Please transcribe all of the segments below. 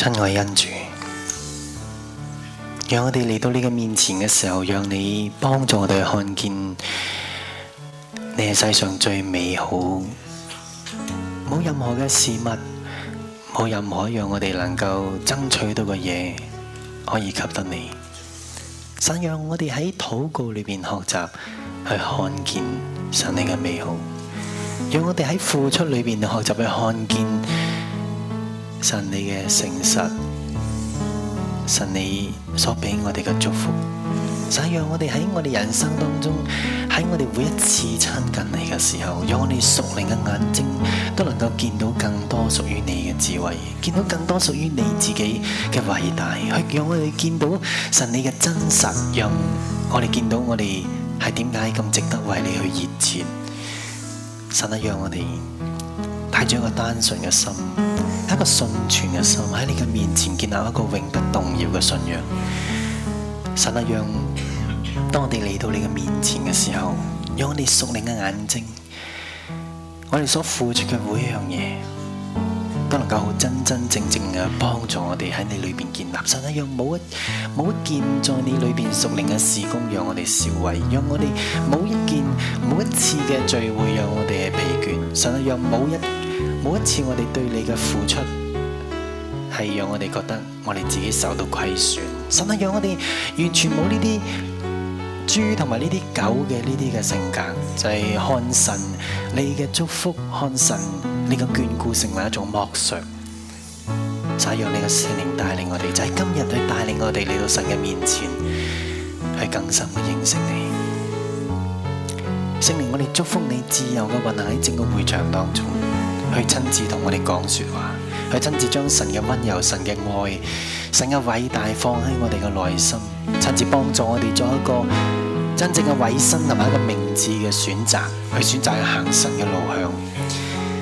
親愛恩主，讓我哋嚟到你嘅面前嘅時候，讓你幫助我哋去看見你係世上最美好。冇任何嘅事物，冇任何讓我哋能夠爭取到嘅嘢，可以及得你。想讓我哋喺禱告裏邊學習去看見神你嘅美好，讓我哋喺付出裏邊學習去看見。神你嘅誠實，神你所俾我哋嘅祝福，神讓我哋喺我哋人生當中，喺我哋每一次親近你嘅時候，用我哋屬靈嘅眼睛都能夠見到更多屬於你嘅智慧，見到更多屬於你自己嘅偉大，去讓我哋見到神你嘅真實，讓我哋見到我哋係點解咁值得為你去熱切，神啊，讓我哋帶咗一個單純嘅心。一個順服嘅心，喺你嘅面前建立一個永不動搖嘅信仰。神啊，讓當我哋嚟到你嘅面前嘅時候，讓我哋屬靈嘅眼睛，我哋所付出嘅每一樣嘢都能夠真真正正嘅幫助我哋喺你裏邊建立。神啊，讓冇一冇一件在你裏邊屬靈嘅事工讓我哋笑畏，讓我哋冇一件冇一次嘅聚會讓我哋嘅疲倦。神啊，讓冇一。每一次我哋對你嘅付出，係讓我哋覺得我哋自己受到虧損。神啊，讓我哋完全冇呢啲豬同埋呢啲狗嘅呢啲嘅性格，就係看神你嘅祝福，看神你嘅眷顧成為一種惡術。就係讓你嘅聖靈帶領我哋，就係今日佢帶領我哋嚟到神嘅面前，係更深嘅認識你。聖靈，我哋祝福你自由嘅運行喺整個會場當中。去親自同我哋講說話，去親自將神嘅温柔、神嘅愛、神嘅偉大放喺我哋嘅內心，親自幫助我哋做一個真正嘅偉新同埋一個明智嘅選擇，去選擇行神嘅路向。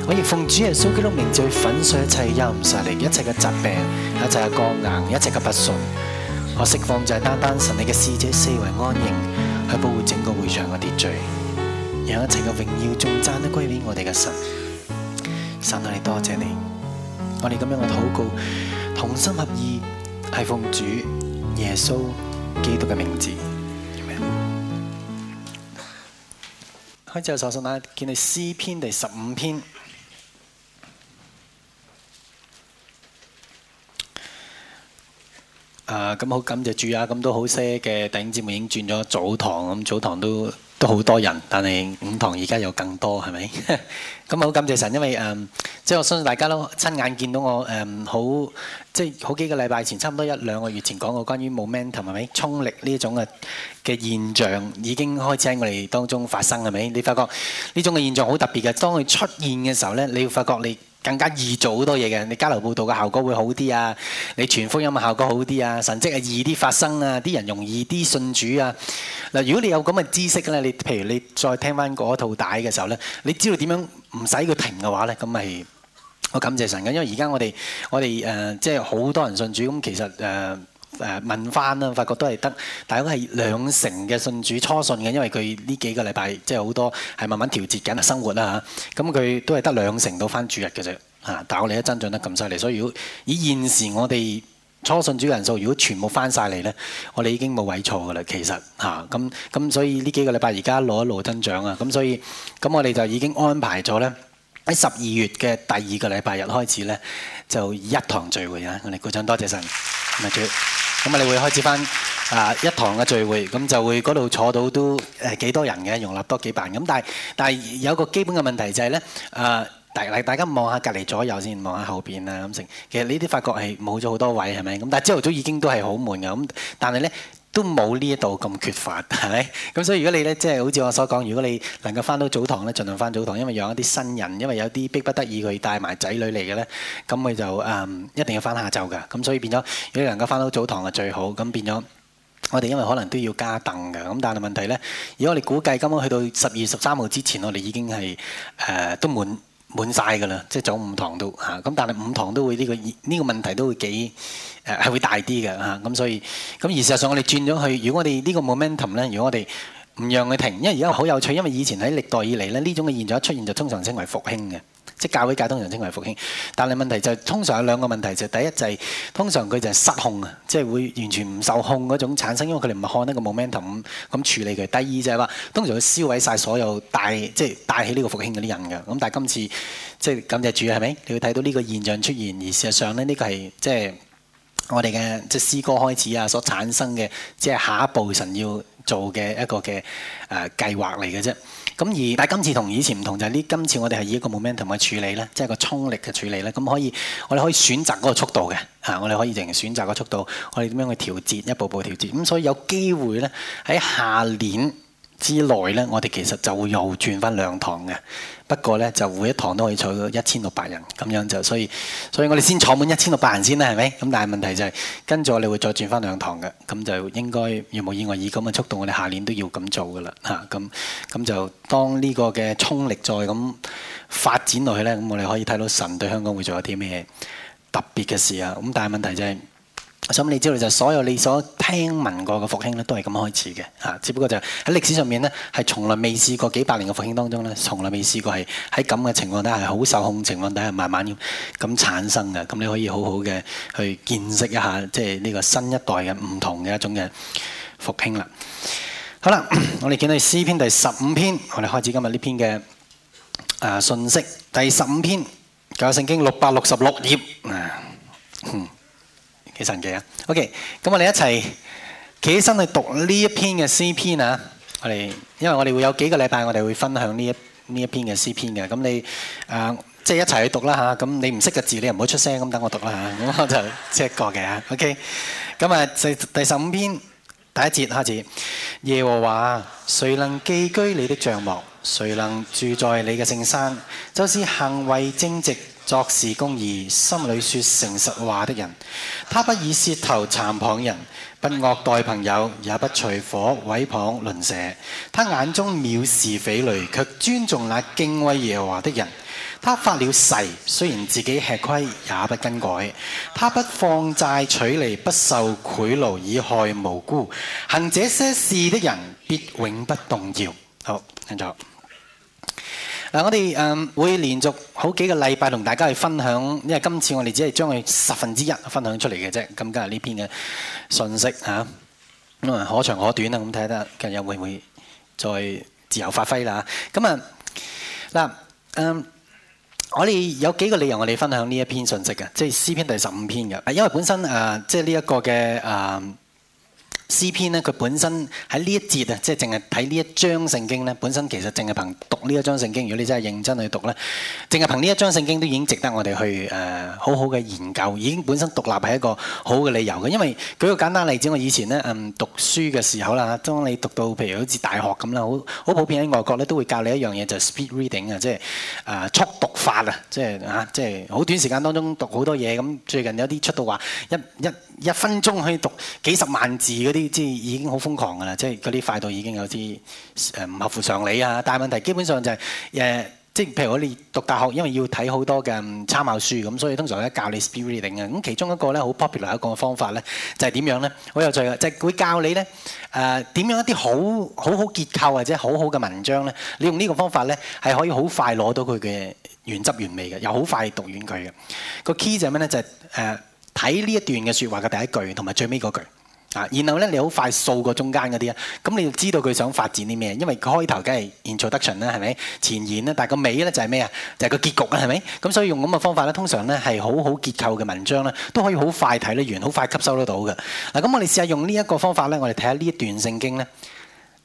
我亦奉主耶穌基督名字，粉碎一切唔愁嚟，一切嘅疾病，一切嘅過硬，一切嘅不順。我釋放就係單單神，你嘅使者四圍安營，去保護整個會場嘅秩序，讓一切嘅榮耀、頌讚都歸畀我哋嘅神。神啊！你多謝你，我哋咁樣嘅禱告，同心合意，係奉主耶穌基督嘅名字。好唔好？開始手信啦，見到詩篇第十五篇。啊，咁好，感謝主啊！咁都好些嘅弟兄姊妹已經轉咗早堂，咁早堂都。都好多人，但係五堂而家有更多係咪？咁好 感謝神，因為誒、嗯，即係我相信大家都親眼見到我誒、嗯，好即係好幾個禮拜前，差唔多一兩個月前講過關於 momentum 係咪衝力呢種嘅嘅現象，已經開始喺我哋當中發生係咪？你發覺呢種嘅現象好特別嘅，當佢出現嘅時候咧，你會發覺你，更加易做好多嘢嘅，你交流報導嘅效果會好啲啊，你傳福音嘅效果好啲啊，神跡啊易啲發生啊，啲人容易啲信主啊。嗱，如果你有咁嘅知識咧，你譬如你再聽翻嗰套帶嘅時候咧，你知道點樣唔使佢停嘅話咧，咁係好感謝神嘅，因為而家我哋我哋誒、呃、即係好多人信主，咁其實誒。呃誒、啊、問翻啦，發覺都係得，大概都係兩成嘅信主初信嘅，因為佢呢幾個禮拜即係好多係慢慢調節緊啊生活啦嚇，咁、啊、佢都係得兩成到翻主日嘅啫嚇，但係我哋都增長得咁犀利，所以如果以現時我哋初信主嘅人數，如果全部翻晒嚟咧，我哋已經冇位坐嘅啦，其實嚇咁咁，啊、所以呢幾個禮拜而家一路一路增長啊，咁所以咁我哋就已經安排咗咧喺十二月嘅第二個禮拜日開始咧，就以一堂聚會啊，我哋鼓掌多謝神，主。咁啊，你會開始返啊一堂嘅聚會，咁就會嗰度坐到都誒幾多人嘅，容納多幾百。咁但係但係有個基本嘅問題就係、是、咧，誒大嚟大家望下隔離左右先，望下後邊啊咁成。其實呢啲發覺係冇咗好多位係咪？咁但係朝頭早已經都係好悶㗎。咁但係咧。都冇呢一度咁缺乏，係咪？咁所以如果你咧，即係好似我所講，如果你能夠翻到早堂咧，儘量翻早堂，因為有一啲新人，因為有啲逼不得已佢帶埋仔女嚟嘅咧，咁佢就誒一定要翻下晝㗎。咁所以變咗，如果能夠翻到早堂係最好。咁變咗，我哋因為可能都要加凳㗎。咁但係問題咧，如果我哋估計，今晚去到十二十三號之前，我哋已經係誒都滿滿晒㗎啦，即係早五堂都，嚇。咁但係五堂都會呢個呢個問題都會幾。誒係會大啲嘅嚇，咁所以咁而事實上我哋轉咗去，如果我哋呢個 momentum 咧，如果我哋唔讓佢停，因為而家好有趣，因為以前喺歷代以嚟咧，呢種嘅現象一出現就通常稱為復興嘅，即係教會界通常稱為復興。但係問題就是、通常有兩個問題，就第一就係、是、通常佢就係失控啊，即、就、係、是、會完全唔受控嗰種產生，因為佢哋唔係看呢個 momentum 咁處理佢。第二就係、是、話通常會銷毀晒所有帶即係帶起呢個復興嗰啲人嘅。咁但係今次即係、就是、感謝主係咪？你會睇到呢個現象出現，而事實上咧呢、這個係即係。就是我哋嘅即係詩歌開始啊，所產生嘅即係下一步神要做嘅一個嘅誒計劃嚟嘅啫。咁、呃、而但係今次同以前唔同就係呢，今次我哋係以一個 momentum 去處理咧，即係個衝力嘅處理咧，咁可以我哋可以選擇嗰個速度嘅嚇，我哋可以淨選擇個速度，我哋點樣去調節，一步步調節。咁所以有機會咧喺下年。之內呢，我哋其實就會又轉翻兩堂嘅。不過呢，就每一堂都可以坐到一千六百人咁樣就，所以所以我哋先坐滿一千六百人先啦，係咪？咁但係問題就係、是，跟住我哋會再轉翻兩堂嘅，咁就應該如無意外以咁嘅速度，我哋下年都要咁做噶啦嚇。咁、啊、咁就當呢個嘅衝力再咁發展落去呢，咁我哋可以睇到神對香港會做一啲咩特別嘅事啊。咁但係問題就係、是。我想你知道就所有你所聽聞過嘅復興咧，都係咁開始嘅嚇。只不過就喺歷史上面咧，係從來未試過幾百年嘅復興當中咧，從來未試過係喺咁嘅情況底下，係好受控情況底下慢慢咁產生嘅。咁你可以好好嘅去見識一下，即係呢個新一代嘅唔同嘅一種嘅復興啦。好啦，我哋見到詩篇第十五篇，我哋開始今日呢篇嘅誒信息。第十五篇，舊聖經六百六十六頁。幾神奇啊，OK，咁我哋一齊企起身去讀呢一篇嘅詩篇啊！我哋因為我哋會有幾個禮拜，我哋會分享呢一呢一篇嘅詩篇嘅，咁你誒即係一齊去讀啦嚇！咁你唔識嘅字，你又唔好出聲，咁等我讀啦嚇！咁我就即係一個嘅嚇，OK。咁啊，第第十五篇第一節開始。耶和華，誰能寄居你的帳幕？誰能住在你嘅聖山？就是行為正直，作事公義、心裏説誠實話的人，他不以舌頭讒謗人，不惡待朋友，也不隨夥毀謗鄰舍。他眼中藐視匪類，卻尊重那敬畏耶和華的人。他發了誓，雖然自己吃虧，也不更改。他不放債取利，不受賄賂以害無辜。行這些事的人，必永不動搖。好，請坐。嗱、啊，我哋誒、嗯、會連續好幾個禮拜同大家去分享，因為今次我哋只係將佢十分之一分享出嚟嘅啫。咁今日呢篇嘅信息吓，咁啊可長可短啦，咁睇下今日會唔會再自由發揮啦？咁啊嗱，誒、啊啊、我哋有幾個理由我哋分享呢一篇信息嘅，即、就、係、是、詩篇第十五篇嘅，因為本身誒即係呢一個嘅誒。啊詩篇咧，佢本身喺呢一節啊，即係淨係睇呢一章聖經咧，本身其實淨係憑讀呢一章聖經。如果你真係認真去讀咧，淨係憑呢一章聖經都已經值得我哋去誒、呃、好好嘅研究，已經本身獨立係一個好嘅理由嘅。因為舉個簡單例子，我以前咧嗯讀書嘅時候啦，當你讀到譬如好似大學咁啦，好好普遍喺外國咧都會教你一樣嘢就係、speed reading 係、呃、係啊，即係啊速讀法啊，即係啊即係好短時間當中讀好多嘢。咁最近有啲出到話一一一分鐘可以讀幾十萬字嘅。啲即係已經好瘋狂㗎啦，即係嗰啲快到已經有啲誒唔合乎常理啊！但係問題基本上就係、是、誒，即、呃、係譬如我哋讀大學，因為要睇好多嘅參考書，咁所以通常咧教你 speed reading 啊。咁其中一個咧好 popular 一個方法咧，就係點樣咧？好有趣嘅，就係會教你咧誒點樣一啲好好好結構或者好好嘅文章咧，你用呢個方法咧係可以好快攞到佢嘅原汁原味嘅，又好快讀完佢嘅。個 key 就係咩咧？就係誒睇呢一段嘅説話嘅第一句同埋最尾嗰句。啊，然後咧，你好快掃過中間嗰啲啊，咁你要知道佢想發展啲咩，因為佢開頭梗係 Introduction 啦，係咪前言啦，但係個尾咧就係咩啊？就係、是、個結局啊，係咪？咁所以用咁嘅方法咧，通常咧係好好結構嘅文章咧，都可以好快睇得完，好快吸收得到嘅嗱。咁我哋試下用呢一個方法咧，我哋睇下呢一段聖經咧。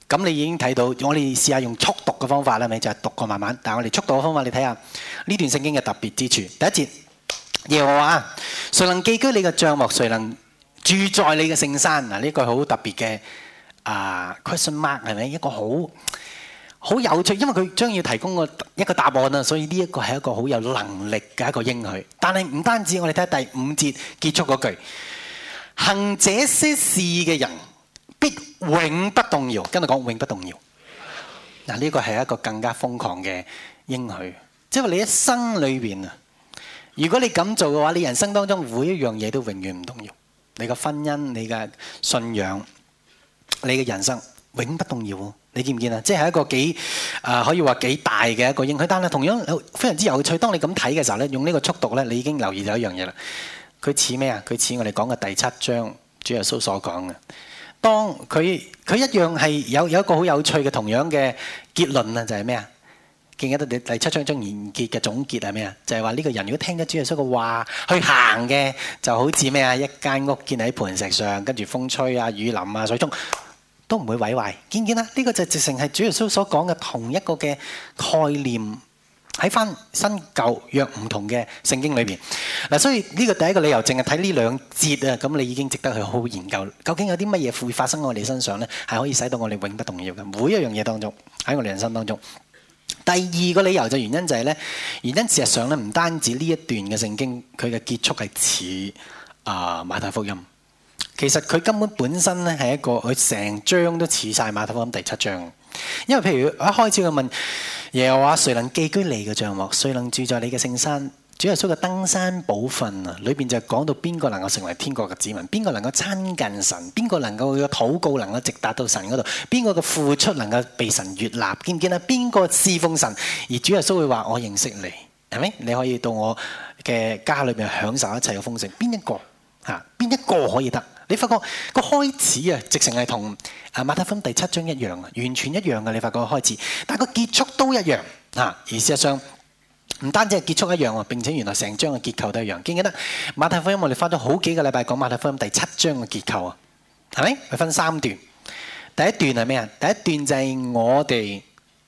咁你已經睇到，我哋試下用速讀嘅方法啦，咪就係、是、讀過慢慢。但係我哋速讀嘅方法，你睇下呢段聖經嘅特別之處。第一節，耶和華，誰能寄居你嘅帳幕，誰能，住在你嘅聖山嗱，呢句好特別嘅啊，question mark，係咪？一個好好有趣，因為佢將要提供個一個答案啦，所以呢一個係一個好有能力嘅一個應許。但係唔單止，我哋睇下第五節結束嗰句，行這些事嘅人必永不動搖。今日講永不動搖嗱，呢個係一個更加瘋狂嘅應許，即係你一生裏邊啊，如果你咁做嘅話，你人生當中每一樣嘢都永遠唔動搖。你嘅婚姻、你嘅信仰、你嘅人生永不動搖，你見唔見啊？即係一個幾，呃，可以話幾大嘅一個應許。但係同樣非常之有趣，當你噉睇嘅時候呢，用呢個速度呢，你已經留意到一樣嘢啦。佢似咩啊？佢似我哋講嘅第七章主耶穌所講嘅。當佢佢一樣係有有一個好有趣嘅同樣嘅結論啊，就係咩啊？見到第第七章完結嘅總結係咩啊？就係話呢個人如果聽咗主耶穌嘅話去行嘅，就好似咩啊？一間屋建喺磐石上，跟住風吹啊、雨淋啊、水中都唔會毀壞。見唔見啊？呢個就直成係主耶穌所講嘅同一個嘅概念喺翻新舊約唔同嘅聖經裏面嗱，所以呢個第一個理由，淨係睇呢兩節啊，咁你已經值得去好好研究究竟有啲乜嘢會發生喺我哋身上咧，係可以使到我哋永不動搖嘅每一樣嘢當中喺我哋人生當中。第二個理由就原因就係、是、咧，原因事實上咧，唔單止呢一段嘅聖經，佢嘅結束係似啊馬太福音，其實佢根本本身咧係一個佢成章都似晒馬太福音第七章，因為譬如一開始佢問耶和華，誰能寄居你嘅帳幕，誰能住在你嘅聖山。主耶穌嘅登山寶訓啊，裏邊就講到邊個能夠成為天國嘅子民，邊個能夠親近神，邊個能夠嘅禱告能夠直達到神嗰度，邊個嘅付出能夠被神悅納，見唔見啊？邊個侍奉神，而主耶穌會話：我認識你，係咪？你可以到我嘅家裏面享受一切嘅豐盛。邊一個啊？邊一個可以得？你發覺個開始啊，直成係同啊馬太福音第七章一樣啊，完全一樣嘅。你發覺開始，但係個結束都一樣啊。二十一章。唔單止係結束一樣喎，並且原來成章嘅結構都係一樣。記唔記得馬太福音？我哋翻咗好幾個禮拜講馬太福音第七章嘅結構啊，係咪？佢分三段。第一段係咩啊？第一段就係我哋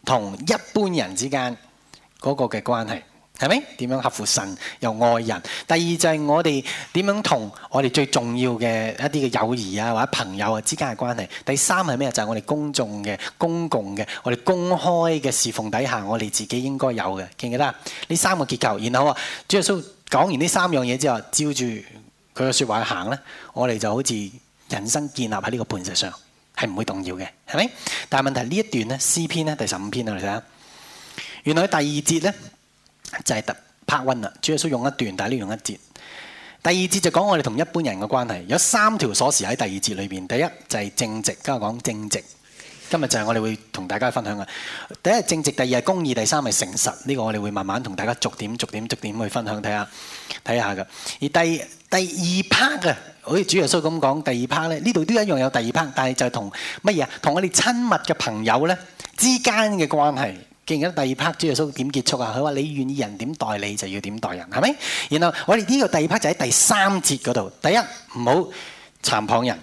同一般人之間嗰個嘅關係。係咪？點樣合乎神又愛人？第二就係我哋點樣同我哋最重要嘅一啲嘅友誼啊，或者朋友啊之間嘅關係？第三係咩？就係、是、我哋公眾嘅、公共嘅、我哋公開嘅侍奉底下，我哋自己應該有嘅。記唔記得啊？呢三個結構，然後主耶穌講完呢三樣嘢之後，照住佢嘅說話行咧，我哋就好似人生建立喺呢個磐石上，係唔會動搖嘅，係咪？但係問題呢一段咧，詩篇咧，第十五篇啊，你睇下。原來第二節咧。就係突拍温啦，主耶穌用一段，但係呢用一節。第二節就講我哋同一般人嘅關係，有三條鎖匙喺第二節裏邊。第一就係正直，今日講正直，今日就係我哋會同大家分享嘅。第一正直，第二係公義，第三係誠實。呢、這個我哋會慢慢同大家逐點逐點逐點去分享，睇下睇下嘅。而第第二 part 啊，好似主耶穌咁講第二 part 咧，呢度都一樣有第二 part，但係就同乜嘢？同我哋親密嘅朋友咧之間嘅關係。既然第二 part，主耶穌點結束啊？佢話：你願意人點待你，就要點待人，係咪？然後我哋呢個第二 part 就喺第三節嗰度。第一唔好讒謗人，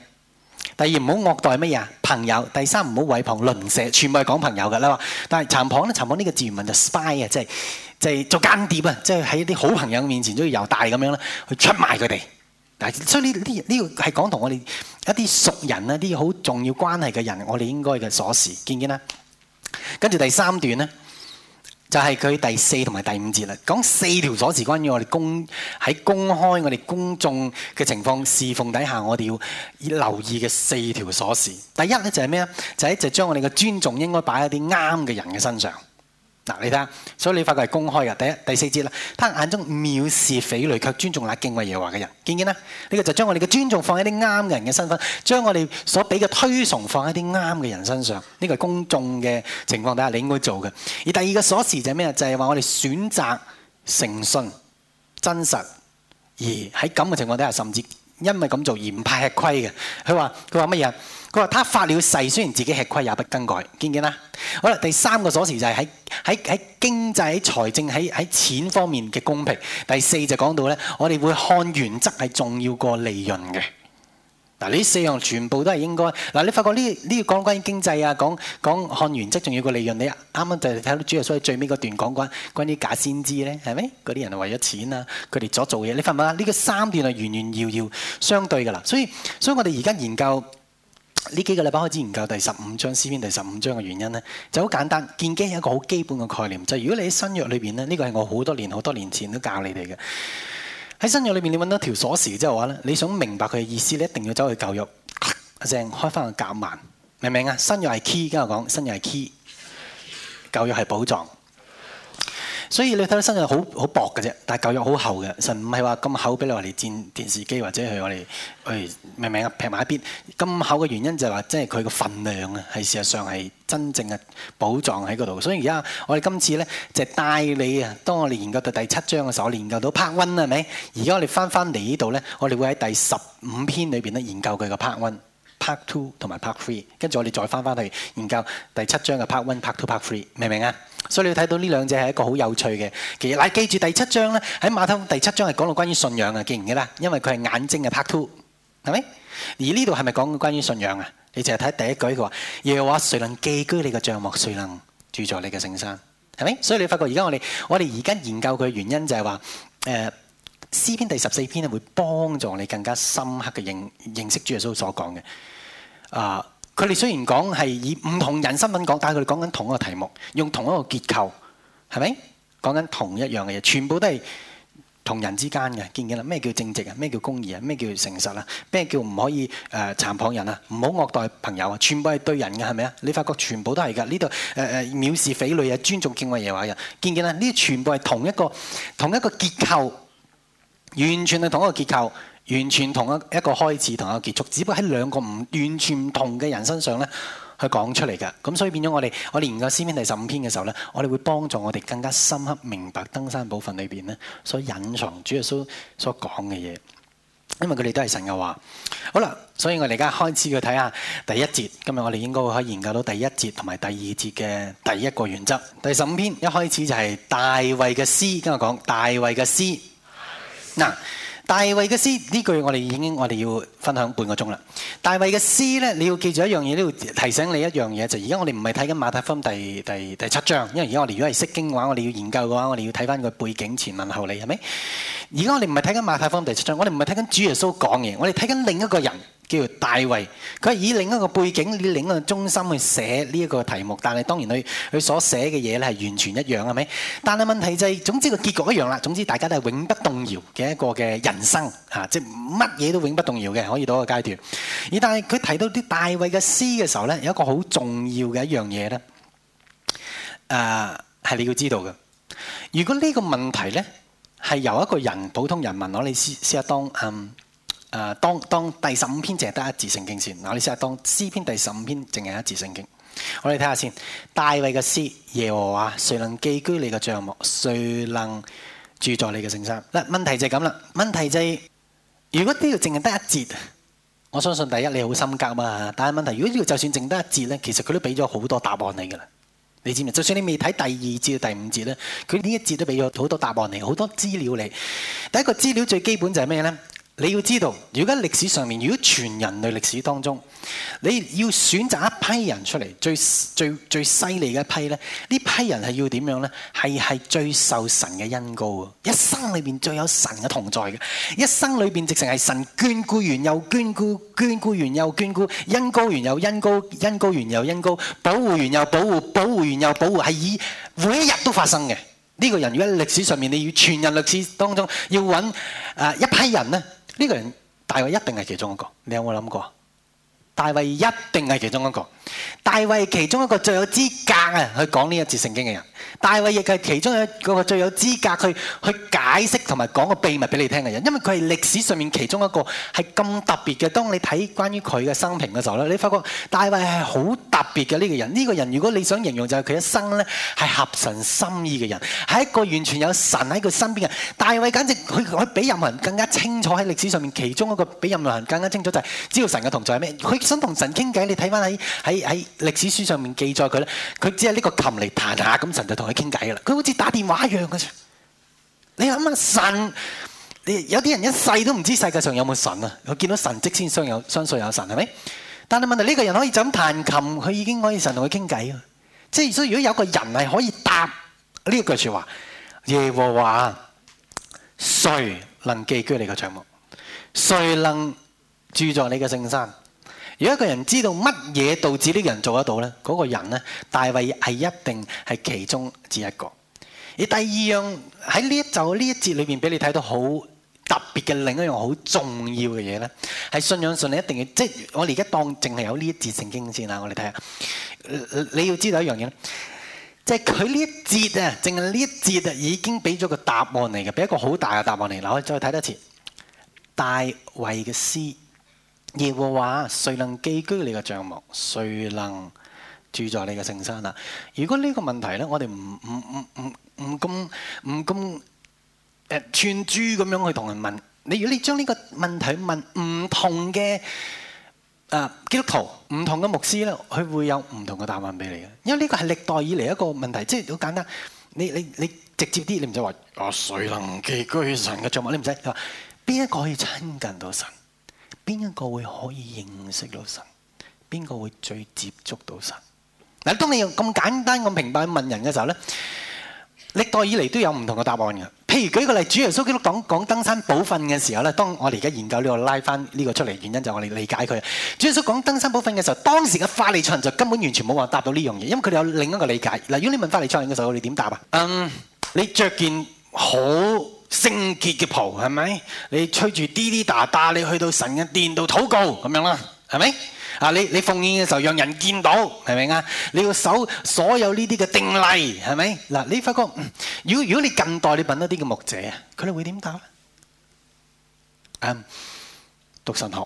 第二唔好惡待乜嘢啊？朋友。第三唔好毀謗鄰舍，全部係講朋友嘅啦。但係讒謗咧，讒謗呢個字原文就 spy 啊，即係即係做間諜啊，即係喺啲好朋友面前都要遊大咁樣啦，去出賣佢哋。但係所以呢啲呢個係講同我哋一啲熟人啊，啲好重要關係嘅人，我哋應該嘅鎖匙。見唔見啊？跟住第三段咧，就係佢第四同埋第五節啦，講四條鎖匙，關於我哋公喺公開我哋公眾嘅情況侍奉底下，我哋要留意嘅四條鎖匙。第一咧就係咩咧？就係就將我哋嘅尊重應該擺喺啲啱嘅人嘅身上。嗱、啊，你睇下，所以你發覺係公開嘅。第一，第四節啦，他眼中藐視匪類，卻尊重那敬畏耶和華嘅人。見唔見啦？呢、這個就將我哋嘅尊重放喺啲啱嘅人嘅身份，將我哋所俾嘅推崇放喺啲啱嘅人身上。呢、這個是公眾嘅情況底下，你應該做嘅。而第二個鎖匙就係咩啊？就係、是、話我哋選擇誠信、真實，而喺咁嘅情況底下，甚至因為咁做而唔怕吃虧嘅。佢話，佢話乜嘢？他說佢話：他發了誓，雖然自己吃虧也不更改。見唔見啦？好啦，第三個鎖匙就係喺喺喺經濟、喺財政、喺喺錢方面嘅公平。第四就講到咧，我哋會看原則係重要過利潤嘅。嗱，呢四樣全部都係應該。嗱，你發覺呢呢講關於經濟啊，講講看原則重要過利潤。你啱啱就睇到主要所以最尾嗰段講關關於假先知咧，係咪？嗰啲人係為咗錢啊，佢哋所做嘢。你發唔發覺呢個三段係完完要要相對噶啦？所以所以我哋而家研究。呢幾個禮拜開始研究第十五章詩篇第十五章嘅原因呢，就好簡單。建基係一個好基本嘅概念，就係、是、如果你喺新約裏面呢，呢、這個係我好多年好多年前都教你哋嘅。喺新約裏面，你揾到條鎖匙之後話，你想明白佢嘅意思，你一定要走去舊約，正開翻個夾萬，明唔明啊？新約係 key，跟我講，新約係 key，舊約係寶藏。所以你睇到身上好好薄嘅啫，但係夠肉好厚嘅，神唔係話咁厚俾你話嚟佔電視機或者係我哋去明唔明啊？劈埋一邊，咁厚嘅原因就係話即係佢個份量啊，係事實上係真正嘅寶藏喺嗰度。所以而家我哋今次咧就帶你啊，當我哋研究到第七章嘅時候，我研究到 pattern 係咪？而家我哋翻翻嚟呢度咧，我哋會喺第十五篇裏邊咧研究佢嘅 pattern Part two 同埋 Part three，跟住我哋再翻翻去研究第七章嘅 Part one、Part two、Part three，明唔明啊？所以你要睇到呢兩隻係一個好有趣嘅。其實嗱，記住第七章咧，喺馬太第七章係講到關於信仰啊，記唔記得？因為佢係眼睛嘅 Part two，係咪？而呢度係咪講關於信仰啊？你就睇第一句佢話：耶和華誰能寄居你嘅帳幕，誰能住在你嘅聖山？係咪？所以你發覺而家我哋，我哋而家研究佢嘅原因就係話，誒、呃、詩篇第十五篇咧會幫助你更加深刻嘅認認識主耶穌所講嘅。啊！佢哋雖然講係以唔同人身份講，但係佢哋講緊同一個題目，用同一個結構，係咪講緊同一樣嘅嘢？全部都係同人之間嘅。見唔見啦？咩叫正直啊？咩叫公義啊？咩叫誠實啊？咩叫唔可以誒殘害人啊？唔好惡待朋友啊？全部係對人嘅，係咪啊？你發覺全部都係㗎。呢度誒誒藐視匪類啊，尊重敬畏耶和華嘅人。見唔見啦？呢啲全部係同一個同一個結構，完全係同一個結構。完全同一個一個開始，同一個結束，只不過喺兩個唔完全唔同嘅人身上咧去講出嚟嘅。咁所以變咗我哋，我哋研究詩篇第十五篇嘅時候咧，我哋會幫助我哋更加深刻明白登山寶訓裏邊咧所隱藏主耶穌所講嘅嘢，因為佢哋都係神嘅話。好啦，所以我哋而家開始去睇下第一節。今日我哋應該會可以研究到第一節同埋第二節嘅第一個原則。第十五篇一開始就係大衛嘅詩，跟我講大衛嘅詩嗱。大衛嘅詩，呢句我們，我哋已經我哋要分享半個鐘啦。大衛嘅詩呢，你要記住一樣嘢，呢要提醒你一樣嘢，就而家我哋唔係睇緊馬太福音第第，第七章，因為而家我哋如果係識經嘅話，我哋要研究嘅話，我哋要睇翻個背景前文後理，係咪？而家我哋唔係睇緊馬太福音第七章，我哋唔係睇緊主耶穌講嘢，我哋睇緊另一個人。叫大衛，佢係以另一個背景、另一個中心去寫呢一個題目，但係當然佢佢所寫嘅嘢咧係完全一樣，係咪？但係問題就係，總之個結果一樣啦。總之大家都係永不動搖嘅一個嘅人生嚇，即係乜嘢都永不動搖嘅，可以到一個階段。而但係佢提到啲大衛嘅詩嘅時候咧，有一個好重要嘅一樣嘢咧，誒係你要知道嘅。如果呢個問題咧係由一個人普通人民攞嚟寫寫當嗯。啊！當當第十五篇淨係得一字聖經先，嗱，你試下當詩篇第十五篇淨係一字聖經，我哋睇下先。大衛嘅詩，耶和華，誰能寄居你嘅帳幕？誰能住在你嘅聖山？嗱，問題就係咁啦。問題就係如果呢度淨係得一節，我相信第一你好心急嘛。但係問題如果呢度就算淨得一節咧，其實佢都俾咗好多答案你噶啦。你知唔知？就算你未睇第二節第五節咧，佢呢一節都俾咗好多答案你，好多資料你。第一個資料最基本就係咩咧？你要知道，如果歷史上面，如果全人類歷史當中，你要選擇一批人出嚟，最最最犀利嘅一批，這批呢？呢批人係要點樣咧？係係最受神嘅恩膏啊！一生裏面最有神嘅同在嘅，一生裏面直情係神眷顧完又眷顧，眷顧完又眷顧，恩膏完又恩膏，恩膏完又恩膏，保護完又保護，保護完又保護，係以每一日都發生嘅呢、這個人。如果歷史上面，你要全人類歷史當中要揾、呃、一批人呢。呢、這個人大衛一定係其中一個。你有冇諗過大衛一定係其中一個，大衛其中一個最有資格啊，去講呢一節聖經嘅人。大衛亦係其中一個最有資格去去解釋同埋講個秘密俾你聽嘅人，因為佢係歷史上面其中一個係咁特別嘅。當你睇關於佢嘅生平嘅時候咧，你發覺大衛係好特別嘅呢個人。呢個人如果你想形容就係佢一生咧係合神心意嘅人，係一個完全有神喺佢身邊嘅人。大衛簡直佢佢比任何人更加清楚喺歷史上面其中一個，比任何人更加清楚就係知道神嘅同在係咩。佢想同神傾偈，你睇翻喺喺喺歷史書上面記載佢咧，佢只係呢個琴嚟彈下咁神。就同佢傾偈噶啦，佢好似打電話一樣噶啫。你諗下神，你有啲人一世都唔知世界上有冇神啊？佢見到神蹟先相有相信有神係咪？但係問題呢個人可以就咁彈琴，佢已經可以神同佢傾偈啊！即係所以，如果有個人係可以答呢句說話，耶和華，誰能寄居你嘅帳幕？誰能住在你嘅聖山？如果一個人知道乜嘢導致呢個人做得到呢，嗰、那個人呢，大衛係一定係其中之一個。而第二樣喺呢一就呢一節裏邊俾你睇到好特別嘅另一樣好重要嘅嘢咧，係信仰上你一定要，即係我哋而家當淨係有呢一節聖經先喇，我哋睇下。你要知道一樣嘢咧，即係佢呢一節啊，淨係呢一節已經俾咗個答案嚟嘅，俾一個好大嘅答案嚟。嗱，我們再睇多次，大衛嘅詩。耶和華，誰能寄居你嘅帳幕？誰能住在你嘅聖山啊？如果呢個問題咧，我哋唔唔唔唔唔咁唔咁誒串珠咁樣去同人問，你如果你將呢個問題問唔同嘅啊、呃、基督徒、唔同嘅牧師咧，佢會有唔同嘅答案俾你嘅。因為呢個係歷代以嚟一個問題，即係好簡單。你你你直接啲，你唔使話啊，誰能寄居神嘅帳幕？你唔使話，邊一個可以親近到神？邊一個會可以認識到神？邊個會最接觸到神？嗱，當你用咁簡單咁平白問人嘅時候咧，歷代以嚟都有唔同嘅答案嘅。譬如舉個例，主耶穌基督黨講講登山寶訓嘅時候咧，當我哋而家研究呢、呢個拉翻呢個出嚟，原因就係，我哋理解佢。主耶穌講登山寶訓嘅時候，當時嘅法利賽人就根本完全冇話答到呢樣嘢，因為佢哋有另一個理解。嗱，如果你問法利賽人嘅時候，你點答啊？嗯，你着件好。聖潔嘅袍係咪？你吹住滴滴答答，你去到神嘅殿度禱告咁樣啦，係咪？啊，你你奉獻嘅時候讓人見到，係咪？啊？你要守所有呢啲嘅定例，係咪？嗱，你發覺，如、嗯、如果你近代你搵多啲嘅牧者啊，佢哋會點搞咧？嗯、um，讀神學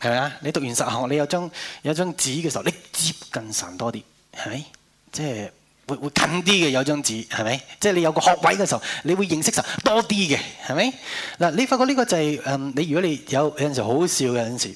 係咪啊？你讀完神學，你有張有張紙嘅時候，你接近神多啲，係咪？即係。會會近啲嘅有張紙係咪？即係、就是、你有個學位嘅時候，你會認識實多啲嘅係咪？嗱，你發覺呢個就係、是、誒、嗯，你如果你有有陣時好笑嘅有陣時，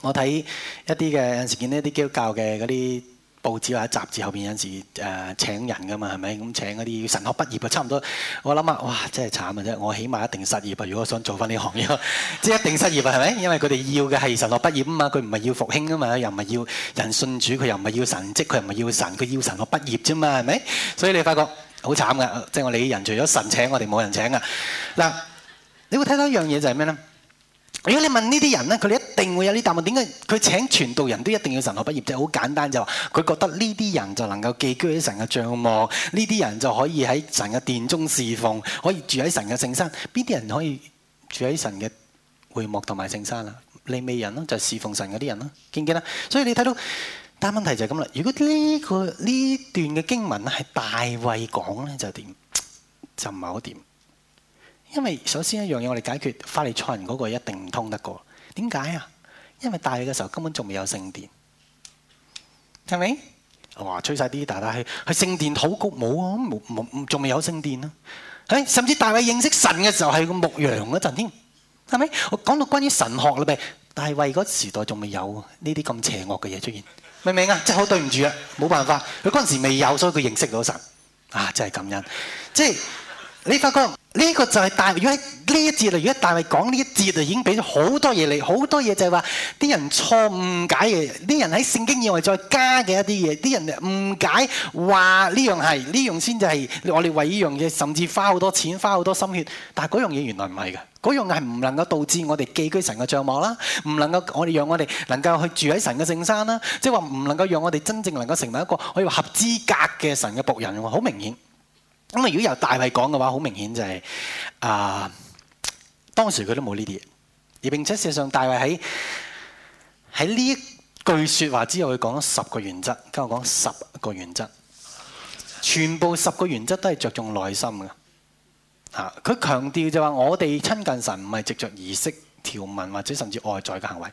我睇一啲嘅有陣時見到一啲基督教嘅嗰啲。報紙或者雜誌後邊，有陣時誒請人噶嘛，係咪？咁請嗰啲神學畢業啊，差唔多，我諗下，哇真係慘嘅啫！我起碼一定失業啊！如果我想做翻呢行嘢，即係一定失業係咪？因為佢哋要嘅係神學畢業啊嘛，佢唔係要復興啊嘛，又唔係要人信主，佢又唔係要神蹟，佢又唔係要神，佢要，要神學畢業啫嘛係咪？所以你發覺好慘嘅，即係我哋啲人除咗神請我哋冇人請嘅。嗱，你會睇到一樣嘢就係咩咧？如果你問呢啲人咧，佢哋一定會有呢答案。點解佢請傳道人都一定要神學畢業？就好簡單，就係佢覺得呢啲人就能夠寄居喺神嘅帳幕，呢啲人就可以喺神嘅殿中侍奉，可以住喺神嘅聖山。邊啲人可以住喺神嘅會幕同埋聖山啊？利未人咯，就是、侍奉神嗰啲人咯，見唔見啦？所以你睇到，但問題就係咁啦。如果呢、這個呢段嘅經文咧係大衛講咧，就點就唔係好點？因為首先一樣嘢，我哋解決法利賽人嗰個一定唔通得過，點解啊？因為大衛嘅時候根本仲未有聖殿，係咪？哇，吹晒啲大大氣，去聖殿土谷冇啊，冇冇，仲未有聖殿啊！誒，甚至大衛認識神嘅時候係個牧羊嗰陣添，係咪？我講到關於神學啦，咪？大衛嗰時代仲未有呢啲咁邪惡嘅嘢出現，明唔明啊？真係好對唔住啊，冇辦法，佢嗰陣時未有，所以佢認識到神啊，真係感恩，即係。你發覺呢，這個就係大衛這，如果呢一節裏如果大衞講呢一節裏已經給咗好多嘢嚟，好多嘢就係話啲人錯誤解嘅，啲人喺聖經以外再加嘅一啲嘢，啲人誤解話呢樣係呢樣先就係我哋為呢樣嘢，甚至花好多錢，花好多心血。但係嗰樣嘢原來唔係㗎，嗰樣係唔能夠導致我哋寄居神嘅帳幕啦，唔能夠我哋我哋能夠去住喺神嘅聖山啦，即係話唔能夠讓我哋，就是，真正能夠成為一個可以合資格嘅神嘅僕人好明顯。如果由大衛講嘅話，好明顯就係、是、啊，當時佢都冇呢啲嘢。而並且，事實上，大衛喺喺呢一句説話之後，佢講咗十個原則。跟我講十個原則，全部十個原則都係着重內心嘅啊，佢強調就話：我哋親近神唔係藉著儀式。條文或者甚至外在嘅行為，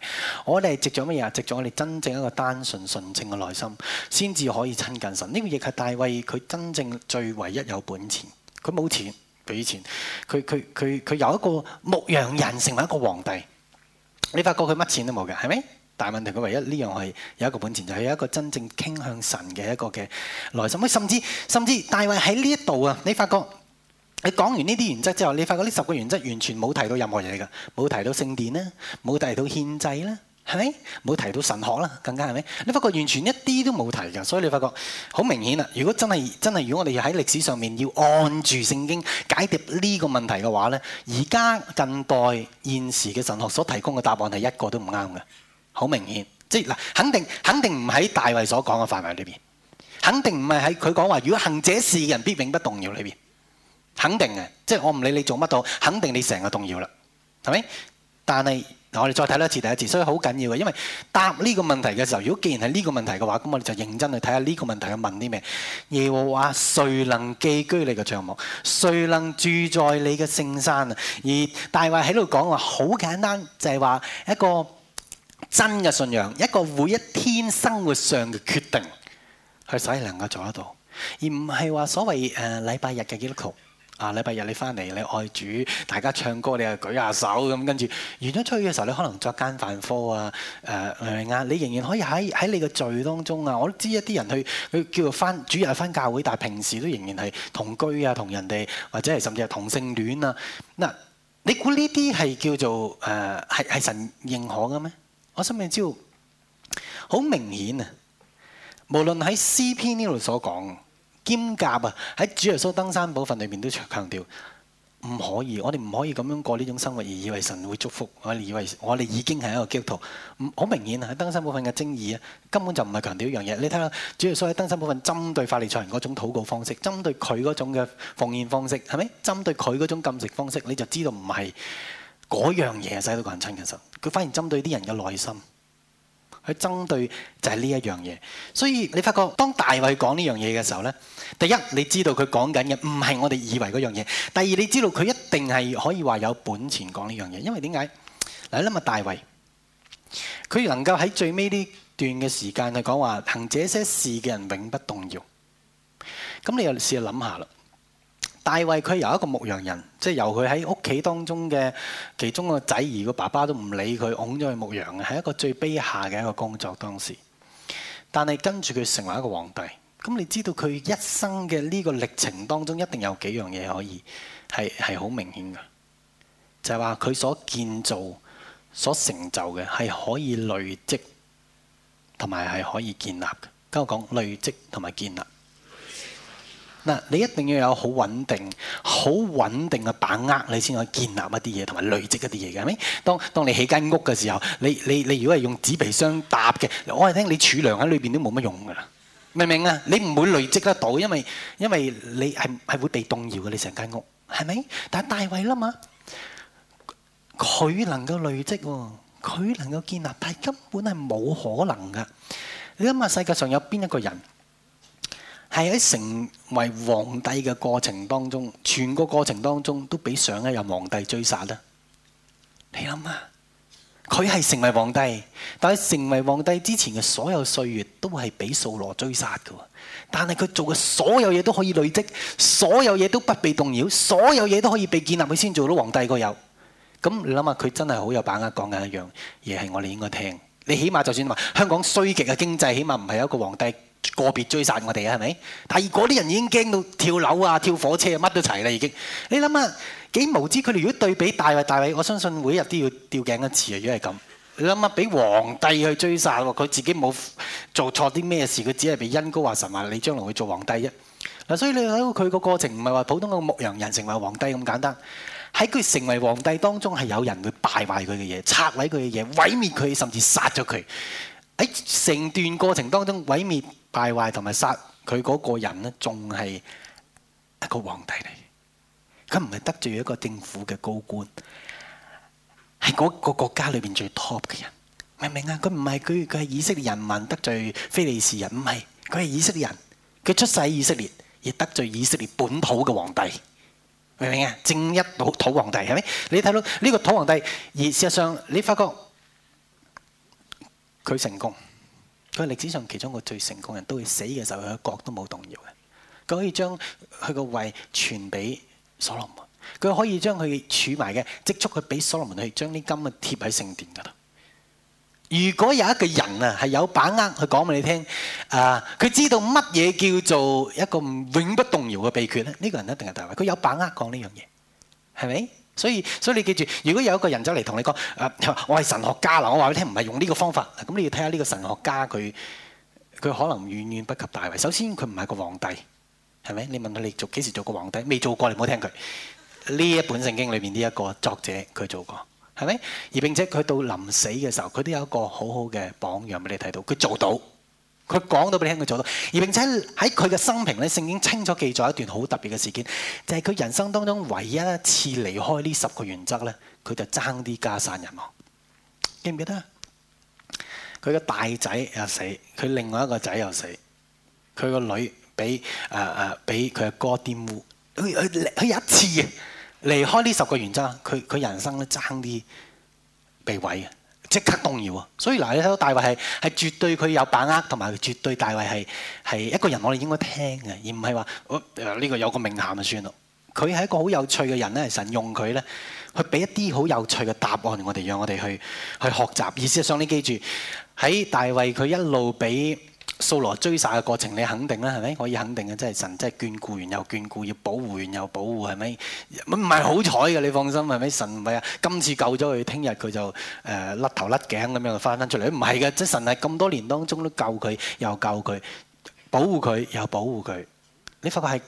我哋係藉咗乜嘢啊？藉咗我哋真正一個單純純正嘅內心，先至可以親近神。呢、呢個亦係大衛佢真正最唯一有本錢。佢冇錢，俾錢。佢佢佢佢由一個牧羊人成為一個皇帝，你發覺佢乜錢都冇嘅，係咪？大問題佢唯一呢樣係有一個本錢，就係、有、一個真正傾向神嘅一個嘅內心。甚至甚至大衛喺呢一度啊，你發覺。你講完呢啲原則之後，你發覺呢十個原則完全冇提到任何嘢嘅，冇提到聖殿啦，冇提到獻祭啦，係咪？冇提到神學啦，更加係咪？你發覺完全一啲都冇提嘅，所以你發覺好明顯啦。如果真係真係，如果我哋要喺歷史上面要按住聖經解讀呢個問題嘅話咧，而家近代現時嘅神學所提供嘅答案係一個都唔啱嘅，好明顯。即係嗱，肯定肯定唔喺大衛所講嘅範圍裏邊，肯定唔係喺佢講話，如果行者事嘅人必永不動搖裏邊。肯定嘅，即係我唔理你做乜到，肯定你成個動搖啦，係咪？但係嗱，我哋再睇多一次，第一次，所以好緊要嘅，因為答呢個問題嘅時候，如果既然係呢個問題嘅話，咁我哋就認真去睇下呢個問題去問啲咩。耶和華，誰能寄居你嘅帳幕？誰能住在你嘅聖山啊？而大衛喺度講話，好簡單，就係話一個真嘅信仰，一個每一天生活上嘅決定，係所以能夠做得到，而唔係話所謂誒禮拜日嘅基督徒。下禮拜日你翻嚟，你愛主，大家唱歌，你又舉下手咁，跟住完咗出去嘅時候，你可能作奸犯科啊，誒明唔明啊？你仍然可以喺喺你嘅罪當中啊！我都知一啲人去去叫做翻主日翻教會，但係平時都仍然係同居啊，同人哋或者係甚至係同性戀啊！嗱，你估呢啲係叫做誒係係神認可嘅咩？我心明照，好明顯啊！無論喺詩篇呢度所講。兼夾啊，喺主耶穌登山寶訓裏面都強調唔可以，我哋唔可以咁樣過呢種生活而以為神會祝福，我哋以為我哋已經係一個基督徒，好明顯啊！登山寶訓嘅爭議啊，根本就唔係強調一樣嘢。你睇下，主耶穌喺登山寶訓針對法利賽人嗰種禱告方式，針對佢嗰種嘅奉獻方式，係咪？針對佢嗰種禁食方式，你就知道唔係嗰樣嘢使到佢恨親嘅神。其實，佢反而針對啲人嘅內心。去針對就係呢一樣嘢，所以你發覺當大衛講呢樣嘢嘅時候咧，第一你知道佢講緊嘅唔係我哋以為嗰樣嘢，第二你知道佢一定係可以話有本錢講呢樣嘢，因為點解，嗱，諗下大衛，佢能夠喺最尾呢段嘅時間去講話行這些事嘅人永不動搖，咁你又試下諗下啦。大衛佢由一個牧羊人，即係由佢喺屋企當中嘅其中個仔兒個爸爸都唔理佢，擁咗去牧羊嘅，係一個最卑下嘅一個工作，當時，但係跟住佢成為一個皇帝，咁你知道佢一生嘅呢個歷程當中，一定有幾樣嘢可以係係好明顯嘅，就係話佢所建造、所成就嘅係可以累積，同埋係可以建立嘅。跟我講累積同埋建立。嗱，你一定要有好穩定、好穩定嘅把握，你先可以建立一啲嘢，同埋累積一啲嘢嘅，係咪？當當你起間屋嘅時候，你你你如果係用紙皮箱搭嘅，我係聽你儲糧喺裏邊都冇乜用㗎啦，明唔明啊？你唔會累積得到，因為因為你係係會被動搖嘅，你成間屋係咪？但係大衛啦嘛，佢能夠累積，佢能夠建立，但係根本係冇可能㗎。你諗下世界上有邊一個人？係喺成為皇帝嘅過程當中，全個過程當中都俾上一任皇帝追殺啦。你諗下、啊，佢係成為皇帝，但係成為皇帝之前嘅所有歲月都係俾掃羅追殺嘅。但係佢做嘅所有嘢都可以累積，所有嘢都不被動搖，所有嘢都可以被建立，佢先做到皇帝個有。咁你諗下、啊，佢真係好有把握講緊一樣嘢係我哋應該聽。你起碼就算話香港衰極嘅經濟，起碼唔係一個皇帝。個別追殺我哋啊，係咪？但係嗰啲人已經驚到跳樓啊、跳火車啊，乜都齊啦已經。你諗下，幾無知！佢哋如果對比大衛、大衛，我相信每日都要吊頸一次啊。如果係咁，你諗下，俾皇帝去追殺，佢自己冇做錯啲咩事，佢只係被恩高話神話，你將來會做皇帝啫。嗱，所以你睇到佢個過程唔係話普通嘅牧羊人成為皇帝咁簡單。喺佢成為皇帝當中係有人會敗壞佢嘅嘢、拆毀佢嘅嘢、毀滅佢，甚至殺咗佢。喺成段過程當中，毀滅、敗壞同埋殺佢嗰個人咧，仲係一個皇帝嚟。佢唔係得罪一個政府嘅高官，係嗰個國家裏邊最 top 嘅人。明唔明啊？佢唔係佢，佢係以色列人民得罪非利士人，唔係，佢係以色列人。佢出世以色列，亦得罪以色列本土嘅皇帝，明唔明啊？正一土土皇帝係咪？你睇到呢個土皇帝，而事實上你發覺。佢成功，佢係歷史上其中一個最成功人都會死嘅時候，佢個國都冇動搖嘅。佢可以將佢個位傳俾所羅門，佢可以將佢儲埋嘅積蓄去俾所羅門去將啲金啊貼喺聖殿嗰度。如果有一個人啊係有把握去講俾你聽啊，佢知道乜嘢叫做一個永不動搖嘅秘訣咧？呢個人一定係大衛，佢有把握講呢樣嘢，係咪？所以，所以你記住，如果有一個人走嚟同你講，啊，我係神學家啦，我話你聽，唔係用呢個方法，咁你要睇下呢個神學家佢可能遠遠不及大衞。首先，佢唔係個皇帝，係咪？你問佢你做幾時做過皇帝？未做過，你唔好聽佢。呢一本聖經裏面呢一個作者，佢做過，係咪？而並且佢到臨死嘅時候，佢都有一個好好嘅榜樣俾你睇到，佢做到。佢講到俾你聽，佢做到，而並且喺佢嘅生平咧，聖經清楚記載一段好特別嘅事件，就係、是、佢人生當中唯一一次離開呢十個原則咧，佢就爭啲家散人亡，記唔記得啊？佢個大仔又死，佢另外一個仔又死，佢個女俾誒誒俾佢阿哥玷污，佢佢佢有一次嘅離開呢十個原則，佢佢人、呃呃、人生咧爭啲被毀啊！即刻動搖啊！所以嗱，你睇到大衛係係絕對佢有把握，同埋絕對大衛係係一個人，我哋應該聽嘅，而唔係話我呢個有個名銜就算咯。佢係一個好有趣嘅人咧，神用佢咧去俾一啲好有趣嘅答案我，我哋讓我哋去去學習。意思係想你記住，喺大衛佢一路俾掃羅追殺嘅過程，你肯定啦，係咪？可以肯定嘅，即係神，即係眷顧完又眷顧，要保護完又保護，係咪？唔係好彩嘅，你放心，係咪？神唔係啊，今次救咗佢，聽日佢就誒甩頭甩頸咁樣翻翻出嚟，唔係嘅，即係神喺咁多年當中都救佢，又救佢，保護佢又保護佢。你發覺係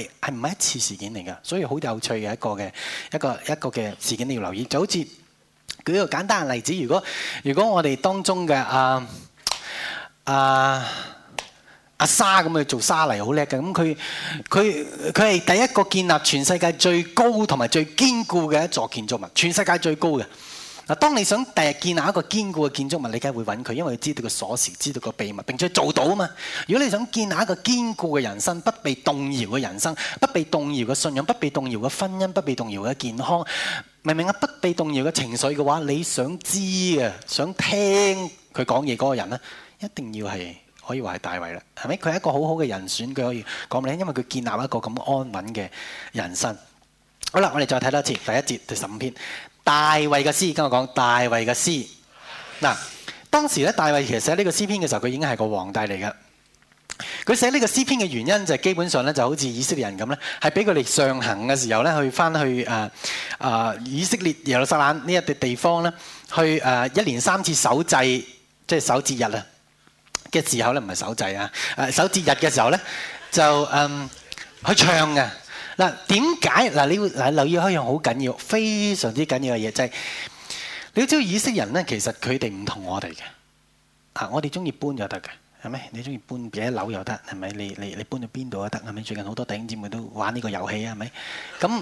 係係唔係一次事件嚟㗎？所以好有趣嘅一個嘅一個一個嘅事件你要留意。就好似舉一個簡單嘅例子，如果如果我哋當中嘅啊。阿、uh, 阿沙咁去做沙泥好叻嘅，咁佢佢佢係第一個建立全世界最高同埋最堅固嘅一座建築物，全世界最高嘅。嗱，當你想第日建立一個堅固嘅建築物，你梗係會揾佢，因為你知道個鎖匙，知道個秘密，並且做到啊嘛。如果你想建立一個堅固嘅人生，不被動搖嘅人生，不被動搖嘅信仰，不被動搖嘅婚姻，不被動搖嘅健康，明明啊，不被動搖嘅情緒嘅話，你想知啊，想聽佢講嘢嗰個人咧？一定要係可以話係大衛啦，係咪？佢係一個很好好嘅人選，佢可以講俾你聽，因為佢建立一個咁安穩嘅人生。好啦，我哋再睇多次。第一節第十五篇大衛嘅詩，跟我講大衛嘅詩。嗱，當時咧，大衛其實寫呢個詩篇嘅時候，佢已經係個皇帝嚟㗎。佢寫呢個詩篇嘅原因，就係基本上咧就好似以色列人咁咧，係俾佢哋上行嘅時候咧，回去翻去誒誒以色列耶路撒冷呢一啲地方咧，去誒、呃、一連三次守祭，即、就、係、是、守節日啊，嘅時候咧，唔係手掣啊！誒，手節日嘅時候咧，就誒、嗯、去唱嘅。嗱、啊，點解？嗱、啊，你嗱、啊、留意開樣好緊要，非常之緊要嘅嘢，就係、是、你知道以色列人咧？其實佢哋唔同我哋嘅。啊，我哋中意搬又得嘅，係咪？你中意搬別一樓又得，係咪？你你你搬到邊度都得，係咪？最近好多弟兄姊妹都玩呢個遊戲，係咪？咁誒、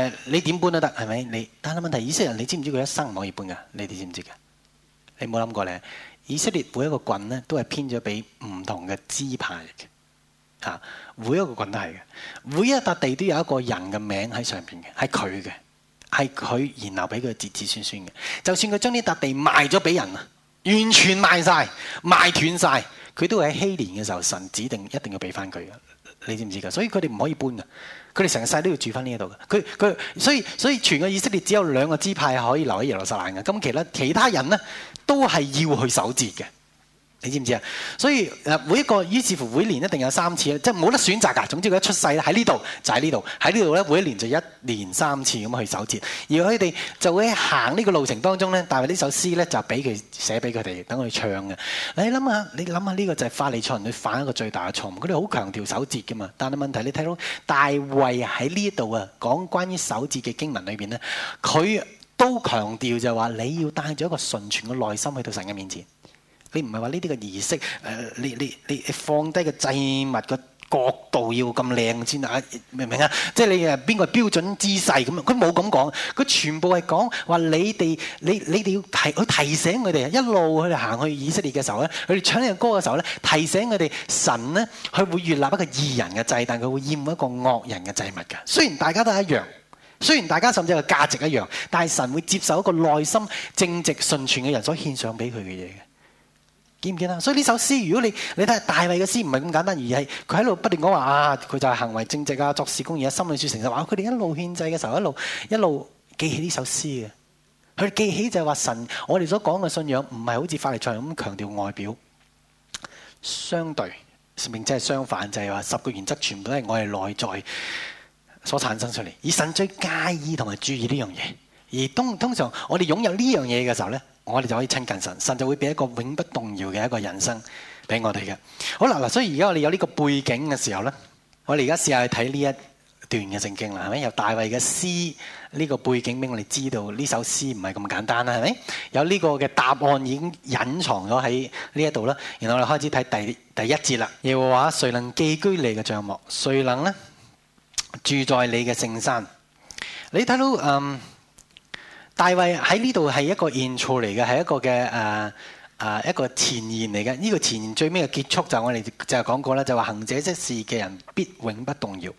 啊，你點搬都得，係咪？你但係問題，以色列人你知唔知佢一生唔可以搬嘅？你哋知唔知嘅？你冇諗過咧？啊。以色列每一個郡咧，都係編咗俾唔同嘅支派嘅，嚇，每一個郡都係嘅，每一笪地都有一個人嘅名喺上邊嘅，係佢嘅，係佢然後俾佢子子孫孫嘅，就算佢將呢笪地賣咗俾人啊，完全賣晒、賣斷晒，佢都會喺禧年嘅時候，神指定一定要俾翻佢嘅，你知唔知㗎？所以佢哋唔可以搬嘅。佢哋成世都要住返呢一度，佢佢所以所以全個以色列只有兩個支派可以留喺耶路撒冷嘅，咁其，其他人呢都係要去守節嘅。你知唔知啊？所以每一個，於是乎每年一定有三次，即係冇得選擇㗎。總之佢一出世咧，喺呢度就喺呢度，喺呢度咧，每一年就一年三次咁去守節。而佢哋就會喺行呢個路程當中咧，大衛呢首詩咧就俾佢寫俾佢哋等佢唱嘅。你諗下，你諗下呢個就係法利賽人佢犯一個最大嘅錯誤。佢哋好強調守節㗎嘛，但係問題你睇到大衛喺呢度啊，講關於守節嘅經文裏面咧，佢都強調就係話你要帶住一個純全嘅內心去到神嘅面前。你唔係話呢啲個儀式誒？你你你放低個祭物個角度要咁靚先啊？明唔明啊？即係你誒邊個標準姿勢咁啊？佢冇咁講，佢全部係講話你哋你你哋要提去提醒佢哋一路佢哋行去以色列嘅時候咧，佢哋唱呢個歌嘅時候咧，提醒佢哋神咧佢會悅納一個義人嘅祭，但係佢會厭一個惡人嘅祭物㗎。雖然大家都係一樣，雖然大家甚至係個價值一樣，但係神會接受一個內心正直、純全嘅人所獻上俾佢嘅嘢嘅。見唔見啊？所以呢首詩，如果你你睇大衛嘅詩，唔係咁簡單，而係佢喺度不斷講話啊，佢就係行為正直啊，作事公義啊，心裏說誠實話。佢哋一路獻祭嘅時候，一路一路記起呢首詩嘅。佢記起就係話神，我哋所講嘅信仰唔係好似法利賽人咁強調外表，相對，甚至係相反，就係話十個原則全部都係我哋內在所產生出嚟，以神最介意同埋注意呢樣嘢。而通常我哋擁有呢樣嘢嘅時候呢，我哋就可以親近神，神就會俾一個永不動搖嘅一個人生俾我哋嘅。好啦，嗱，所以而家我哋有呢個背景嘅時候呢，我哋而家試下去睇呢一段嘅聖經啦，係咪由大衛嘅詩呢個背景俾我哋知道呢首詩唔係咁簡單啦，係咪有呢個嘅答案已經隱藏咗喺呢一度啦？然後我哋開始睇第第一節啦。耶和華，誰能寄居你嘅帳幕？誰能呢？住在你嘅聖山？你睇到、嗯大衛喺呢度係一個 intro 嚟嘅，係一個嘅誒誒一個前言嚟嘅。呢、這個前言最尾嘅結束就我哋就係講過啦，就話行這些事嘅人必永不動搖。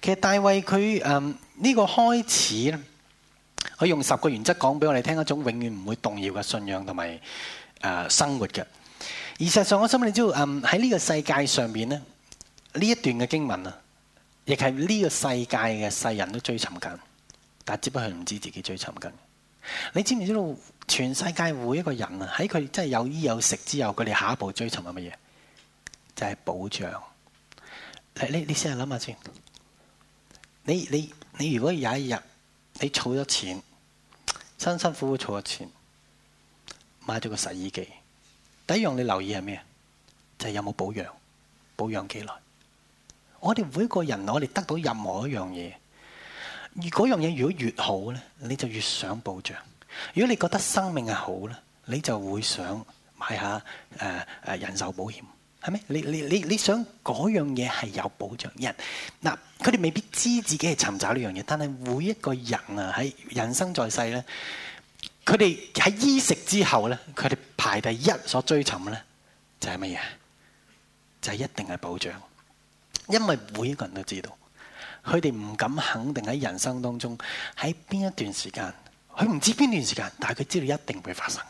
其實大衛佢誒呢個開始咧，佢用十個原則講俾我哋聽一種永遠唔會動搖嘅信仰同埋誒生活嘅。而事實上我心裏知道，誒喺呢個世界上面咧，呢一段嘅經文啊，亦係呢個世界嘅世人都追尋緊，但只不過唔知道自己追尋緊。你知唔知道全世界每一個人啊，喺佢真係有衣有食之後，佢哋下一步追尋係乜嘢？就係保障。你你你試下諗下先。你你你如果有一日你儲咗錢，辛辛苦苦儲咗錢，買咗個洗衣機，第一樣你留意係咩？就係有冇保養？保養幾耐？我哋每一個人，我哋得到任何一樣嘢。如果樣嘢如果越好咧，你就越想保障。如果你覺得生命係好咧，你就會想買下誒誒、呃呃、人壽保險，係咪？你你你你想嗰樣嘢係有保障人嗱？佢哋未必知自己係尋找呢樣嘢，但係每一個人啊喺人生在世咧，佢哋喺衣食之後咧，佢哋排第一所追尋咧就係乜嘢？就係、是就是、一定係保障，因為每一個人都知道。佢哋唔敢肯定喺人生當中喺邊一段時間，佢唔知邊段時間，但係佢知道一定會發生。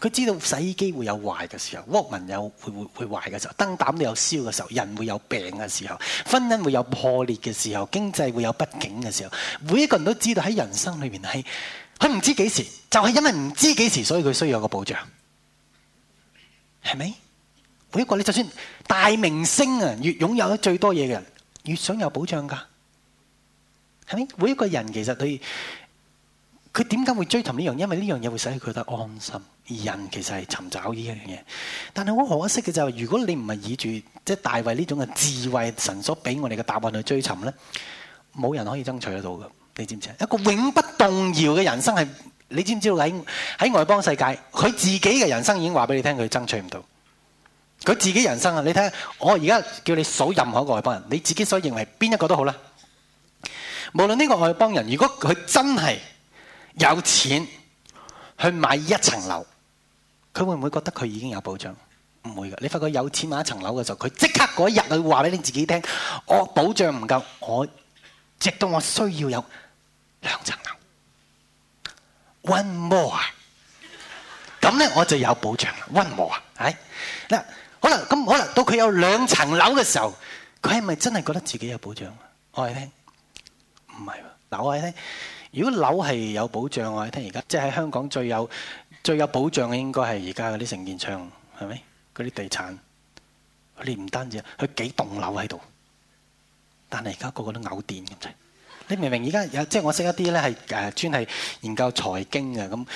佢知道洗衣機會有壞嘅時候，鍋紋有會會會壞嘅時候，燈膽都有燒嘅時候，人會有病嘅時候，婚姻會有破裂嘅時候，經濟會有不景嘅時候，每一個人都知道喺人生裏面係，佢唔知幾時，就係因為唔知幾時，所以佢需要有個保障，係咪？每一個你就算大明星啊，越擁有最多嘢嘅人，越想有保障㗎。係咪？每一個人其實佢佢點解會追尋呢樣？因為呢樣嘢會使佢覺得安心。而人其實係尋找呢一樣嘢，但係好可惜嘅就係，如果你唔係以住即係大衛呢種嘅智慧神所俾我哋嘅答案去追尋咧，冇人可以爭取得到噶。你知唔知啊？一個永不動搖嘅人生係，你知唔知道喺喺外邦世界，佢自己嘅人生已經話俾你聽，佢爭取唔到。佢自己人生啊，你睇下，我而家叫你數任何一個外邦人，你自己所認為邊一個都好啦。無論呢個外邦人，如果佢真係有錢去買一層樓，佢會唔會覺得佢已經有保障？唔會㗎。你發覺有錢買一層樓嘅時候，佢即刻嗰一日，佢話俾你自己聽：我保障唔夠，我直到我需要有兩層樓，one more。咁咧我就有保障啦，one more。係嗱，好啦咁可能到佢有兩層樓嘅時候，佢係咪真係覺得自己有保障啊？我哋聽。唔係，嗱我話你聽。如果樓係有保障，我話你聽而家即係喺香港最有最有保障嘅應該係而家嗰啲承建商，係咪？嗰啲地產，佢哋唔單止，佢幾棟樓喺度，但係而家個個都嘔電咁滯。你明唔明？而家有即係我識一啲咧係誒專係研究財經嘅咁。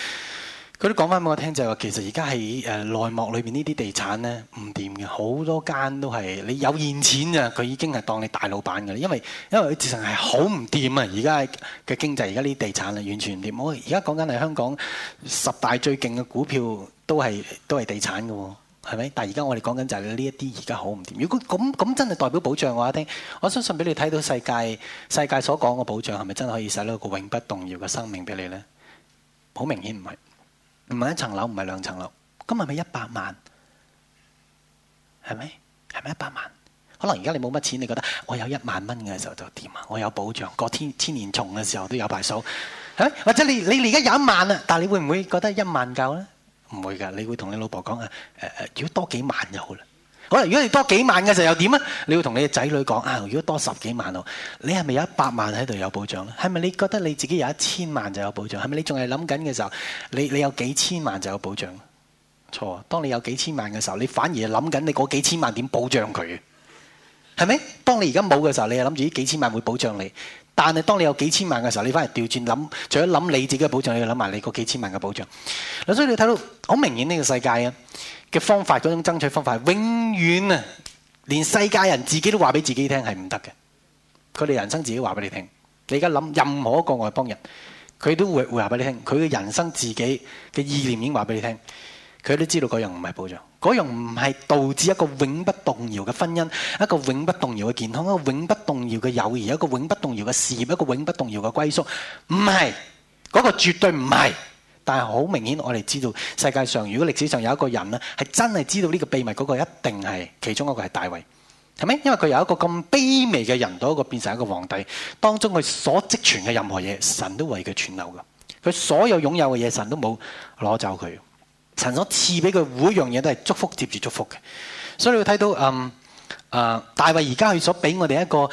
佢都講翻俾我聽，就係話其實而家係誒內幕裏邊呢啲地產咧唔掂嘅，好多間都係你有現錢呀，佢已經係當你大老闆㗎喇。因為因為佢直情係好唔掂啊！而家嘅經濟，而家呢啲地產咧完全唔掂。我而家講緊係香港十大最勁嘅股票都係都係地產㗎喎，係咪？但係而家我哋講緊就係呢一啲而家好唔掂。如果咁咁真係代表保障嘅話，我聽，我相信俾你睇到世界世界所講嘅保障係咪真係可以使到一個永不動搖嘅生命俾你咧？好明顯唔係。唔係一層樓，唔係兩層樓，咁係咪一百萬？係咪？係咪一百萬？可能而家你冇乜錢，你覺得我有一萬蚊嘅時候就點啊？我有保障，過千千年蟲嘅時候都有排數。啊，或者你你而家有一萬啦，但係你會唔會覺得一萬夠咧？唔會㗎，你會同你老婆講啊，誒、呃、誒，如果多幾萬就好啦。可能如果你多幾萬嘅時候又點啊？你要同你嘅仔女講啊！如果多十幾萬哦，你係咪有一百萬喺度有保障咧？係咪你覺得你自己有一千萬就有保障？係咪你仲係諗緊嘅時候，你你有幾千萬就有保障？錯啊！當你有幾千萬嘅時候，你反而諗緊你嗰幾千萬點保障佢？係咪？當你而家冇嘅時候，你又諗住啲幾千萬會保障你。但係當你有幾千萬嘅時候，你反而調轉諗，除咗諗你自己嘅保障，你要諗埋你嗰幾千萬嘅保障。所以你睇到好明顯呢個世界啊！嘅方法嗰種爭取方法係永遠啊！連世界人自己都話俾自己聽係唔得嘅。佢哋人生自己話俾你聽。你而家諗任何一個外邦人，佢都會話俾你聽。佢嘅人生自己嘅意念已經話俾你聽。佢都知道嗰樣唔係保障，嗰樣唔係導致一個永不動搖嘅婚姻，一個永不動搖嘅健康，一個永不動搖嘅友誼，一個永不動搖嘅事業，一個永不動搖嘅歸宿。唔係，嗰個絕對唔係。但係好明顯，我哋知道世界上如果歷史上有一個人咧，係真係知道呢個秘密嗰個，一定係其中一個係大衛，係咪？因為佢由一個咁卑微嘅人，到一個變成一個皇帝，當中佢所積存嘅任何嘢，神都為佢存留㗎。佢所有擁有嘅嘢，神都冇攞走佢。神所賜俾佢每一樣嘢都係祝福接住祝福嘅。所以你會睇到，嗯，誒、嗯，大衛而家佢所俾我哋一個。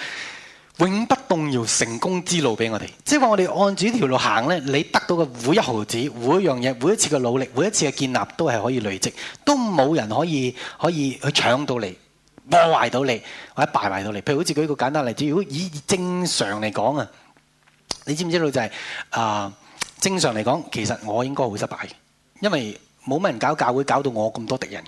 永不動搖成功之路俾我哋，即係話我哋按住條路行呢，你得到嘅每一毫子，每一樣嘢，每一次嘅努力，每一次嘅建立，都係可以累積，都冇人可以可以去搶到你、破壞到你，或者敗壞到你。譬如好似舉一個簡單例子，如果以正常嚟講啊，你知唔知道就係啊，正常嚟講其實我應該會失敗，因為冇乜人搞教會搞到我咁多敵人。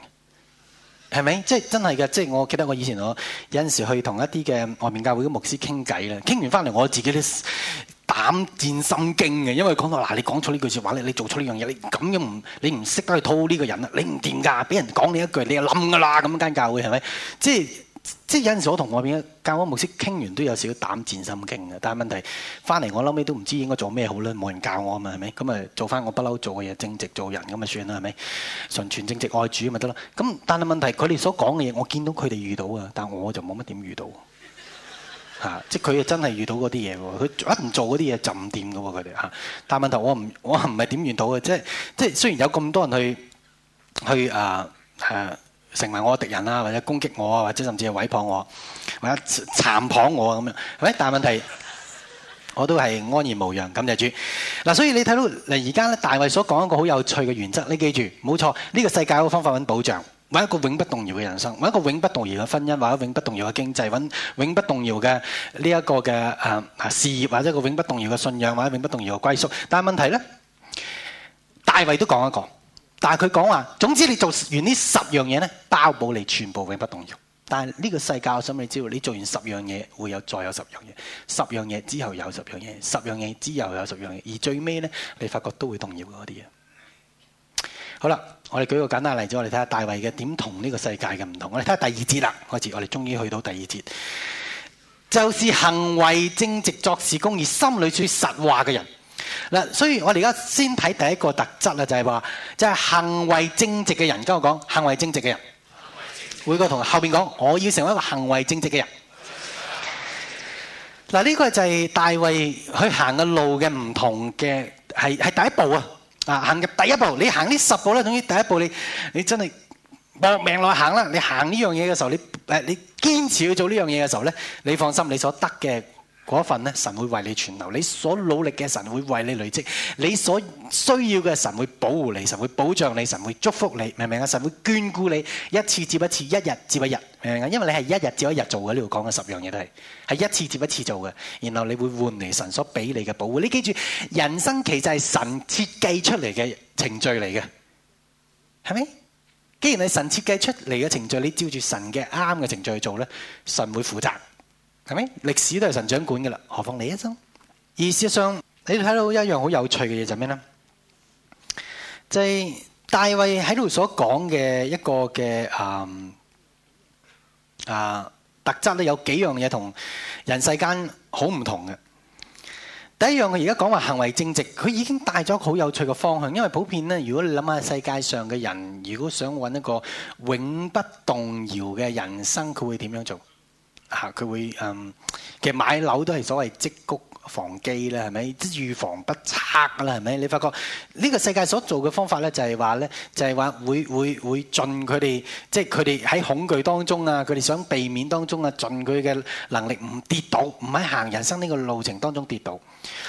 係咪？即係真係即係我記得我以前我有陣時去同一啲嘅外面教會嘅牧師傾偈啦，傾完翻嚟我自己都膽戰心驚嘅，因為講到嗱，你講錯呢句說話，你做錯呢樣嘢，你唔你唔識得去討呢個人，你唔掂㗎，俾人講你一句你就冧㗎啦，咁間教會係咪？即係。即係有陣時，我同外面我嘅教安牧師傾完都有少少膽戰心驚嘅。但係問題翻嚟，後我撈尾都唔知應該做咩好啦。冇人教我啊嘛，係咪？咁咪做翻我不嬲做嘅嘢，正直做人咁咪算啦，係咪？純全正直愛主咪得咯。咁但係問題，佢哋所講嘅嘢，我見到佢哋遇到，遇到，啊，的遇到的啊，但係我就冇乜點遇到。嚇！即係佢又真係遇到嗰啲嘢喎。佢一唔做嗰啲嘢就唔掂嘅喎，佢哋嚇。但係問題我唔我唔係點遇到嘅，即係即係雖然有咁多人去去啊誒。啊成為我敵人啦，或者攻擊我啊，或者甚至係毀謗我，或者殘綁我咁樣。係咪？但係問題我都係安然無恙，感謝主。嗱，所以你睇到嚟而家咧，大衛所講一個好有趣嘅原則，你記住，冇錯，呢個世界有個方法揾保障，揾一個永不動搖嘅人生，揾一個永不動搖嘅婚姻，或者永不動搖嘅經濟，揾永不動搖嘅呢一個嘅誒事業，或者一個永不動搖嘅信仰，或者永不動搖嘅歸宿。但係問題咧，大衛都講一講。但係佢講話，總之你做完呢十樣嘢呢，包保你全部永不動搖。但係呢個世界，我想你知道，你做完十樣嘢，會有再有十樣嘢，十樣嘢之後有十樣嘢，十樣嘢之後有十樣嘢，而最尾呢，你發覺都會動搖嗰啲嘢。好啦，我哋舉個簡單例子，我哋睇下大衛嘅點同呢個世界嘅唔同。我哋睇下第二節啦，開始。我哋終於去到第二節，就是行為正直、作事公義、心裏說實話嘅人。所以我哋而家先睇第一個特質，就係話，就係行為正直嘅人。跟我講，行為正直嘅人直，每個同學後邊講，我要成為一個行為正直嘅人。嗱，呢個就係大衛去行嘅路嘅唔同嘅，係係第一步啊！啊，行嘅第一步，你行呢十步咧，總之第一步你，你真係搏命去行啦！你行呢樣嘢嘅時候，你堅持要做呢樣嘢嘅時候咧，你放心，你所得嘅，嗰份咧，神會為你存留；你所努力嘅，神會為你累積；你所需要嘅，神會保護你，神會保障你，神會祝福你，明唔明啊？神會眷顧你，一次接一次，一日接一日，明唔明啊？因為你係一日接一日做嘅，呢度講嘅十樣嘢都係，係一次接一次做嘅，然後你會換嚟神所俾你嘅保護。你記住，人生其實係神設計出嚟嘅程序嚟嘅，係咪？既然係神設計出嚟嘅程序，你照住神嘅啱嘅程序去做咧，神會負責。係咪歷史都係神掌管嘅啦，何況你一生？而事實上，你睇到一樣好有趣嘅嘢就係咩呢？就係、是、大衛喺度所講嘅一個嘅，誒誒特質咧，有幾樣嘢同人世間好唔同嘅。第一樣，佢而家講話行為正直，佢已經帶咗好有趣嘅方向。因為普遍咧，如果你諗下世界上嘅人，如果想揾一個永不動搖嘅人生，佢會點樣做？嚇、啊、佢會嗯，其實買樓都係所謂積穀防饑啦，係咪？預、就是、防不測啦，係咪？你發覺呢個世界所做嘅方法咧，就係話咧，就係、是、話會會會盡佢哋，即係佢哋喺恐懼當中啊，佢哋想避免當中啊，盡佢嘅能力唔跌倒，唔喺行人生呢個路程當中跌倒。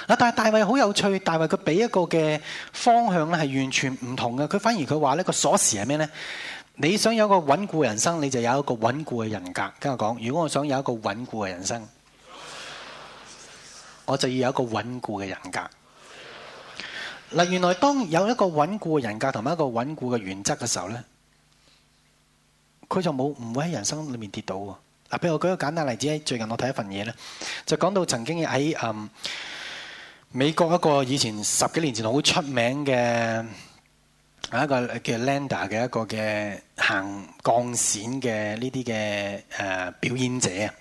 嗱、啊，但係大衛好有趣，大衛佢俾一個嘅方向咧係完全唔同嘅，佢反而佢話咧個鎖匙係咩咧？你想有一個穩固嘅人生，你就有一個穩固嘅人格。跟我講，如果我想有一個穩固嘅人生，我就要有一個穩固嘅人格。嗱，原來當有一個穩固嘅人格同埋一個穩固嘅原則嘅時候咧，佢就冇唔會喺人生裏面跌倒。嗱，譬如我舉一個簡單例子咧，最近我睇一份嘢咧，就講到曾經喺、嗯、美國一個以前十幾年前好出名嘅。一個叫 Landa 嘅一個嘅行鋼線嘅呢啲嘅誒表演者啊，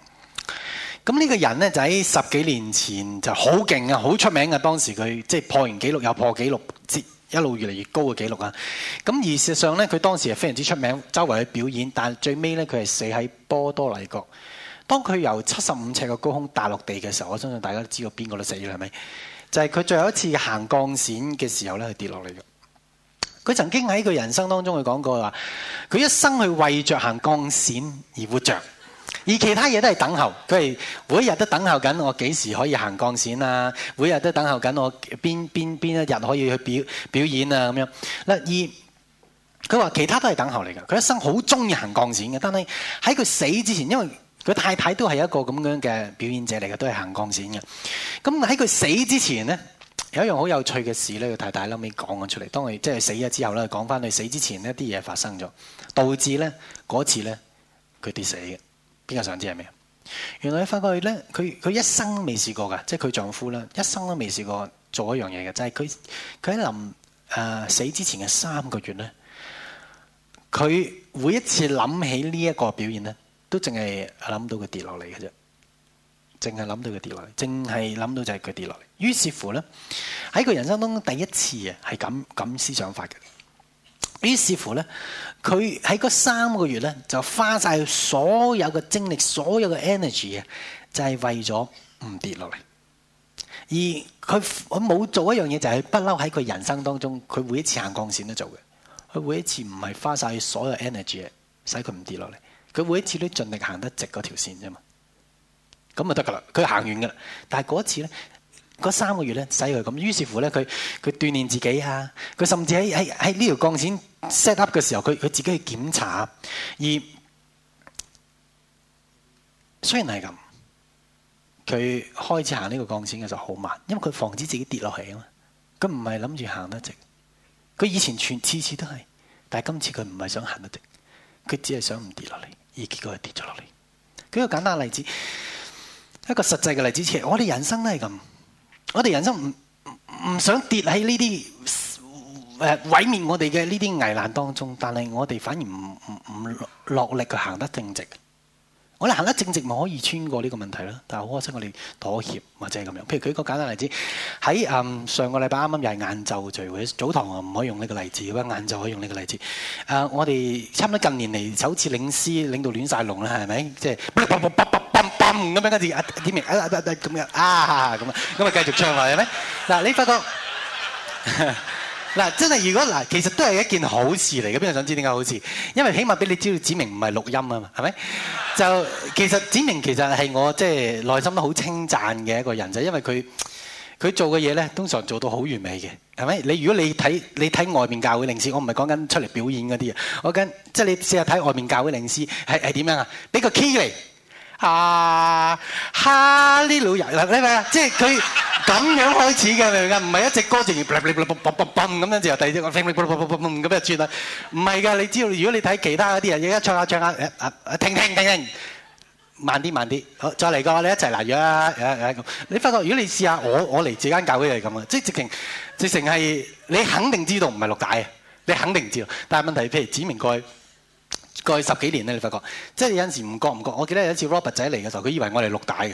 咁呢個人咧就喺十幾年前就好勁啊，好出名啊！當時佢即係破完紀錄又破紀錄，一路越嚟越高嘅紀錄啊！咁而事實上咧，佢當時係非常之出名，周圍去表演。但最尾咧，佢係死喺波多黎各。當佢由七十五尺嘅高空踏落地嘅時候，我相信大家都知道邊個都死啦，係咪？就係、是、佢最後一次行鋼線嘅時候咧，佢跌落嚟嘅。佢曾經喺佢人生當中佢講過話，佢一生去為着行鋼線而活着，而其他嘢都係等候。佢係每日都等候緊，我幾時可以行鋼線啊？每日都等候緊，我邊邊邊一日可以去表、表演啊？咁樣佢話其他都係等候嚟㗎。佢一生好鍾意行鋼線嘅，但係喺佢死之前，因為佢太太都係一個咁樣嘅表演者嚟嘅，都係行鋼線嘅。咁喺佢死之前呢。有一樣好有趣嘅事咧，佢太太後尾講咗出嚟。當佢即係死咗之後咧，講翻佢死之前呢啲嘢發生咗，導致咧嗰次咧佢跌死嘅。邊個想知係咩？原來你發覺佢咧，佢佢一生都未試過㗎，即係佢丈夫咧一生都未試過做一樣嘢嘅，就係佢佢喺臨誒死之前嘅三個月咧，佢每一次諗起呢一個表現咧，都淨係諗到佢跌落嚟嘅啫。淨係諗到佢跌落嚟，淨係諗到就係佢跌落嚟。於是乎咧，喺佢人生當中第一次啊，係咁咁思想法嘅。於是乎咧，佢喺嗰三個月咧就花曬所有嘅精力，所有嘅 energy 啊，就係為咗唔跌落嚟。而佢佢冇做一樣嘢，就係不嬲喺佢人生當中，佢每一次行鋼線都做嘅。佢每一次唔係花曬所有 energy，使佢唔跌落嚟。佢每一次都盡力行得直嗰條線啫嘛。咁就得噶啦，佢行完噶啦。但係嗰一次咧，嗰三個月咧，使佢咁。於是乎咧，佢佢鍛鍊自己啊，佢甚至喺喺喺呢條鋼線 set up 嘅時候，佢佢自己去檢查。而雖然係咁，佢開始行呢個鋼線嘅時候好慢，因為佢防止自己跌落嚟啊嘛。佢唔係諗住行得直，佢以前全次次都係，但係今次佢唔係想行得直，佢只係想唔跌落嚟，而結果係跌咗落嚟。舉個簡單例子。一個實際嘅例子其實。我哋人生都係咁，我哋人生唔想跌喺呢啲誒，毀滅我哋嘅呢啲危難當中，但係我哋反而唔唔唔落力去行得正直。我哋行得正直，唔可以穿過呢個問題啦。但係好可惜，我哋妥協或者係咁樣。譬如舉個簡單例子，喺上個禮拜啱啱又係晏晝聚會，早堂啊唔可以用呢個例子嘅話，晏晝可以用呢個例子。例子呃、我哋差唔多近年嚟首次領詩領導亂晒龍啦，係咪？即係嘭嘭嘭嘭嘭嘭咁樣跟住啊啊啊咁樣啊咁啊，咁啊繼續唱落係咪？嗱，你發覺。 嗱，真係如果嗱，其實都係一件好事嚟嘅。邊度想知點解好事？因為起碼俾你知道，子明唔係錄音啊嘛，係咪？就其實子明其實係我即係內心都好稱讚嘅一個人，就係、因為佢佢做嘅嘢咧，通常做到好完美嘅，係咪？你如果你睇你睇外面教會領師，我唔係講緊出嚟表演嗰啲嘢，我緊即係你試下睇外面教會領師係係點樣啊？俾個 key 嚟。嚇！嚇！呢老人啦，你睇下，即係佢咁樣開始嘅，明唔明？唔係一隻歌直接嘣嘣嘣嘣咁樣就第二隻，嘣嘣嘣嘣咁就轉啦。唔係噶，你知道？如果你睇其他嗰啲人，而家唱下唱下，停停停停，慢啲慢啲，好，再嚟個話你一齊嗱住啦，誒誒，你發覺如果你試下我，我嚟這間教會係咁啊，即係直情直情係你肯定知道唔係六戒嘅，你肯定知道，但係問題譬如指明句。過去十幾年咧，你發覺即係有陣時唔覺唔覺。我記得有一次 Robert 仔嚟嘅時候，佢以為我哋錄帶嘅，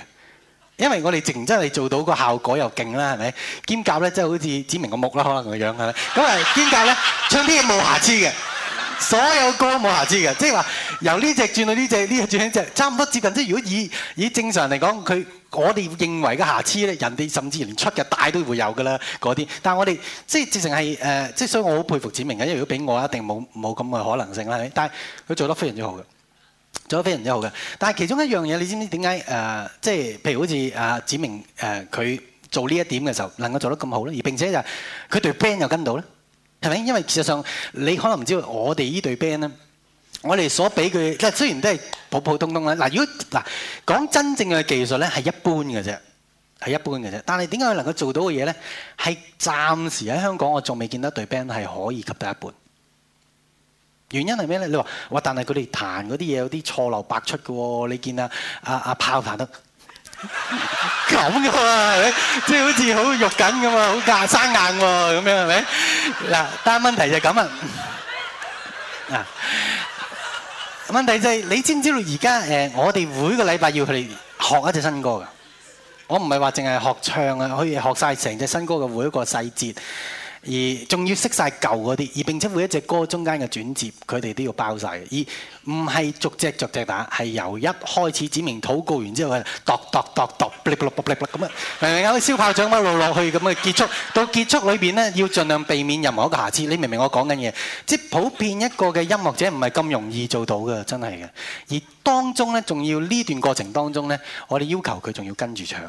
因為我哋淨真係做到個效果又勁啦，係咪？兼夾咧，即係好似指明個木啦，可能個樣係。咁啊， 兼夾咧，唱啲嘢冇瑕疵嘅， 所有歌冇瑕疵嘅，即係話由呢隻轉到呢隻，呢隻轉緊隻，差唔多接近。即係如果以以正常嚟講，佢。我哋認為嘅瑕疵咧，人哋甚至連出嘅帶都會有噶啦，嗰啲。但係我哋即係直情係誒，即係、呃、所以我好佩服展明嘅。因為如果俾我，一定冇冇咁嘅可能性啦，係咪？但係佢做得非常之好嘅，做得非常之好嘅。但係其中一樣嘢，你知唔知點解誒？即係譬如好似阿展明誒，佢、呃、做呢一點嘅時候能夠做得咁好咧，而並且就佢對 band 又跟到咧，係咪？因為事實上你可能唔知道我哋呢對 band 咧。我哋所俾佢，即係雖然都係普普通通啦。嗱，如果嗱講真正嘅技術咧，係一般嘅啫，係一般嘅啫。但係點解佢能夠做到嘅嘢咧，係暫時喺香港我仲未見到隊 band 係可以及到一半。原因係咩咧？你話哇，但係佢哋彈嗰啲嘢有啲錯漏百出嘅喎。你見啊，阿阿炮彈得咁嘅喎，即係好似好肉緊咁啊，啊 啊就是、好硬生硬喎、啊，咁樣係、啊、咪？嗱，但係問題就係咁啊，嗱、 啊。問題就係、是、你知唔知道而家誒，我哋每個禮拜要佢哋學一隻新歌㗎。我唔係話淨係學唱啊，可以學晒成隻新歌嘅每一個細節。而仲要識晒舊嗰啲，而並且每一隻歌中間嘅轉接，佢哋都要包晒。而唔係逐隻逐隻，隻，隻，隻打，係由一開始指明禱告完之後咧，哆度哆哆，卜嚟卜嚟咁啊，明唔明啊？燒炮仗一路落去咁啊，結束到結束裏邊咧，要盡量避免任何一個瑕疵。你明唔明我講緊嘢？即係普遍一個嘅音樂者唔係咁容易做到嘅，真係嘅。而當中咧，仲要呢段過程當中咧，我哋要求佢仲要跟住唱嘅。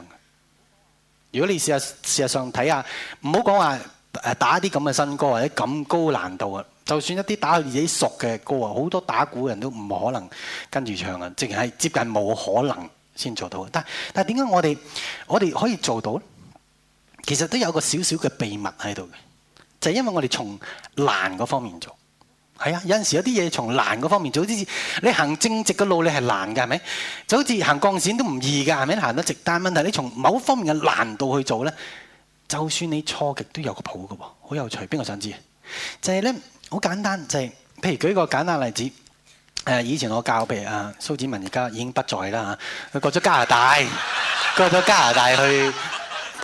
如果你事實事實上睇下，唔好講話。誒打一啲咁嘅新歌或者咁高難度嘅，就算一啲打佢自己熟嘅歌啊，好多打鼓嘅人都唔可能跟住唱啊，淨係接近冇可能先做到。但但點解我哋我哋可以做到咧？其實都有個少少嘅秘密喺度嘅，就係因為我哋從難嗰方面做。係啊，有陣時有啲嘢從難嗰方面做，好似你行正直嘅路，你係難㗎，係咪？就好似行鋼線都唔易㗎，係咪？行得直，但係問題你從某一方面嘅難度去做咧。就算你錯極都有個譜嘅喎，好有趣。邊個想知？就係咧，好簡單，就係譬如舉個簡單例子。誒，以前我教譬如啊蘇子文，而家已經不在啦嚇，佢過咗加拿大，過 咗加拿大去，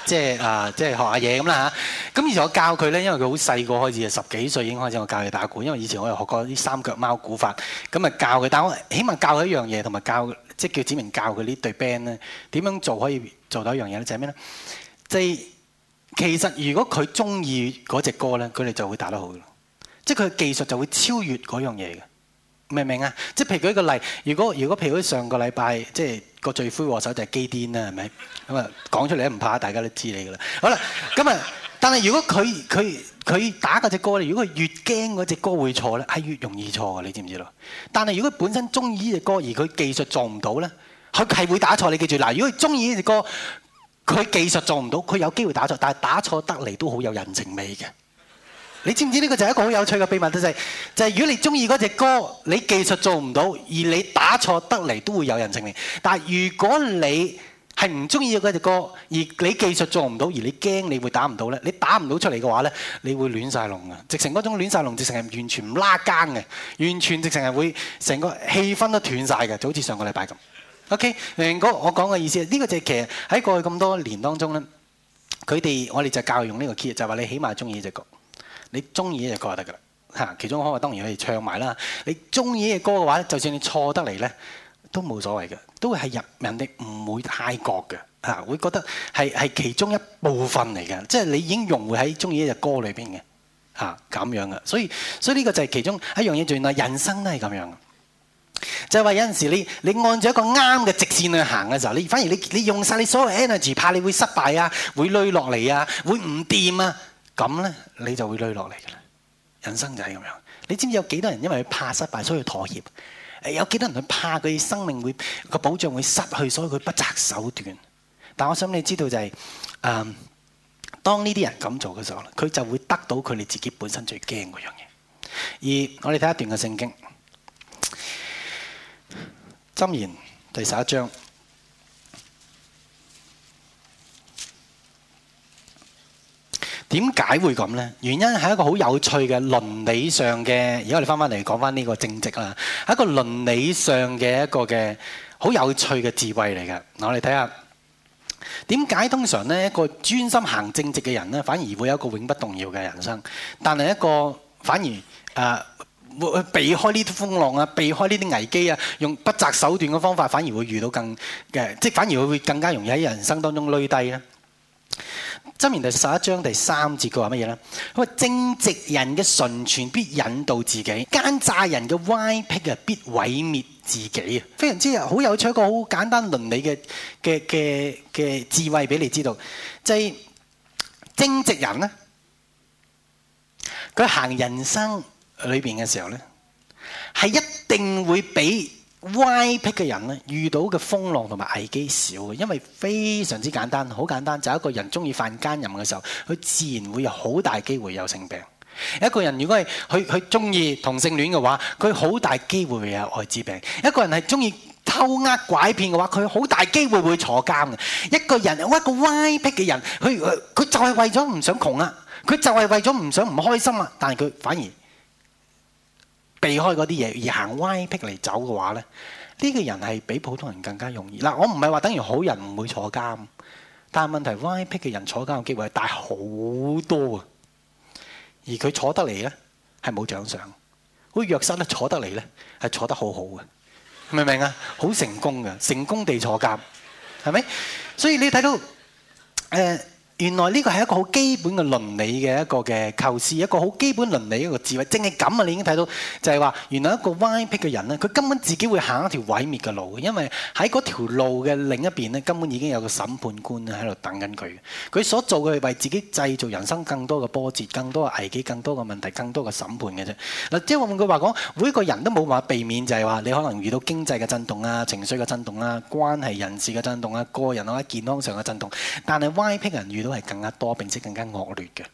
即係啊，即係學下嘢咁啦嚇。咁以前我教佢咧，因為佢好細個開始啊，十幾歲已經開始我教佢打鼓，因為以前我又學過啲三腳貓鼓法，咁啊教佢。但係我起碼教佢一樣嘢，同埋教即係叫子明教佢呢隊 band 咧點樣做可以做到一樣嘢咧，就係咩咧？即係。其實，如果佢中意嗰隻歌咧，佢哋就會打得好嘅，即係佢嘅技術就會超越嗰樣嘢嘅，明唔明啊？即係譬如舉個例，如果如果譬如上個禮拜，即係個罪魁禍首就係基癲啦，係咪？咁啊講出嚟都唔怕，大家都知你嘅啦。好啦，咁啊，但係如果佢佢佢打嗰隻歌咧，如果佢越驚嗰隻歌會錯咧，係越容易錯嘅，你知唔知咯？但係如果本身中意呢隻歌，而佢技術做唔到咧，佢係會打錯。你記住嗱，如果佢中意呢隻歌。佢技術做唔到，佢有機會打錯，但係打錯得嚟都好有人情味嘅。你知唔知呢個就係一個好有趣嘅秘密？就係、就係、如果你中意嗰隻歌，你技術做唔到，而你打錯得嚟都會有人情味。但係如果你係唔中意嗰隻歌，而你技術做唔到，而你驚你會打唔到呢？你打唔到出嚟嘅話呢，你會亂晒龍嘅，直情嗰種亂曬龍，直情係完全唔拉更嘅，完全直情係會成個氣氛都斷晒嘅，就好似上個禮拜咁。OK，誒，嗰我講嘅意思呢、呢個就係其實喺過去咁多年當中咧，佢哋我哋就教用呢個 key，就係話你起碼中意呢隻歌，你中意呢隻歌就得噶啦嚇。其中可我當然可以唱埋啦，你中意呢隻歌嘅話咧，就算你錯得嚟咧，都冇所謂嘅，都係人人哋唔會太覺嘅嚇，會覺得係係其中一部分嚟嘅，即係你已經融會喺中意呢隻歌裏邊嘅嚇咁樣嘅，所以所以呢個就係其中一樣嘢最耐，人生都係咁樣的。就係話，有陣時你你按住一個啱嘅直線去行嘅時候，你反而你你用晒你所有 energy，怕你會失敗啊，會累落嚟啊，會唔掂啊，咁咧你就會累落嚟嘅啦。人生就係咁樣。你知唔知有幾多人因為怕失敗，所以妥協？有幾多人去怕佢生命會個保障會失去，所以佢不擇手段？但我想你知道就係，嗯，當呢啲人咁做嘅時候，佢就會得到佢哋自己本身最驚嗰樣嘢。而我哋睇一段嘅聖經。箴言第十一章，點解會咁呢？原因係一個好有趣嘅倫理上嘅，而家我哋翻翻嚟講翻呢個正直啦，係一個倫理上嘅一個嘅好有趣嘅智慧嚟嘅。嗱，我哋睇下點解通常呢一個專心行正直嘅人呢，反而會有一個永不動搖嘅人生，但係一個反而誒。會避開呢啲風浪啊，避開呢啲危機啊，用不擇手段嘅方法，反而會遇到更嘅，即反而會更加容易喺人生當中累低啦、啊。箴言第十一章第三節，佢話乜嘢呢？佢話，正直人嘅純全必引導自己，奸詐人嘅歪癖啊，必毀滅自己啊！非常之好有趣一個好簡單倫理嘅嘅嘅嘅智慧俾你知道，就係、是、正直人呢，佢行人生。裏邊嘅時候咧，係一定會比歪僻嘅人咧遇到嘅風浪同埋危機少嘅，因為非常之簡單，好簡單就係一個人中意犯奸淫嘅時候，佢自然會有好大機會有性病；一個人如果係佢佢中意同性戀嘅話，佢好大機會會有艾滋病；一個人係中意偷呃拐騙嘅話，佢好大機會會坐監嘅；一個人一個歪僻嘅人，佢佢就係為咗唔想窮啊，佢就係為咗唔想唔開心啊，但係佢反而。避開嗰啲嘢而行歪僻嚟，走嘅話咧，呢、呢個人係比普通人更加容易。嗱，我唔係話等於好人唔會坐監，但係問題歪僻嘅人坐監嘅機會係大好多啊。而佢坐得嚟咧，係冇獎賞。好似藥失咧坐得嚟咧，係坐得好好嘅，明唔明啊？好成功嘅，成功地坐監，係咪？所以你睇到，誒、呃。原來呢個係一個好基本嘅倫理嘅一個嘅構思，一個好基本倫理嘅一個智慧。正係咁啊！你已經睇到，就係話原來一個歪僻嘅人呢，佢根本自己會行一條毀滅嘅路。因為喺嗰條路嘅另一邊呢，根本已經有個審判官喺度等緊佢。佢所做嘅為自己製造人生更多嘅波折、更多嘅危機、更多嘅問題、更多嘅審判嘅啫。嗱，即係換句話講，每個人都冇辦法避免，就係話你可能遇到經濟嘅震動啊、情緒嘅震動啊、關係人事嘅震動啊、個人啊健康上嘅震動，但係歪僻人遇到。都係更加多，並且更加惡劣嘅。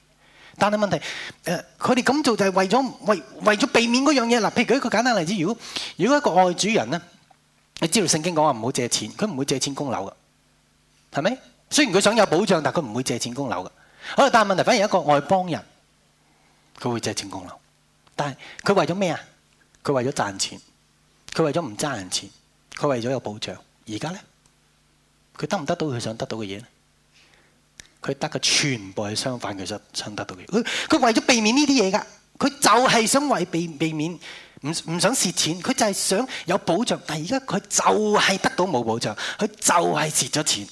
但係問題，誒、呃，佢哋咁做就係為咗為為咗避免嗰樣嘢。嗱，譬如舉一個簡單例子，如果如果一個愛主人咧，你知道聖經講話唔好借錢，佢唔會借錢供樓㗎，係咪？雖然佢想有保障，但係佢唔會借錢供樓㗎。好，但係問題反而一個外邦人，佢會借錢供樓，但係佢為咗咩啊？佢為咗賺錢，佢為咗唔爭人錢，佢為咗有保障。而家咧，佢得唔得到佢想得到嘅嘢咧？佢得嘅全部係相反，佢想撐得到嘅。佢佢為咗避免呢啲嘢㗎，佢就係想為避避免唔唔想蝕錢，佢就係想有保障。但而家佢就係得到冇保障，佢就係蝕咗錢。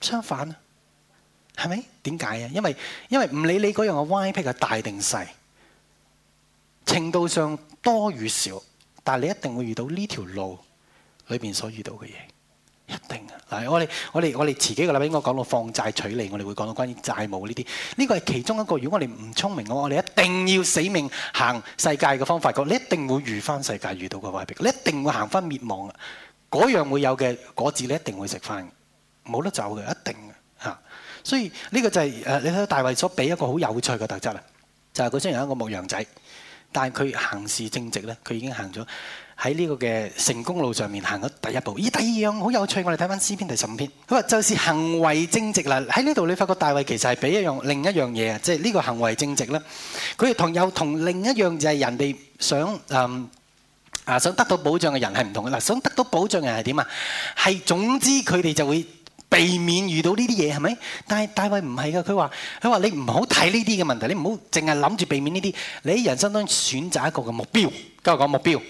相反啊，係咪？點解啊？因為因為唔理你嗰樣嘅歪僻係大定細程度上多與少，但係你一定會遇到呢條路裏邊所遇到嘅嘢。一定啊！嗱，我哋我哋我哋遲幾個禮拜應該講到放債取利，我哋會講到關於債務呢啲。呢個係其中一個，如果我哋唔聰明嘅話，我哋一定要死命行世界嘅方法，個你一定會遇翻世界遇到個威逼，你一定會行翻滅亡嘅。嗰樣會有嘅果子，你一定會食翻冇得走嘅，一定嘅嚇。所以呢個就係、是、誒，你睇大衛所俾一個好有趣嘅特質啊，就係、是、佢雖然係一個牧羊仔，但係佢行事正直咧，佢已經行咗。喺呢個嘅成功路上面行咗第一步，咦？第二樣好有趣，我哋睇翻詩篇第十五篇。佢話就是行為正直啦。喺呢度你發覺大衛其實係俾一樣另一樣嘢啊，即係呢個行為正直咧。佢同又同另一樣就係人哋想嗯啊想得到保障嘅人係唔同嘅嗱，想得到保障嘅人係點啊？係總之佢哋就會避免遇到呢啲嘢係咪？但係大衛唔係噶，佢話佢話你唔好睇呢啲嘅問題，你唔好淨係諗住避免呢啲。你喺人生當中選擇一個嘅目標，跟住講目標。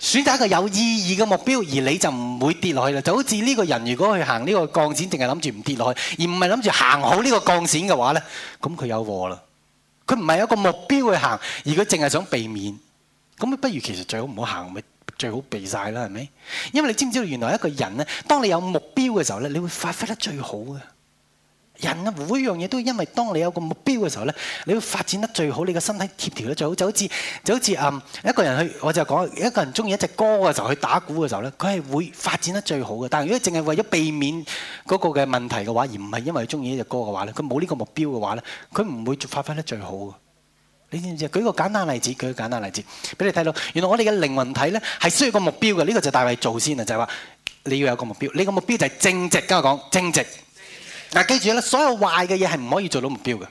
選擇一個有意義嘅目標，而你就唔會跌落去啦。就好似呢個人如果去行呢個鋼線，淨係諗住唔跌落去，而唔係諗住行好呢個鋼線嘅話呢，咁佢有禍啦。佢唔係有一個目標去行，而佢淨係想避免，咁不如其實最好唔好行咪最好避晒啦，係咪？因為你知唔知道原來一個人呢，當你有目標嘅時候呢，你會發揮得最好嘅。人啊，每一樣嘢都因為當你有個目標嘅時候咧，你會發展得最好，你個身體協調得最好，就好似就好似誒一個人去，我就講一個人中意一隻歌嘅時候去打鼓嘅時候咧，佢係會發展得最好嘅。但係如果淨係為咗避免嗰個嘅問題嘅話，而唔係因為中意一隻歌嘅話咧，佢冇呢個目標嘅話咧，佢唔會發揮得最好嘅。你知唔知啊？舉個簡單例子，舉個簡單例子俾你睇到，原來我哋嘅靈魂體咧係需要個目標嘅。呢個就大衛做先啊，就係話你要有個目標，你個目標就係正直。跟我講，正直。嗱，記住啦，所有壞嘅嘢係唔可以做到目標嘅。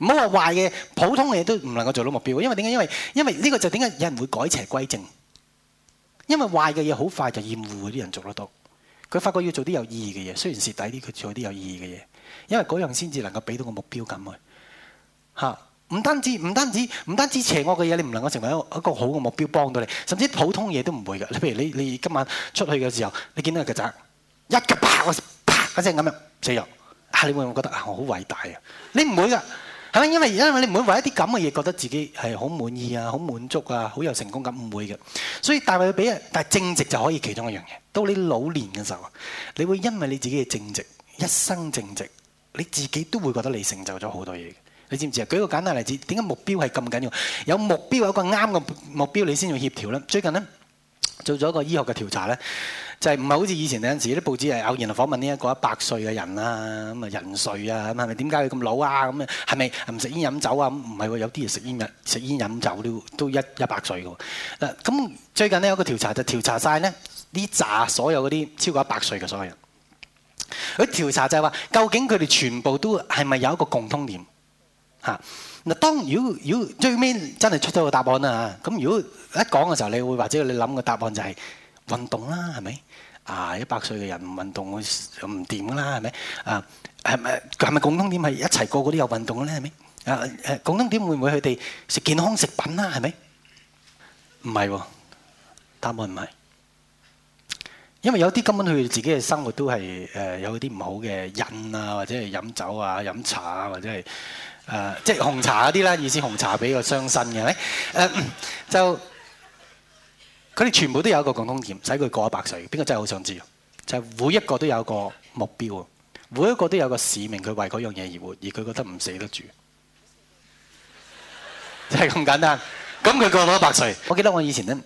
唔好話壞嘅，普通嘅嘢都唔能夠做到目標嘅。因為點解？因為因為呢個就點解有人會改邪歸正？因為壞嘅嘢好快就厭惡嗰啲人做得到。佢發覺要做啲有意義嘅嘢，雖然蝕底啲，佢做啲有意義嘅嘢。因為嗰樣先至能夠俾到個目標咁去嚇。唔單止，唔單止，唔單止邪惡嘅嘢，你唔能夠成為一個好嘅目標幫到你。甚至普通嘢都唔會嘅。你譬如你你今晚出去嘅時候，你見到曱甴一腳啪嗰啪一聲咁樣死入。嚇、啊！你會唔會覺得啊，我好偉大啊？你唔會㗎，係咪？因為因為你唔會為一啲咁嘅嘢覺得自己係好滿意啊、好滿足啊、好有成功感，唔會嘅。所以大衛俾人，但係正直就可以其中一樣嘢。到你老年嘅時候啊，你會因為你自己嘅正直，一生正直，你自己都會覺得你成就咗好多嘢。你知唔知啊？舉個簡單例子，點解目標係咁緊要？有目標，有個啱嘅目標，你先要協調啦。最近咧做咗一個醫學嘅調查咧。就係唔係好似以前有陣時啲報紙係偶然嚟訪問呢一個一百歲嘅人啊，咁啊人瑞啊，咁係咪點解佢咁老啊？咁啊係咪唔食煙飲酒啊？咁唔係喎，有啲人食煙飲食煙飲酒都都一一百歲嘅。嗱咁最近呢，有一個調查就調查晒咧呢扎所有嗰啲超過一百歲嘅所有人。佢調查就係話，究竟佢哋全部都係咪有一個共通點？嚇、啊、嗱，當如果如果最尾真係出咗個答案啊，咁如果一講嘅時候，你會或者你諗嘅答案就係、是。運動啦，係咪啊？一百歲嘅人唔運動，會唔掂㗎啦，係咪啊？係咪係咪共通點係一齊個個都有運動㗎咧，係咪啊？誒共通點會唔會佢哋食健康食品啊？係咪唔係？答案唔係，因為有啲根本佢哋自己嘅生活都係誒有啲唔好嘅癮啊，或者係飲酒啊、飲茶啊，或者係誒即係紅茶嗰啲啦，意思紅茶比較傷身嘅咧誒就。佢哋全部都有一個共通點，使佢過一百歲。邊個真係好想知道？就係、每一個都有個目標啊，每一個都有個使命，佢為嗰樣嘢而活，而佢覺得唔死得住，就係、係、咁簡單。咁佢過到一百歲。我記得我以前咧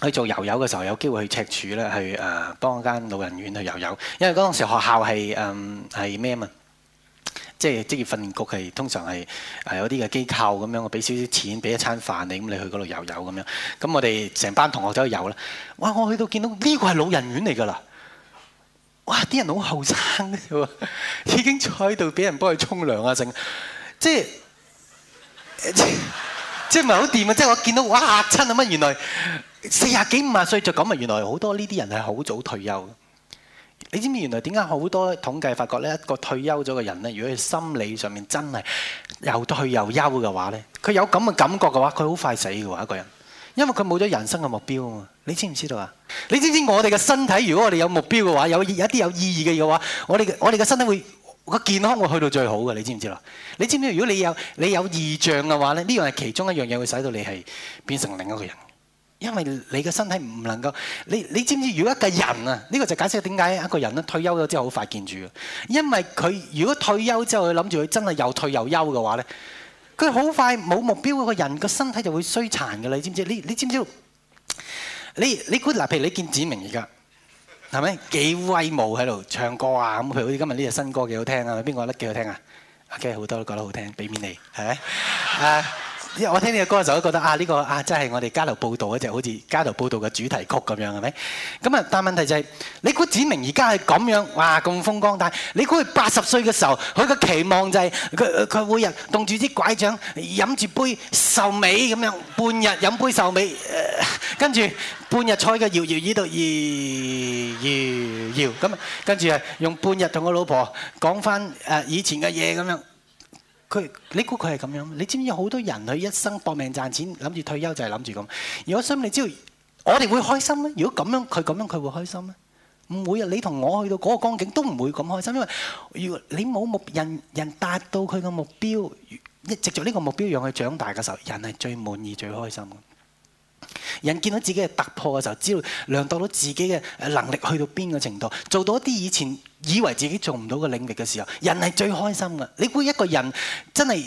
去做遊遊嘅時候，我有機會去赤柱咧去誒幫間老人院去遊遊，因為嗰陣時候學校係誒係咩嘛？呃即係職業訓練局係通常係誒有啲嘅機構咁樣，我俾少少錢，俾一餐飯你，咁你去嗰度遊遊咁樣。咁我哋成班同學走去遊啦。哇！我去到見到呢個係老人院嚟㗎啦。哇！啲人好後生嘅，已經坐喺度俾人幫佢沖涼啊，剩即係即係唔係好掂啊？即係我見到，哇嚇親啊！乜原來四十幾五十歲就咁啊？原來好多呢啲人係好早退休。你知唔知原來點解好多統計發覺咧一個退休咗嘅人咧，如果佢心理上面真係又退又休嘅話咧，佢有咁嘅感覺嘅話，佢好快死嘅喎一個人，因為佢冇咗人生嘅目標啊嘛。你知唔知道啊？你知唔知我哋嘅身體，如果我哋有目標嘅話，有一啲有意義嘅嘢嘅話，我哋我哋嘅身體會個健康會去到最好嘅。你知唔知啦？你知唔知如果你有你有異象嘅話咧，呢樣係其中一樣嘢會使到你係變成另一個人。因為你個身體唔能夠，你你知唔知？如果一個人啊，呢個就解釋點解一個人咧退休咗之後好快見主嘅。因為佢如果退休之後，佢諗住佢真係又退又休嘅話咧，佢好快冇目標，個人個身體就會衰殘嘅啦。你知唔知？你你知唔知？你你估嗱？譬如你見子明而家係咪幾威武喺度唱歌啊？咁譬如好似今日呢隻新歌幾好聽啊？邊個覺得幾好聽啊？OK，好多都覺得好聽，俾面你係咪？啊！我聽你個歌嘅時候，我都覺得啊，呢個啊真係我哋《街頭報道》嗰隻好似《街頭報道》嘅主題曲咁樣係咪？咁啊，但問題就係你估展明而家係咁樣，哇咁風光大！你估佢八十歲嘅時候，佢嘅期望就係佢佢每日動住啲枴杖，飲住杯壽眉咁樣，半日飲杯壽眉，誒跟住半日坐喺個搖搖椅度搖搖搖，咁跟住用半日同個老婆講返誒以前嘅嘢咁樣。佢，你估佢係咁樣？你知唔知有好多人佢一生搏命賺錢，諗住退休就係諗住咁。如果想你知道，我哋會開心咧？如果咁樣，佢咁樣，佢會開心咩？唔會啊！你同我去到嗰個光景都唔會咁開心，因為如果你冇目人，人達到佢嘅目標，一直做呢個目標讓佢長大嘅時候，人係最滿意、最開心。人見到自己嘅突破嘅時候，知道量度到自己嘅能力去到邊個程度，做到一啲以前以為自己做唔到嘅領域嘅時候，人係最開心嘅。你估一個人真係，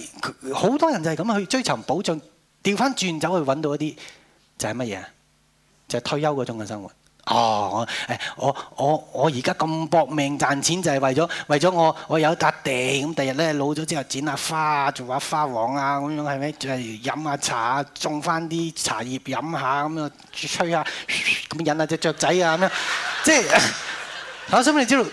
好多人就係咁去追求保障，調翻轉走去揾到一啲就係乜嘢？就係、就係、退休嗰種嘅生活。哦、oh，我誒我我我而家咁搏命賺錢就係為咗為咗我我有笪地，咁第日咧老咗之後剪下花，做下花王啊，咁樣係咪？就係飲下茶，種返啲茶葉飲下咁啊，吹下咁引下隻雀仔啊咁樣。即、就、係、是、 我想你知道，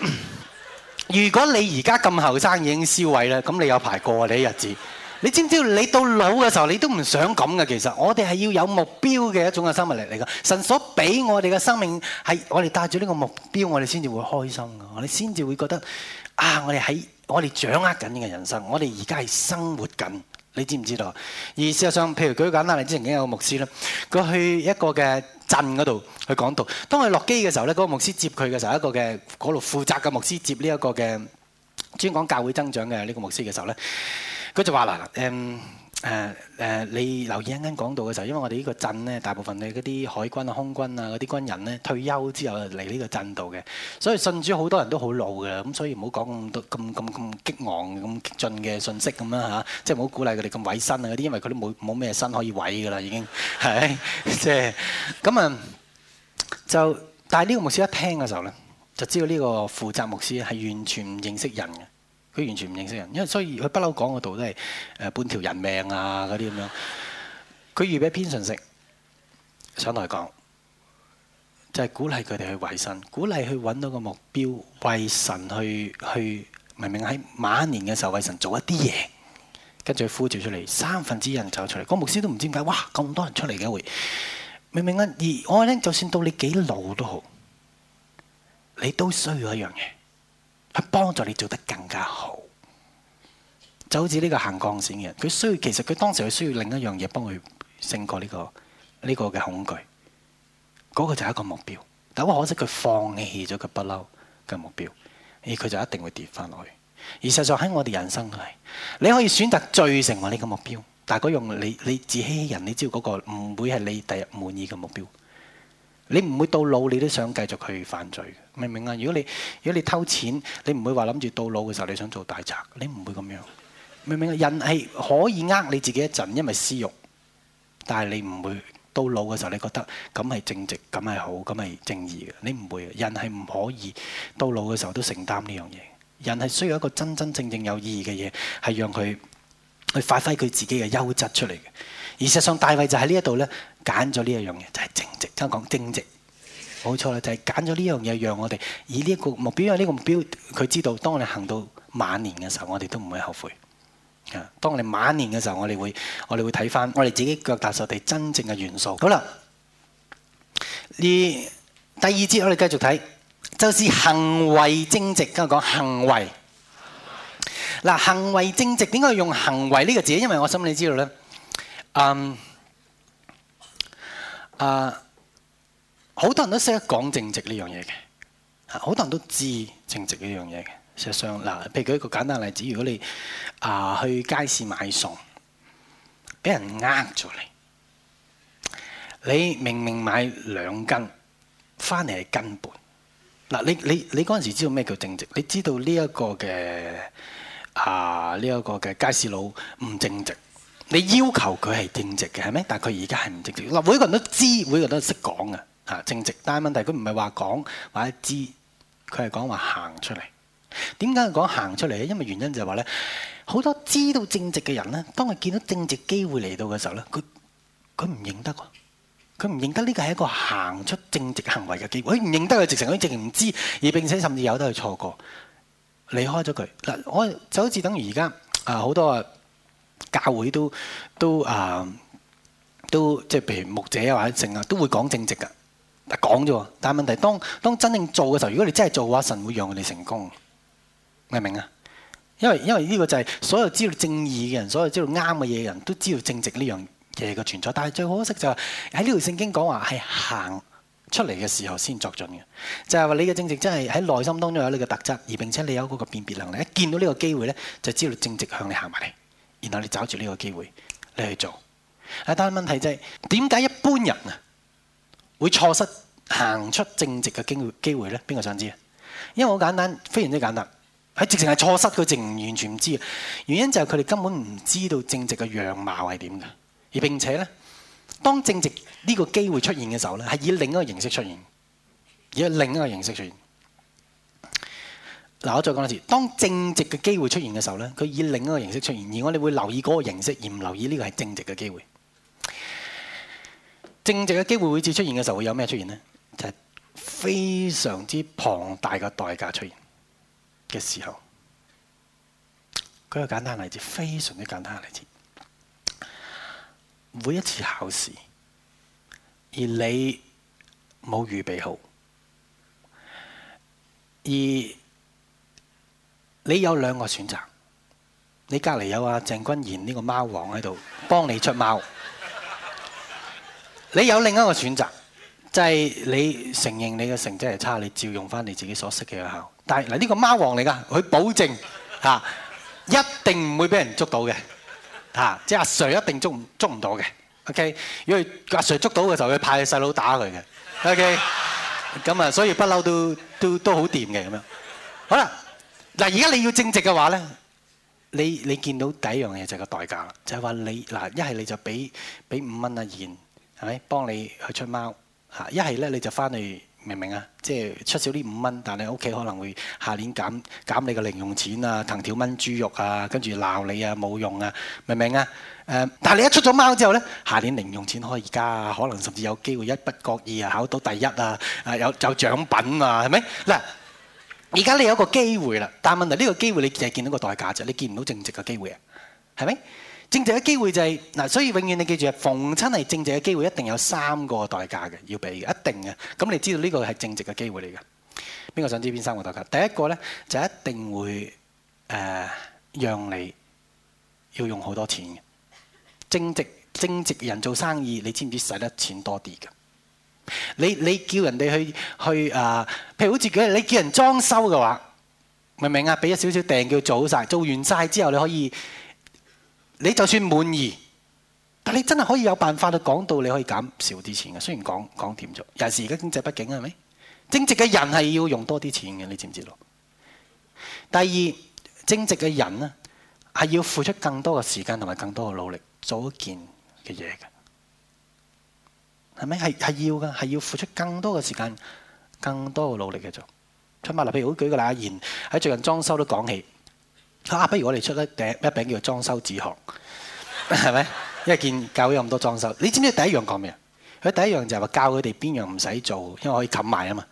如果你而家咁後生已經銷毀啦，咁你有排過你啲日子？你知唔知道？你到老嘅時候，你都唔想咁嘅。其實，我哋係要有目標嘅一種嘅生物嚟嚟嘅。神所俾我哋嘅生命係我哋帶住呢個目標，我哋先至會開心嘅。我哋先至會覺得啊，我哋喺我哋掌握緊嘅人生。我哋而家係生活緊。你知唔知道？而事實上，譬如舉個簡單例，你知曾經有個牧師啦，佢去一個嘅鎮嗰度去講道。當佢落機嘅時候咧，嗰個牧師接佢嘅時候，一個嘅嗰度負責嘅牧師接呢一個嘅專講教會增長嘅呢個牧師嘅時候咧。佢就話啦，誒誒誒，你留意啱啱講到嘅時候，因為我哋呢個鎮咧，大部分嘅嗰啲海軍啊、空軍啊嗰啲軍人咧退休之後嚟呢個鎮度嘅，所以信主好多人都好老㗎啦，咁所以唔好講咁多咁咁咁激昂、咁激進嘅信息咁啦嚇，即係唔好鼓勵佢哋咁委身啊嗰啲，因為佢都冇冇咩身可以委㗎啦，已經係即係咁啊！就但係呢個牧師一聽嘅時候咧，就知道呢個負責牧師係完全唔認識人嘅。佢完全唔認識人，因為所以佢不嬲講嘅道都係誒半條人命啊嗰啲咁樣。佢預備篇信息想同佢講就係、是、鼓勵佢哋去為神，鼓勵去揾到個目標，為神去去明明喺晚年嘅時候為神做一啲嘢。跟住呼召出嚟三分之一人走出嚟，個牧師都唔知點解，哇咁多人出嚟嘅會。明明啊，而我咧，就算到你幾老都好，你都需要一樣嘢。去幫助你做得更加好，就好似呢個行鋼線嘅人，佢需要其實佢當時佢需要另一樣嘢幫佢勝過呢個呢個嘅恐懼，嗰個就係一個目標。但係可惜佢放棄咗佢不嬲嘅目標，而佢就一定會跌翻落去。而實在喺我哋人生都係，你可以選擇最成為呢個目標，但係佢，你你自欺欺人，你知道嗰個唔會係你第日滿意嘅目標。你唔會到老，你都想繼續去犯罪，明唔明啊？如果你如果你偷錢，你唔會話諗住到老嘅時候你想做大賊，你唔會咁樣，明唔明啊？人係可以呃你自己一陣，因為私欲。但係你唔會到老嘅時候，你覺得咁係正直，咁係好，咁係正義嘅，你唔會，人係唔可以到老嘅時候都承擔呢樣嘢。人係需要一個真真正正有意義嘅嘢，係讓佢去發揮佢自己嘅優質出嚟嘅。而事實上，大，大衛就喺呢一度呢。揀咗呢一樣嘢就係、是、正直，即係講正直，冇錯啦。就係揀咗呢樣嘢，讓我哋以呢一個目標，有呢個目標，佢知道當我哋行到晚年嘅時候，我哋都唔會後悔。啊，當我哋晚年嘅時候，我哋會我哋會睇翻我哋自己腳踏實地真正嘅元素。好啦，而第二節我哋繼續睇，就是行為正直。即係講行為，嗱，行為正直點解用行為呢個字？因為我心理知道咧，嗯。啊！好多人都識得講正直呢樣嘢嘅，好多人都知正直呢樣嘢嘅。事實上，嗱，譬如舉一個簡單例子，如果你啊、呃、去街市買餸，俾人呃咗你，你明明買兩斤，翻嚟係斤半。嗱、呃，你你你嗰陣時知道咩叫正直？你知道呢一個嘅啊呢一個嘅街市佬唔正直。你要求佢係正直嘅，係咩？但係佢而家係唔正直。嗱，每個人都知，每個人都識講嘅嚇正直，但係問題佢唔係話講或者知，佢係講話行出嚟。點解佢講行出嚟咧？因為原因就係話咧，好多知道正直嘅人咧，當佢見到正直機會嚟到嘅時候咧，佢佢唔認得喎，佢唔認得呢個係一個行出正直行為嘅機會，佢唔認得佢直情，佢直唔知，而並且甚至有得去錯過離開咗佢嗱。我就好似等於而家啊，好、呃、多。教會都都啊、呃、都即係譬如，牧者啊或者神啊都會講正直噶講啫，但係問題是當當真正做嘅時候，如果你真係做嘅話，神會讓我哋成功，明唔明啊？因為因為呢個就係所有知道正義嘅人，所有知道啱嘅嘢嘅人都知道正直呢樣嘢嘅存在。但係最可惜就係喺呢條聖經講話係行出嚟嘅時候先作準嘅，就係話你嘅正直真係喺內心當中有你嘅特質，而並且你有嗰個辨別能力，一見到呢個機會咧，就知道正直向你行埋嚟。然後你找住呢個機會，你去做。但係問題就係點解一般人啊會錯失行出正直嘅機會，機會呢？邊個想知啊？因為好簡單，非常之簡單。喺直情係錯失佢，直情完全唔知嘅原因就係佢哋根本唔知道正直嘅樣貌係點㗎。而並且呢，當正直呢個機會出現嘅時候呢，係以另一個形式出現，以另一個形式出現。嗱，我再講一次，當正直嘅機會出現嘅時候呢，佢以另一個形式出現，而我哋會留意嗰個形式，而唔留意呢個係正直嘅機會。正直嘅機會每次出現嘅時候會有咩出現呢？就係、是、非常之龐大嘅代價出現嘅時候。舉、那個簡單嘅例子，非常之簡單嘅例子，每一次考試，而你冇預備好，而你有兩個選擇，你隔離有阿鄭君賢呢個貓王喺度幫你出貓。你有另一個選擇，就係、是、你承認你嘅成績係差，你照用翻你自己所識嘅考。但嗱呢、呢個貓王嚟噶，佢保證嚇、啊、一定唔會俾人捉到嘅嚇、啊，即阿 Sir 一定捉唔捉唔到嘅。OK，因為阿 Sir 捉到嘅時候，佢會派你細佬打佢嘅。OK，咁 啊，所以不嬲都都都好掂嘅咁樣。好啦。嗱，而家你要正直嘅話咧，你你見到第一樣嘢就係個代價啦，就係話你嗱，一係你就俾俾五蚊阿賢，係咪幫你去出貓？嚇，一係咧你就翻去，明唔明啊？即係出少啲五蚊，但係屋企可能會下年減減你個零用錢啊，藤條炆豬肉啊，跟住鬧你啊，冇用啊，明唔明啊？誒，但係你一出咗貓之後咧，下年零用錢可以加啊，可能甚至有機會一不覺意啊考到第一啊，誒有有獎品啊，係咪？嗱。而家你有個機會啦，但問題呢個機會你淨係見到個代價啫，你見唔到正直嘅機會啊，係咪？正直嘅機會就係，嗱，所以永遠你記住啊，逢親係正直嘅機會一定有三個代價嘅，要俾一定嘅。咁你知道呢個係正直嘅機會嚟嘅。邊個想知邊三個代價？第一個咧就一定會誒，呃，讓你要用好多錢嘅。正直正直人做生意，你知唔知使得錢多啲㗎？你你叫人哋去去誒，譬如好似嘅，你叫人裝修嘅話，明唔明啊？俾咗少少訂，叫做晒，做完晒之後你可以，你就算滿意，但你真係可以有辦法去講到你可以減少啲錢嘅。雖然講講點做，尤其是而家經濟不景啊，係咪？正直嘅人係要用多啲錢嘅，你知唔知咯？第二，正直嘅人啊，係要付出更多嘅時間同埋更多嘅努力做一件嘅嘢嘅。係咪係係要㗎？係要付出更多嘅時間、更多嘅努力去做。出埋嗱，譬如我舉個例，阿賢喺最近裝修都講起佢話。啊，不如我哋出一頂一頂叫做裝修子項，係 咪？因為見教咗咁多裝修，你知唔知第一樣講咩啊？佢第一樣就係話教佢哋邊樣唔使做，因為可以冚埋啊嘛。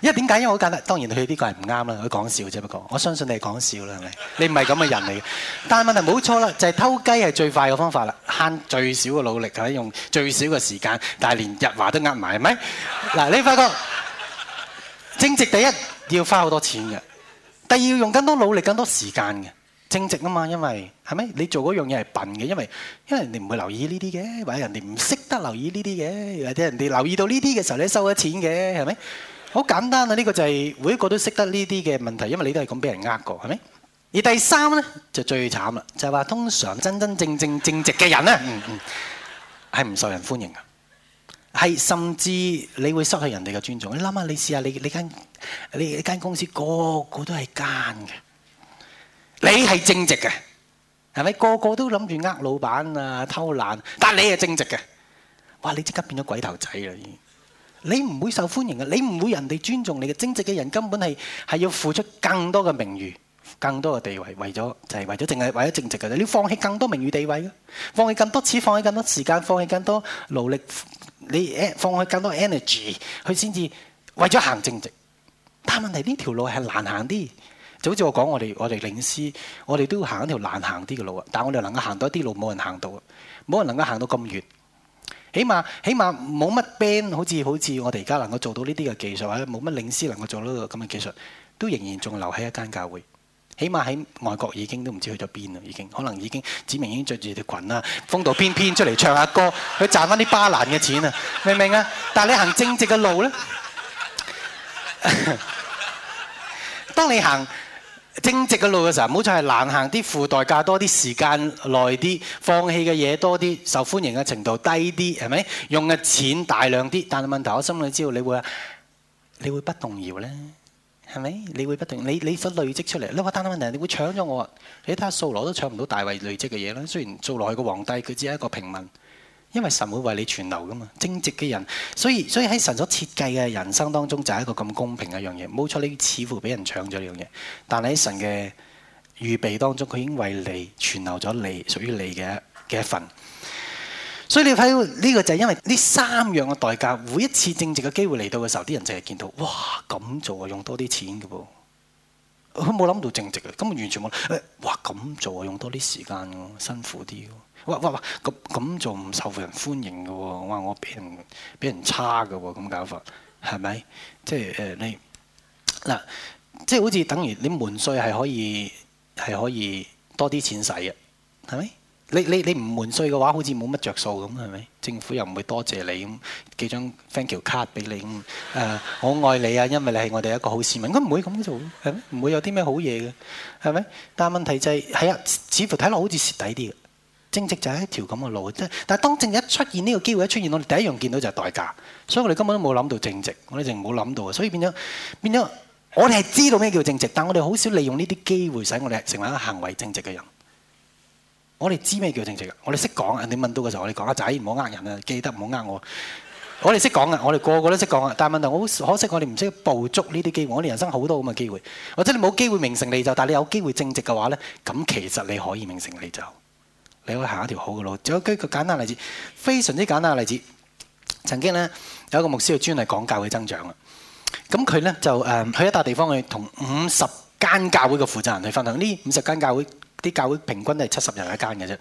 因為點解？因為好簡單。當然佢呢個係唔啱啦。佢講笑啫，不過我相信你係講笑啦。你你唔係咁嘅人嚟嘅。但係問題冇錯啦，就係、是、偷雞係最快嘅方法啦，慳最少嘅努力，使用最少嘅時間。但係連日華都呃埋係咪？嗱， 你發覺正直第一要花好多錢嘅，第二要用更多努力、更多時間嘅，正直啊嘛。因為係咪？你做嗰樣嘢係笨嘅，因為因為人哋唔會留意呢啲嘅，或者人哋唔識得留意呢啲嘅，或者人哋留意到呢啲嘅時候，你收咗錢嘅，係咪？好簡單啊！呢個就係每一個都識得呢啲嘅問題，因為你都係咁俾人呃過，係咪？而第三咧就最慘啦，就係話通常真真正正正直嘅人咧，嗯，嗯，係唔受人歡迎嘅，係甚至你會失去人哋嘅尊重。你諗下，你試下你你間你一間公司個個都係奸嘅，你係正直嘅，係咪？個個都諗住呃老闆啊、偷懶，但係你係正直嘅，哇！你即刻變咗鬼頭仔啦已經。你唔會受歡迎嘅，你唔會人哋尊重你嘅。正直嘅人根本係係要付出更多嘅名譽、更多嘅地位，為咗就係，為咗淨係為咗正直嘅你要放棄更多名譽地位，放棄更多錢，放棄更多時間，放棄更多勞力，你放棄更多 energy，佢先至為咗行正直。但問題呢條路係難行啲，就好似我講我哋我哋領師，我哋都要行一條難行啲嘅路啊！但係我哋能夠行多啲路，冇人行到，冇人能夠行到咁遠。起碼起碼冇乜 band，好似好似我哋而家能夠做到呢啲嘅技術，或者冇乜領師能夠做到個咁嘅技術，都仍然仲留喺一間教會。起碼喺外國已經都唔知去咗邊啦，已經可能已經指明已經著住條裙啦，風度翩翩出嚟唱下歌，去賺翻啲巴蘭嘅錢啊，明唔明啊？但係你行正直嘅路咧， 當你行。正直嘅路嘅時候，唔好再係難行啲，付代價多啲，時間耐啲，放棄嘅嘢多啲，受歡迎嘅程度低啲，係咪？用嘅錢大量啲，但係問題，我心裏知道，你會，你會不動搖咧，係咪？你會不停，你你所累積出嚟，你話但係問題，你會搶咗我，你睇下掃羅都搶唔到大衞累積嘅嘢啦。雖然做落去個皇帝，佢只係一個平民。因為神會為你存留噶嘛，正直嘅人，所以所以喺神所設計嘅人生當中就係一個咁公平嘅一樣嘢。冇錯，你似乎俾人搶咗呢樣嘢，但係喺神嘅預備當中，佢已經為你存留咗你屬於你嘅嘅一份。所以你睇到呢個就係因為呢三樣嘅代價，每一次正直嘅機會嚟到嘅時候，啲人就係見到哇，咁做啊，用多啲錢嘅噃。佢冇諗到正直嘅，根本完全冇。誒，哇，咁做啊，用多啲時間，辛苦啲。話話話咁咁仲唔受人歡迎嘅喎、啊？我話我俾人俾人差嘅喎、啊，咁搞法係咪、就是？即係誒你嗱，即係好似等於你瞞稅係可以係可以多啲錢使嘅，係咪？你你你唔瞞稅嘅話，好似冇乜着數咁，係咪？政府又唔會多謝，謝你咁幾張 Thank You Card 俾你咁誒、呃，我愛你啊，因為你係我哋一個好市民。應該唔會咁做，唔會有啲咩好嘢嘅，係咪？但問題就係係啊，似乎睇落好似蝕底啲。正直就係一條咁嘅路，即係但係當正一出現呢個機會一出現，我哋第一樣見到就係代價，所以我哋根本都冇諗到正直，我哋就冇諗到啊！所以變咗變咗，我哋係知道咩叫正直，但我哋好少利用呢啲機會，使我哋成為一個行為正直嘅人。我哋知咩叫正直嘅，我哋識講啊！你問到嘅時候，我哋講啊仔，唔好呃人啊，記得唔好呃我。我哋識講啊，我哋個個都識講啊，但係問題我好可惜，我哋唔識捕捉呢啲機會。我哋人生好多咁嘅機會，或者你冇機會名成利就，但係你有機會正直嘅話呢，咁其實你可以名成利就。你可以行一條好嘅路。仲有舉個簡單的例子，非常之簡單嘅例子。曾經呢，有一個牧師，佢專係講教會的增長啊。咁佢就去一笪地方去同五十間教會嘅負責人去分享。呢五十間教會啲教會平均都係七十人一間嘅啫。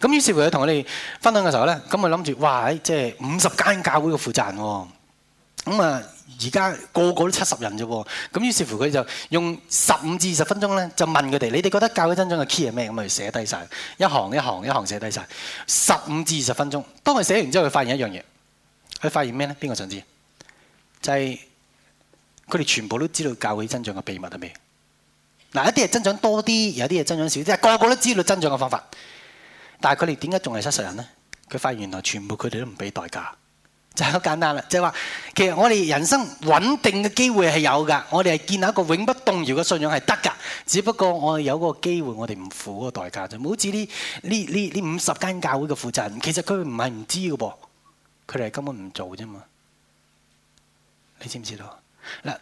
咁於是佢同我哋分享嘅時候呢，咁我諗住哇，即係五十間教會嘅負責人喎。而家個個都七十人啫喎，咁於是乎佢就用十五至二十分鐘咧，就問佢哋：你哋覺得教會增長嘅 key 係咩？咁啊，寫低晒，一行一行一行寫低晒。十五至二十分鐘。當佢寫完之後，佢發現一樣嘢，佢發現咩咧？邊個想知？就係佢哋全部都知道教會增長嘅秘密係咩。嗱，一啲係增長多啲，有啲係增長少啲，即係個個都知道增長嘅方法。但係佢哋點解仲係七十人咧？佢發現原來全部佢哋都唔俾代價。就係好簡單啦，就係話其實我哋人生穩定嘅機會係有噶，我哋係建立一個永不動搖嘅信仰係得噶。只不過我有個機會，我哋唔付嗰個代價。就好似呢呢呢呢五十間教會嘅負責人，其實佢唔係唔知噶噃，佢哋係根本唔做啫嘛。你知唔知道？嗱，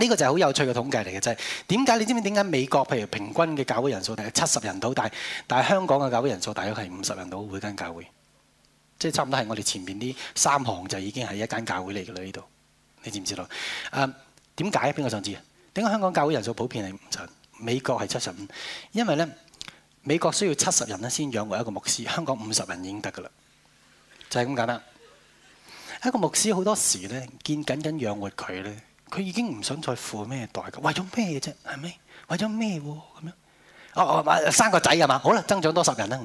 呢個就係好有趣嘅統計嚟嘅，就係點解你知唔知點解美國譬如平均嘅教會人數大約七十人到，但係但係香港嘅教會人數大約係五十人到每間教會。即係差唔多係我哋前面啲三行就已經係一間教會嚟㗎啦，呢度你知唔知道？誒點解？邊個想知？點解香港教會人數普遍係五成？美國係七十五？因為咧，美國需要七十人咧先養活一個牧師，香港五十人已經得㗎啦，就係、是、咁簡單。一個牧師好多時咧，見緊緊養活佢咧，佢已經唔想再付咩代價，為咗咩啫？係咪？為咗咩喎？咁樣哦，生個仔係嘛？好啦，增長多十人啦，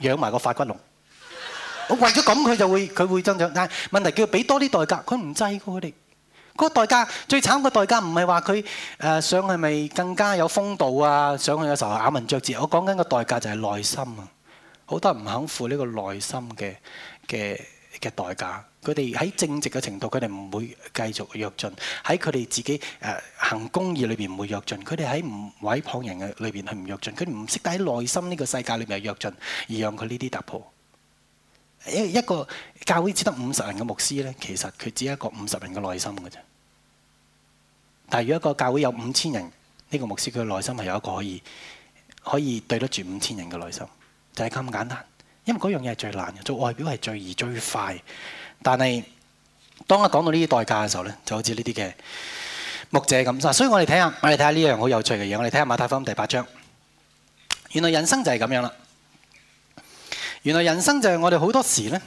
養埋個發骨龍。我為咗咁，佢就會佢會增長，但係問題叫佢俾多啲代價，佢唔制過佢哋。嗰個代價最慘嘅代價，唔係話佢誒想係咪更加有風度啊？想去嘅時候咬文嚼字，我講緊個代價就係內心啊！好多人唔肯付呢個內心嘅嘅嘅代價，佢哋喺正直嘅程度，佢哋唔會繼續躍進；喺佢哋自己誒行公義裏邊唔會躍進，佢哋喺唔委旁人嘅裏邊係唔躍進，佢唔識得喺內心呢個世界裏邊躍進，而讓佢呢啲突破。一一個教會只得五十人嘅牧師咧，其實佢只係一個五十人嘅內心嘅啫。但係如果一個教會有五千人，呢個牧師佢嘅內心係有一個可以可以對得住五千人嘅內心，就係咁簡單。因為嗰樣嘢係最難嘅，做外表係最易最快。但係當我講到呢啲代價嘅時候咧，就好似呢啲嘅牧者咁。所以我哋睇下，我哋睇下呢樣好有趣嘅嘢。我哋睇下馬太福音第八章，原來人生就係咁樣啦。原來人生就係我哋好多時咧，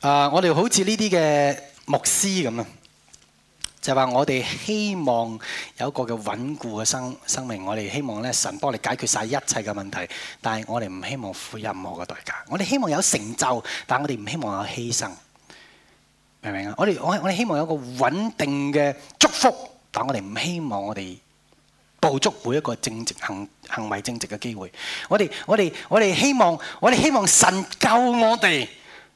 啊，我哋好似呢啲嘅牧師咁啊，就係話我哋希望有一個嘅穩固嘅生生命，我哋希望咧神幫你解決晒一切嘅問題，但係我哋唔希望付任何嘅代價，我哋希望有成就，但我哋唔希望有犧牲，明唔明啊？我哋我我哋希望有一個穩定嘅祝福，但我哋唔希望我哋。捕捉每一個正直行行為正直嘅機會，我哋我哋我哋希望我哋希望神救我哋，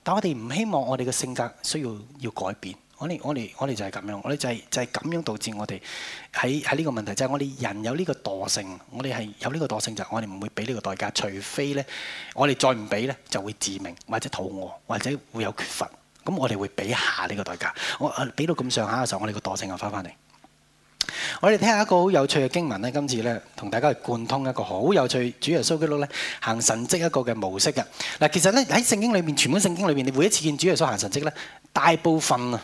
但我哋唔希望我哋嘅性格需要要改變。我哋我哋我哋就係咁樣，我哋就係就係咁樣導致我哋喺喺呢個問題，就係我哋人有呢個惰性，我哋係有呢個惰性就係我哋唔會俾呢個代價，除非咧我哋再唔俾咧就會致命或者肚餓或者會有缺乏，咁我哋會俾下呢個代價，我啊俾到咁上下嘅時候，我哋個惰性又翻返嚟。我哋聽下一個好有趣嘅經文咧。今次咧同大家去貫通一個好有趣的主耶穌基督咧行神蹟一個嘅模式嘅嗱。其實咧喺聖經裏面，全本聖經裏面，你每一次見主耶穌行神蹟咧，大部分啊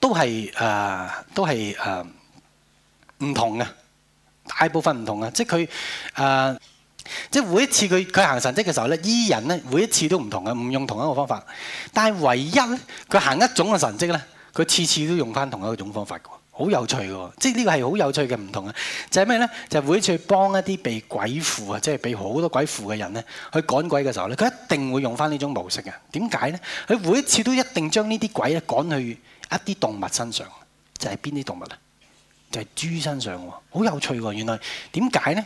都係誒、呃、都係誒唔同嘅，大部分唔同啊，即係佢誒即係每一次佢佢行神蹟嘅時候咧，醫人咧每一次都唔同嘅，唔用同一個方法。但係唯一咧，佢行一種嘅神蹟咧，佢次次都用翻同一個種方法。好有趣喎！即係呢個係好有趣嘅唔同啊！就係咩呢？就係每次幫一啲被鬼附啊，即係被好多鬼附嘅人呢，去趕鬼嘅時候呢，佢一定會用翻呢種模式嘅。點解呢？佢每一次都一定將呢啲鬼呢趕去一啲動物身上。就係邊啲動物呢？就係豬身上喎。好有趣喎！原來點解呢？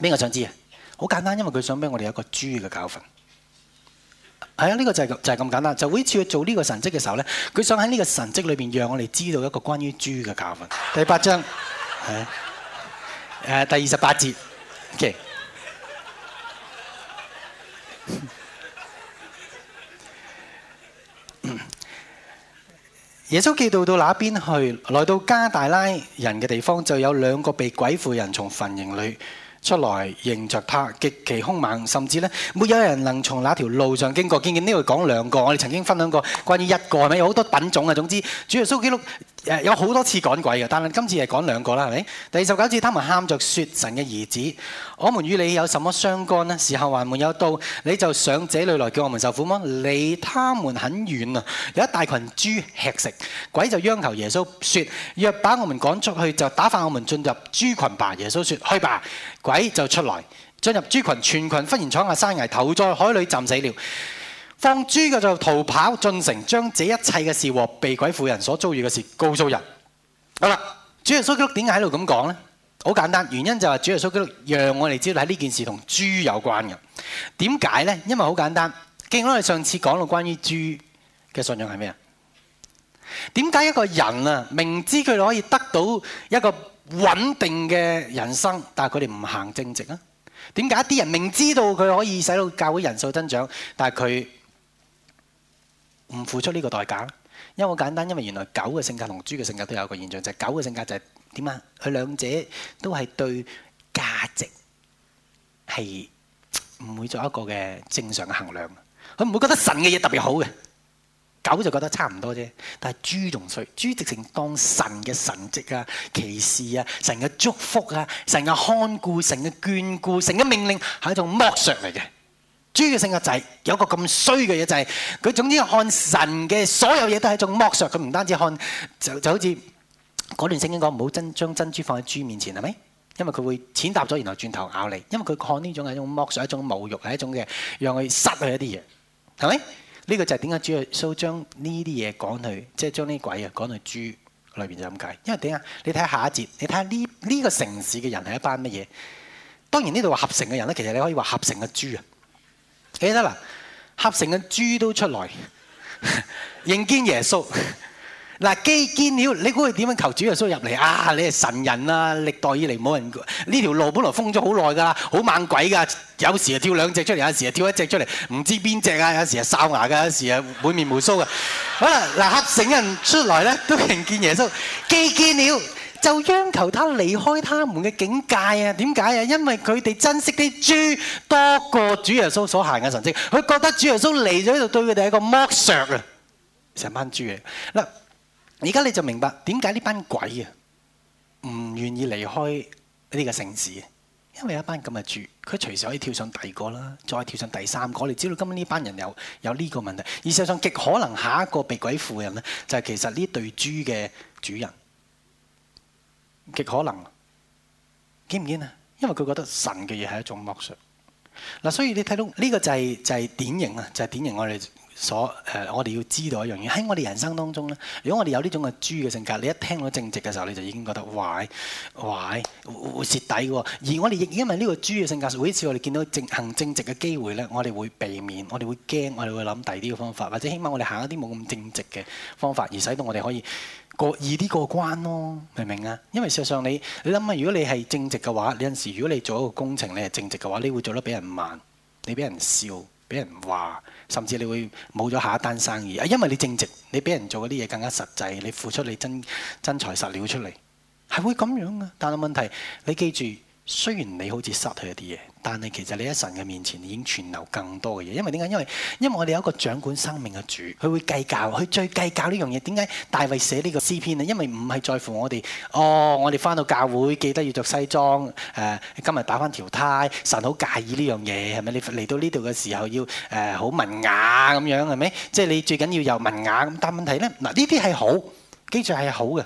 邊個想知啊？好簡單，因為佢想俾我哋一個豬嘅教訓。係啊，呢個就係，就係咁簡單。就呢次佢做呢個神蹟嘅時候咧，佢想喺呢個神蹟裏邊讓我哋知道一個關於豬嘅教訓。第八章，係 啊，第二十八節 o 耶穌叫到到那邊去？來到加大拉人嘅地方，就有兩個被鬼附人從墳營裏出來迎著他，極其兇猛，甚至呢，沒有人能從那條路上經過。見見呢度講兩個，我哋曾經分享過關於一個係咪？有好多品種啊，總之，主耶穌基督誒有好多次趕鬼嘅，但係今次係趕兩個啦，係咪？第十九節，他們喊著説：神嘅兒子，我們與你有什麼相干呢？時候還沒有到，你就上這裏來叫我們受苦麼？離他們很遠啊！有一大羣豬吃食，鬼就央求耶穌説：若把我們趕出去，就打發我們進入豬羣吧。耶穌説：去吧，鬼。就出來，進入豬羣，全羣忽然闖下山崖，投在海裏，浸死了。放豬嘅就逃跑進城，將這一切嘅事和被鬼附人所遭遇嘅事告訴人。好啦，主耶穌基督點解喺度咁講呢？好簡單，原因就係主耶穌基督讓我哋知道喺呢件事同豬有關嘅。點解呢？因為好簡單，記唔記得我哋上次講到關於豬嘅信仰係咩啊？點解一個人啊，明知佢可以得到一個？穩定嘅人生，但係佢哋唔行正直啊。點解啲人明知道佢可以使到教會人數增長，但佢狗就覺得差唔多啫，但係豬仲衰，豬直情當神嘅神跡啊、奇事啊、神嘅祝福啊、神嘅看顧、神嘅眷顧、神嘅命令係一種剝削嚟嘅。豬嘅性格就係、是、有個咁衰嘅嘢，就係、是、佢總之看神嘅所有嘢都係一種剝削，佢唔單止看就就好似嗰段聖經講唔好真將珍珠放喺豬面前，係咪？因為佢會踐踏咗，然後轉頭咬你。因為佢看呢種係一種剝削，一種侮辱，係一種嘅讓佢失去一啲嘢，係咪？呢、這個就係點解主耶穌將呢啲嘢講去，即係將呢啲鬼啊講去豬裏邊就咁解。因為點解？你睇下一節，你睇下呢呢個城市嘅人係一班乜嘢？當然呢度話合成嘅人咧，其實你可以話合成嘅豬啊。記得啦，合成嘅豬都出來認見耶穌。嗱，既見了，你估佢點樣求主耶穌入嚟？啊，你係神人啊！歷代以嚟冇人，呢條路本來封咗好耐㗎啦，好猛鬼㗎！有時啊跳兩隻出嚟，有時啊跳一隻出嚟，唔知邊隻啊！有時啊哨牙㗎，有時啊滿面無須㗎。啊，嗱嚇醒人出來咧，都迎見耶穌。既見了就央求他離開他們嘅境界啊！點解啊？因為佢哋珍惜啲豬多過主耶穌所行嘅神跡，佢覺得主耶穌嚟咗呢度對佢哋係一個剝削啊！成班豬嚟嗱。而家你就明白點解呢班鬼啊唔願意離開呢個城市，因為有一班咁嘅豬，佢隨時可以跳上第二個啦，再跳上第三個。你知道今日呢班人有有呢個問題，而事實上極可能下一個被鬼附嘅人咧，就係其實呢對豬嘅主人。極可能，見唔見啊？因為佢覺得神嘅嘢係一種剝削。嗱，所以你睇到呢個就係就係典型啊，就係典型我哋。所誒、呃，我哋要知道一樣嘢喺我哋人生當中咧。如果我哋有呢種嘅豬嘅性格，你一聽到正直嘅時候，你就已經覺得壞壞會蝕底嘅。而我哋亦因為呢個豬嘅性格，每一次我哋見到正行正直嘅機會咧，我哋會避免，我哋會驚，我哋會諗第二啲嘅方法，或者起碼我哋行一啲冇咁正直嘅方法，而使到我哋可以過易啲過關咯。明唔明啊？因為事實上你你諗下，如果你係正直嘅話，你有時如果你做一個工程，你係正直嘅話，你會做得比人慢，你俾人笑。俾人話，甚至你會冇咗下一單生意，因為你正直，你俾人做嗰啲嘢更加實際，你付出你真真材實料出嚟，係會咁樣啊！但係問題，你記住。雖然你好似失去一啲嘢，但係其實你喺神嘅面前已經存留更多嘅嘢。因為點解？因為因為我哋有一個掌管生命嘅主，佢會計較，佢最計較呢樣嘢。點解大衛寫呢個詩篇啊？因為唔係在乎我哋。哦，我哋返到教會記得要着西裝，誒、呃、今日打返條呔。神好介意呢樣嘢係咪？你嚟到呢度嘅時候要誒好文雅咁樣係咪？即係你最緊要有文雅。咁、就是、但係問題咧，嗱呢啲係好基準係好嘅。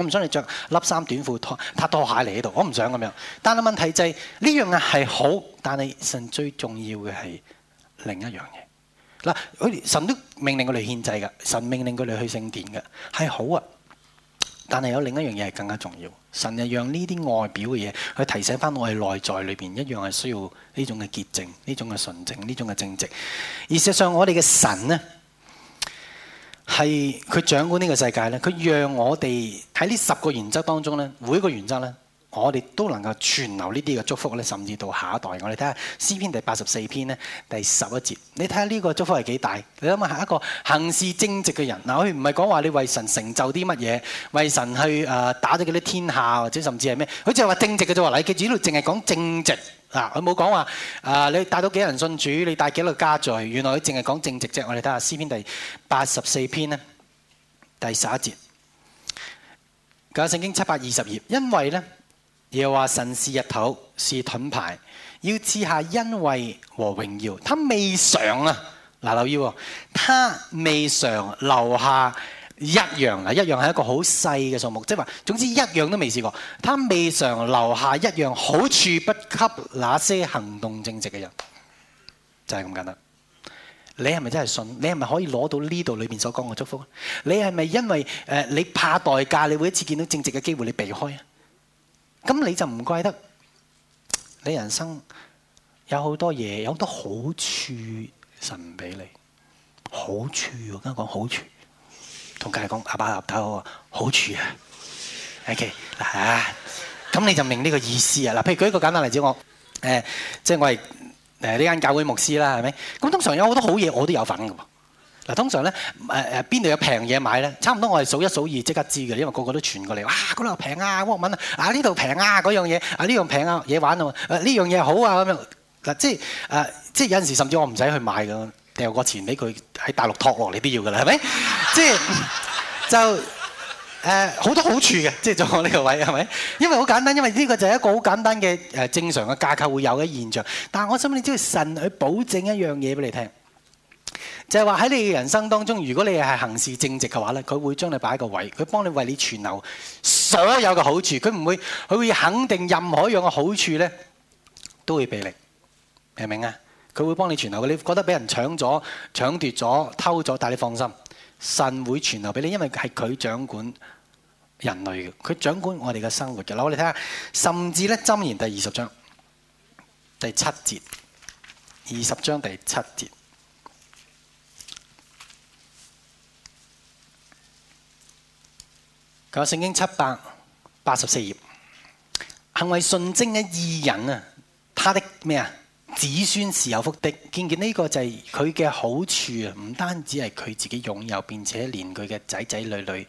我唔想你着笠衫短褲拖拍拖鞋嚟呢度，我唔想咁樣。但係問題就係呢樣嘢係好，但係神最重要嘅係另一樣嘢。嗱，神都命令我哋獻祭嘅，神命令我哋去聖殿嘅，係好啊。但係有另一樣嘢係更加重要，神係讓呢啲外表嘅嘢去提醒返我哋內在裏邊一樣係需要呢種嘅潔淨、呢種嘅純淨、呢種嘅正直。而實際上我哋嘅神呢。是佢掌管呢個世界咧，佢讓我哋喺呢十個原則當中每一個原則呢，我哋都能夠傳留呢啲嘅祝福甚至到下一代。我哋睇下詩篇第八十四篇第十一節，你睇下呢個祝福係幾大？你諗下一個行事正直嘅人，他不是唔係講話你為神成就啲乜嘢，為神去打咗嗰啲天下，或者甚至係咩？佢就係話正直嘅話，你黎住主都淨係講正直。.嗱、啊，佢冇講話，啊，你帶到幾人信主？你帶幾多家在？原來佢淨係講正直啫。我哋睇下詩篇第八十四篇咧，第十一節，教聖經七百二十頁。因為咧，又話神是日頭，是盾牌，要賜下恩惠和榮耀。他未嘗啊，嗱留意、哦、他未嘗留下。一樣啊，一樣係一個好細嘅數目，即係話總之一樣都未試過。他未嘗留下一樣好處，不給那些行動正直嘅人，就係咁簡單。你係咪真係信？你係咪可以攞到呢度裏面所講嘅祝福？你係咪因為誒，你怕代價，你每一次見到正直嘅機會，你避開啊？咁你就唔怪得你人生有好多嘢，有好多好處神俾你，好處我啱啱講好處。同家人講阿爸阿媽好啊，好處啊。OK 嗱、啊，咁你就明呢個意思啊。嗱，譬如舉一個簡單例子，我誒、呃、即係我係誒呢間教會牧師啦，係咪？咁通常有好多好嘢，我都有份㗎喎。嗱，通常咧誒誒邊度有平嘢買咧，差唔多我係數一數二即刻知嘅，因為個個都傳過嚟。哇，嗰度平啊，屈文啊，啊呢度平啊，嗰樣嘢啊呢樣平啊嘢玩啊，誒、啊、呢樣嘢好啊咁樣嗱、啊，即係誒、呃、即係有陣時甚至我唔使去買㗎，掉個錢俾佢喺大陸托落你都要嘅啦，係咪？即係就誒好、呃、多好處嘅，即係坐我呢個位係咪？因為好簡單，因為呢個就係一個好簡單嘅誒、呃、正常嘅架構會有嘅現象。但係我心裏知道神去保證一樣嘢俾你聽，就係話喺你嘅人生當中，如果你係行事正直嘅話咧，佢會將你擺喺個位，佢幫你為你存留所有嘅好處。佢唔會佢會肯定任何一樣嘅好處咧，都會俾你，你明唔明啊？佢會幫你存留嘅。你覺得俾人搶咗、搶奪咗、偷咗，但係你放心。神會傳流俾你，因為係佢掌管人類嘅，佢掌管我哋嘅生活嘅。嗱，我哋睇下，甚至咧，箴言第二十章，章第七節，二十章第七節，佢話聖經七百八十四頁，行為純正嘅義人啊，他的咩啊？子孫是有福的，見見呢個就係佢嘅好處啊！唔單止係佢自己擁有，並且連佢嘅仔仔女女、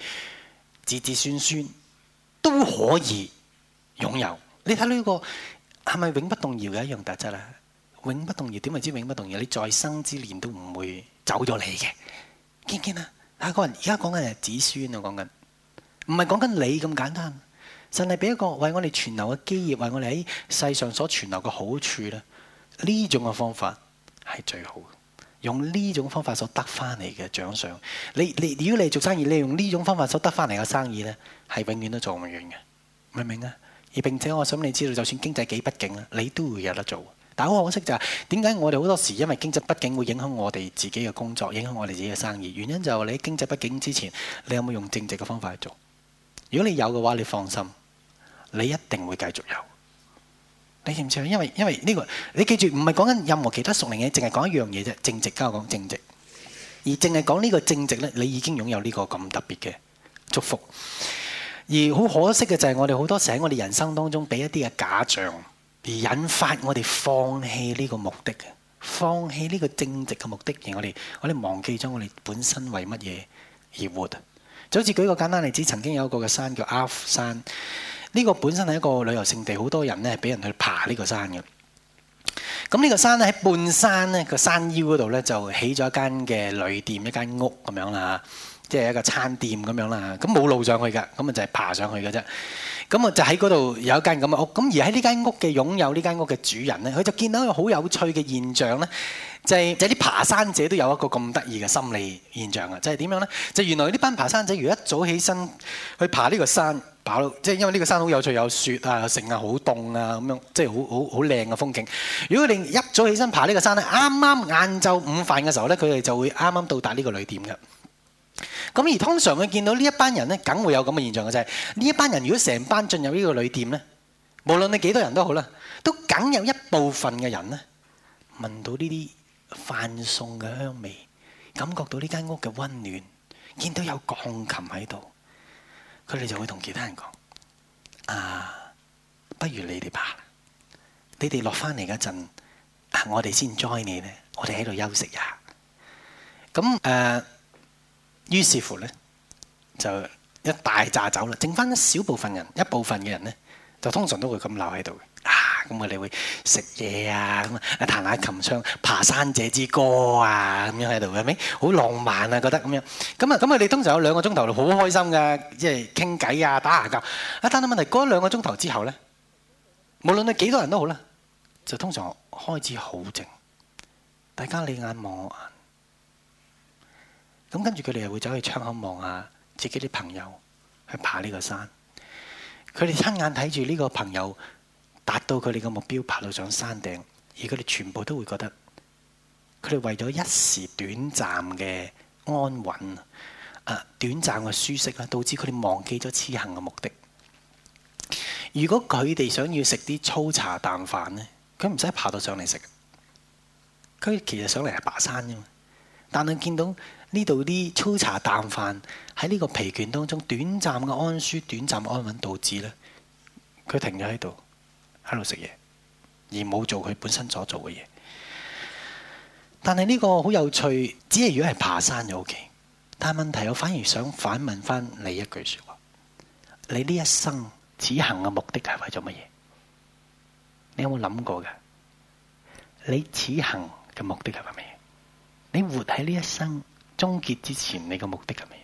子子孫孫都可以擁有。你睇呢個係咪永不動搖嘅一樣特質啊？永不動搖，點為之永不動搖？你在生之年都唔會走咗你嘅。見見啊，下個人而家講緊係子孫啊，講緊唔係講緊你咁簡單，甚至俾一個為我哋存留嘅基業，為我哋喺世上所存留嘅好處啦。呢種嘅方法係最好，用呢種方法所得翻嚟嘅獎賞，你你如果你做生意，你用呢種方法所得翻嚟嘅生意呢，係永遠都做唔完嘅，明唔明啊？而並且我想你知道，就算經濟幾不景啦，你都會有得做。但係好可惜就係，點解我哋好多時因為經濟不景會影響我哋自己嘅工作，影響我哋自己嘅生意？原因就係你經濟不景之前，你有冇用正直嘅方法去做？如果你有嘅話，你放心，你一定會繼續有。你欠唔認？因為因為呢個你記住，唔係講緊任何其他屬靈嘢，淨係講一樣嘢啫，正直。交我講正直，而淨係講呢個正直咧，你已經擁有呢個咁特別嘅祝福。而好可惜嘅就係我哋好多時喺我哋人生當中俾一啲嘅假象，而引發我哋放棄呢個目的，放棄呢個正直嘅目的，而我哋我哋忘記咗我哋本身為乜嘢而活。就好似舉個簡單例子，曾經有一個嘅山叫阿富山。呢個本身係一個旅遊勝地，好多人咧俾人去爬呢個山嘅。咁呢個山咧喺半山咧個山腰嗰度咧就起咗一間嘅旅店，一間屋咁樣啦，即係一個餐店咁樣啦。咁冇路上去嘅，咁咪就係爬上去嘅啫。咁啊就喺嗰度有一間咁嘅屋，咁而喺呢間屋嘅擁有呢間屋嘅主人咧，佢就見到一個好有趣嘅現象咧。就係就係啲爬山者都有一個咁得意嘅心理現象啊！就係點樣呢？就原來呢班爬山者如果一早起身去爬呢個山，即係因為呢個山好有趣，有雪啊、有城啊、好凍啊咁樣，即係好好好靚嘅風景。如果你一早起身爬呢個山呢，啱啱晏晝午飯嘅時候呢，佢哋就會啱啱到達呢個旅店嘅。咁而通常會見到呢一班人呢，梗會有咁嘅現象嘅，就係呢一班人如果成班進入呢個旅店呢，無論你幾多人都好啦，都梗有一部分嘅人呢，聞到呢啲飯餸嘅香味，感覺到呢間屋嘅溫暖，見到有鋼琴喺度，佢哋就會同其他人講：啊，不如你哋吧，你哋落翻嚟嗰陣，我哋先 join 你咧，我哋喺度休息呀。咁誒、啊，於是乎咧，就一大紮走啦，剩翻一小部分人，一部分嘅人咧，就通常都會咁留喺度嘅。啊！咁我哋會食嘢啊，咁啊彈下琴、唱《爬山者之歌》啊，咁樣喺度，係咪？好浪漫啊，覺得咁樣。咁啊，咁我哋通常有兩個鐘頭，好開心㗎，即係傾偈啊、打下架。但係問題過咗兩個鐘頭之後咧，無論你幾多人都好啦，就通常開始好靜，大家你眼望我眼。咁跟住佢哋又會走去窗口望下自己啲朋友去爬呢個山，佢哋親眼睇住呢個朋友。達到佢哋嘅目標，爬到上山頂，而佢哋全部都會覺得佢哋為咗一時短暫嘅安穩啊、短暫嘅舒適啦，導致佢哋忘記咗此行嘅目的。如果佢哋想要食啲粗茶淡飯咧，佢唔使爬到上嚟食，佢其實上嚟係爬山啫嘛。但係見到呢度啲粗茶淡飯喺呢個疲倦當中，短暫嘅安舒、短暫嘅安穩，導致咧佢停咗喺度。喺度食嘢，而冇做佢本身所做嘅嘢。但係呢個好有趣，只係如果係爬山就 OK。但係問題，我反而想反問翻你一句說話：你呢一生此行嘅目的係為咗乜嘢？你有冇諗過㗎？你此行嘅目的係為乜嘢？你活喺呢一生終結之前，你嘅目的係咩？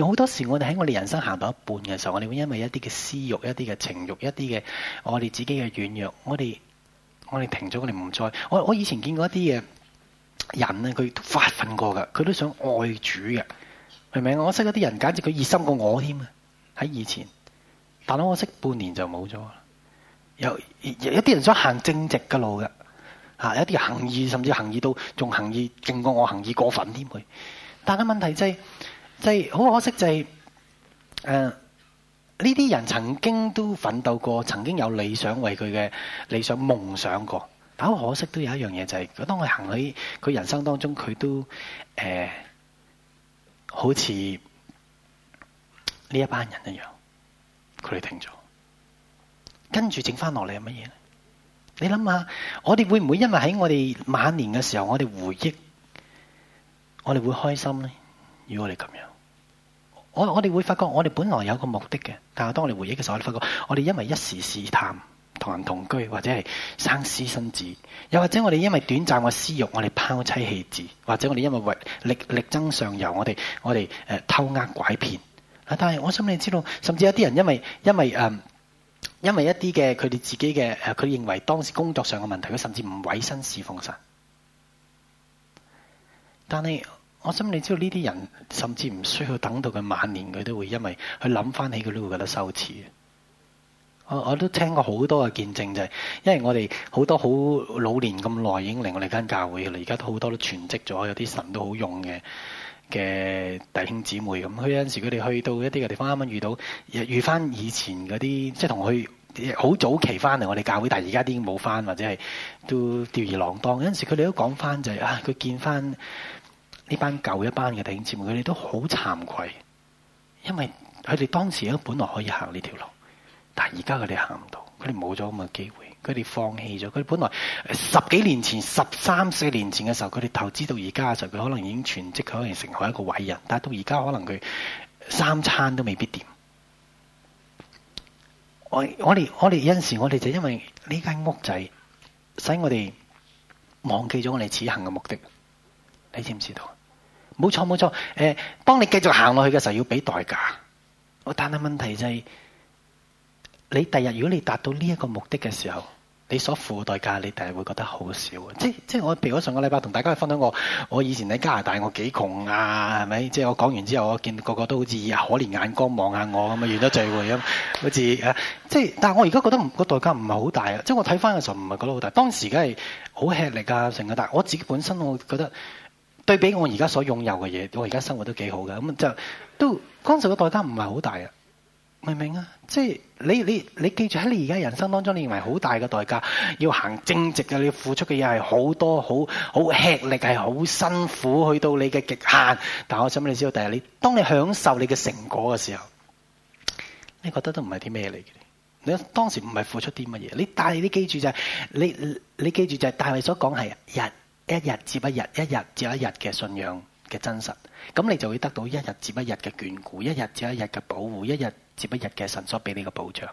而好多時，我哋喺我哋人生行到一半嘅時候，我哋會因為一啲嘅私欲、一啲嘅情欲、一啲嘅我哋自己嘅軟弱，我哋我哋停咗，我哋唔再。我我以前見過一啲嘅人啊，佢發奮過㗎，佢都想愛主嘅，明明？我識一啲人，簡直佢熱心過我添啊！喺以前，但係我識半年就冇咗有有，有一啲人想行正直嘅路㗎，吓有啲行義，甚至行義到仲行義勁過我行義過份添去。但係問題就係、是。就係、是、好可惜、就是，就係誒呢啲人曾經都奮鬥過，曾經有理想為佢嘅理想夢想過，但好可惜都有一樣嘢就係、是，當佢行喺佢人生當中，佢都誒、呃、好似呢一班人一樣，佢哋停咗，跟住剩翻落嚟係乜嘢咧？你諗下，我哋會唔會因為喺我哋晚年嘅時候，我哋回憶，我哋會開心咧？如果我哋咁樣，我我哋會發覺，我哋本來有個目的嘅，但係當我哋回憶嘅時候，我哋發覺我哋因為一時試探同人同居，或者係生私生子，又或者我哋因為短暫嘅私欲，我哋拋妻棄子，或者我哋因為為力力爭上游，我哋我哋誒、呃、偷呃拐騙啊！但係我想你知道，甚至有啲人因為因為誒、呃，因為一啲嘅佢哋自己嘅誒，佢、呃、認為當時工作上嘅問題，佢甚至唔委身侍奉神，但係。我心你知道呢啲人，甚至唔需要等到佢晚年，佢都會因為佢諗翻起，佢都會覺得羞恥。我我都聽過好多嘅見證就係、是，因為我哋好多好老年咁耐，已經嚟我哋間教會嘅啦。而家都好多都全職咗，有啲神都好用嘅嘅弟兄姊妹咁。佢有陣時佢哋去到一啲嘅地方，啱啱遇到遇翻以前嗰啲，即係同佢好早期翻嚟我哋教會，但係而家啲已經冇翻，或者係都吊兒郎當。有陣時佢哋都講翻就係、是、啊，佢見翻。呢班舊一班嘅弟兄佢哋都好慚愧，因為佢哋當時咧本來可以行呢條路，但而家佢哋行唔到，佢哋冇咗咁嘅機會，佢哋放棄咗。佢哋本來十幾年前、十三四年前嘅時候，佢哋投資到而家嘅時候，佢可能已經全職，可能成為一個偉人。但到而家可能佢三餐都未必掂。我我哋我哋有陣時，我哋就因為呢間屋仔，使我哋忘記咗我哋此行嘅目的。你知唔知道？冇錯冇錯，誒，當、呃、你繼續行落去嘅時候要俾代價。我但係問題就係、是，你第日如果你達到呢一個目的嘅時候，你所付嘅代價，你第日會覺得好少。即即我譬如我上個禮拜同大家去分享我，我以前喺加拿大我幾窮啊，係咪？即我講完之後，我見個個都好似以可憐眼光望下我咁啊，完咗聚會咁，好似誒，即但係我而家覺得嗰個代價唔係好大啊，即我睇翻嘅時候唔係覺得好大，當時梗係好吃力啊成個，但係我自己本身我覺得。對比我而家所擁有嘅嘢，我而家生活都幾好嘅，咁就都，當時嘅代價唔係好大啊，明唔明啊？即係你你你記住喺你而家人生當中，你認為好大嘅代價，要行正直嘅，你要付出嘅嘢係好多，好好吃力，係好辛苦，去到你嘅極限。但係我想俾你知道，第日你當你享受你嘅成果嘅時候，你覺得都唔係啲咩嚟嘅，你當時唔係付出啲乜嘢。你但係你記住就係，你你記住就係大衛所講係日。一日接一日，一日接一日嘅信仰嘅真實，咁你就會得到一日接一日嘅眷顧，一日接一日嘅保護，一日接一日嘅神所俾你嘅保障。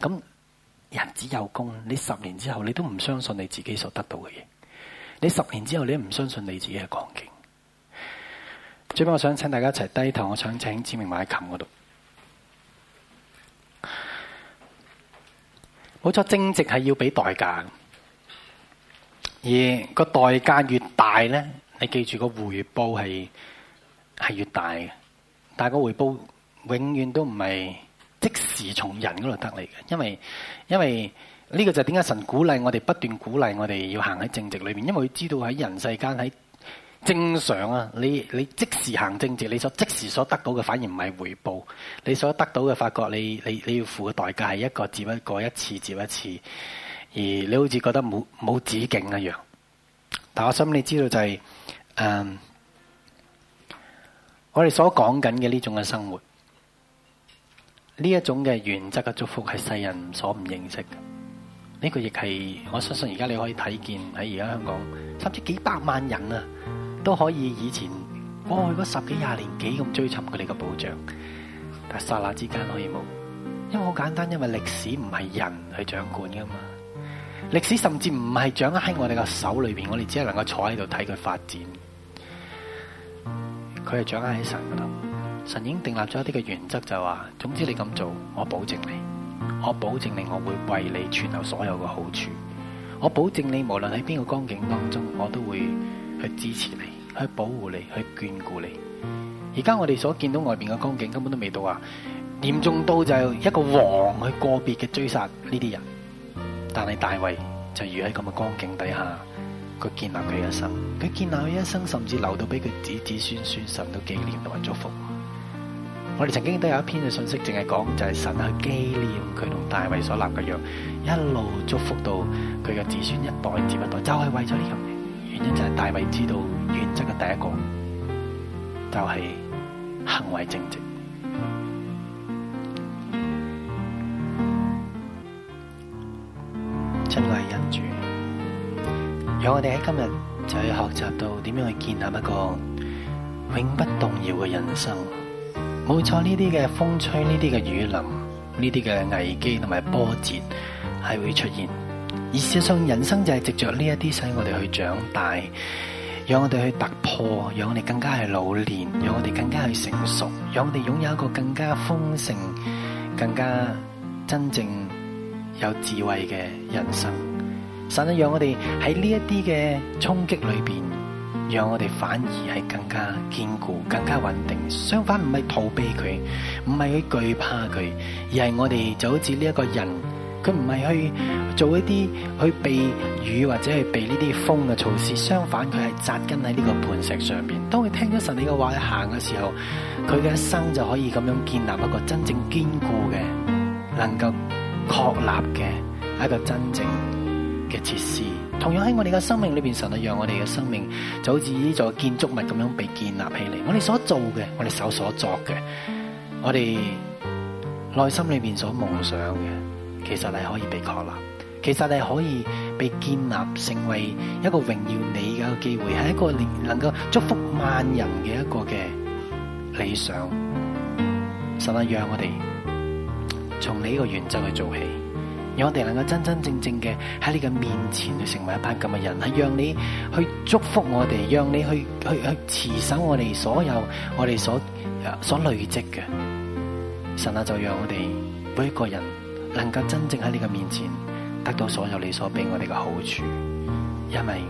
咁人只有功，你十年之後你都唔相信你自己所得到嘅嘢，你十年之後你都唔相信你自己嘅光景。最後我想請大家一齊低頭，我想請志明埋喺琴嗰度。冇錯，正直係要俾代價。而個代價越大呢，你記住個回報係係越大嘅，但係個回報永遠都唔係即時從人嗰度得嚟嘅，因為因為呢個就係點解神鼓勵我哋不斷鼓勵我哋要行喺正直裏面，因為佢知道喺人世間喺正常啊，你你即時行正直，你所即時所得到嘅反而唔係回報，你所得到嘅發覺你，你你你要付嘅代價係一個接一個，一次接一次。而你好似覺得冇冇止境一樣，但我心你知道就係，嗯，我哋所講緊嘅呢種嘅生活，呢一種嘅原則嘅祝福係世人所唔認識嘅。呢個亦係我相信而家你可以睇見喺而家香港，甚至幾百萬人啊，都可以以前過去嗰十幾廿年幾咁追尋佢哋嘅保障，但剎那之間可以冇，因為好簡單，因為歷史唔係人去掌管噶嘛。歷史甚至唔係掌握喺我哋嘅手裏邊，我哋只係能夠坐喺度睇佢發展。佢係掌握喺神嗰度，神已經定立咗一啲嘅原則，就話：總之你咁做，我保證你，我保證你，我會為你存留所有嘅好處。我保證你無論喺邊個光景當中，我都會去支持你，去保護你，去眷顧你。而家我哋所見到外邊嘅光景根本都未到啊！嚴重到就係一個王去個別嘅追殺呢啲人。但係大衛就遇喺咁嘅光景底下，佢建立佢一生，佢建立佢一生，甚至留到俾佢子子孫孫受到紀念同埋祝福。我哋曾經都有一篇嘅信息，淨係講就係、是、神去紀念佢同大衛所立嘅約，一路祝福到佢嘅子孫一代接一代，就係、是、為咗呢樣嘢。原因就係大衛知道原則嘅第一個就係、是、行為正直。我哋喺今日就要學習到點樣去建立一個永不動搖嘅人生。冇錯，呢啲嘅風吹，呢啲嘅雨淋，呢啲嘅危機同埋波折係會出現。而事實上，人生就係藉着呢一啲，使我哋去長大，讓我哋去突破，讓我哋更加係老練，讓我哋更加去成熟，讓我哋擁有一個更加豐盛、更加真正有智慧嘅人生。神啊，讓我哋喺呢一啲嘅衝擊裏邊，讓我哋反而係更加堅固、更加穩定。相反唔係逃避佢，唔係去懼怕佢，而係我哋就好似呢一個人，佢唔係去做一啲去避雨或者去避呢啲風嘅措施，相反佢係紮根喺呢個磐石上邊。當佢聽咗神你嘅話去行嘅時候，佢嘅一生就可以咁樣建立一個真正堅固嘅、能夠確立嘅一個真正。嘅設施，同樣喺我哋嘅生命裏邊，神啊，讓我哋嘅生命就好似呢座建築物咁樣被建立起嚟。我哋所做嘅，我哋手所作嘅，我哋內心裏邊所夢想嘅，其實你可以被確立，其實你可以被建立成為一個榮耀你嘅機會，係一個能能夠祝福萬人嘅一個嘅理想。神啊，讓我哋從你呢個原則去做起。讓我哋能夠真真正正嘅喺你嘅面前，去成為一班咁嘅人，係讓你去祝福我哋，讓你去去去持守我哋所有我哋所所累積嘅神啊！就讓我哋每一個人能夠真正喺你嘅面前，得到所有你所俾我哋嘅好處，因為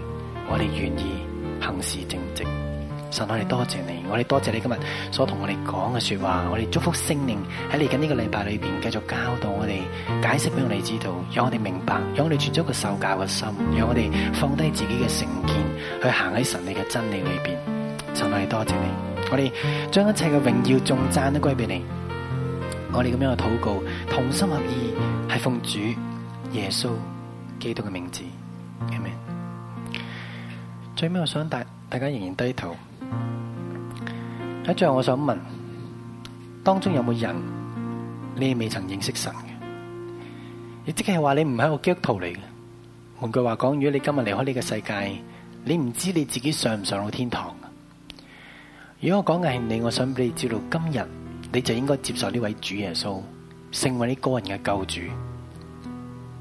我哋願意行事正直。神我哋多謝你，我哋多謝你今日所同我哋講嘅說話，我哋祝福聖靈喺嚟緊呢個禮拜裏邊繼續教導我哋，解釋俾我哋知道，讓我哋明白，讓我哋存咗個受教嘅心，讓我哋放低自己嘅成見，去行喺神嘅真理裏邊。神我哋多謝你，我哋將一切嘅榮耀、頌讚都歸俾你。我哋咁樣嘅禱告，同心合意，係奉主耶穌基督嘅名字，係咪？最尾我想大大家仍然低頭。喺最後我想問，當中有冇人你亦未曾認識神嘅？亦即係話你唔係一個基督徒嚟嘅。換句話講，如果你今日離開呢個世界，你唔知你自己上唔上到天堂。如果我講嘅係你，我想俾你知道到今天，今日你就應該接受呢位主耶穌，成為你個人嘅救主。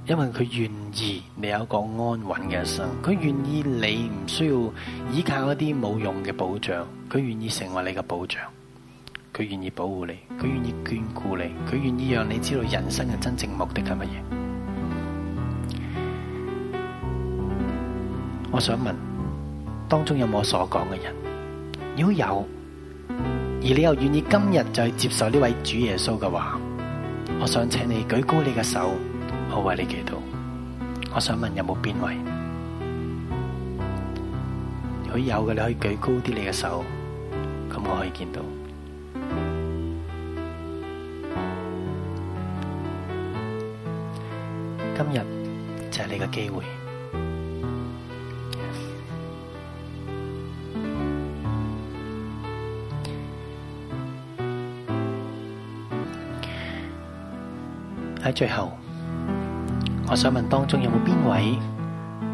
因為佢願意你有一個安穩嘅一生，佢願意你唔需要依靠一啲冇用嘅保障，佢願意成為你嘅保障，佢願意保護你，佢願意眷顧你，佢願意讓你知道人生嘅真正目的係乜嘢。我想問，當中有冇我所講嘅人？如果有，而你又願意今日就係接受呢位主耶穌嘅話，我想請你舉高你嘅手。我為你祈禱，我想問有冇邊位？如果有嘅，你可以舉高啲你嘅手，咁我可以見到。今日就係你嘅機會。喺最後。我想問當中有冇邊位，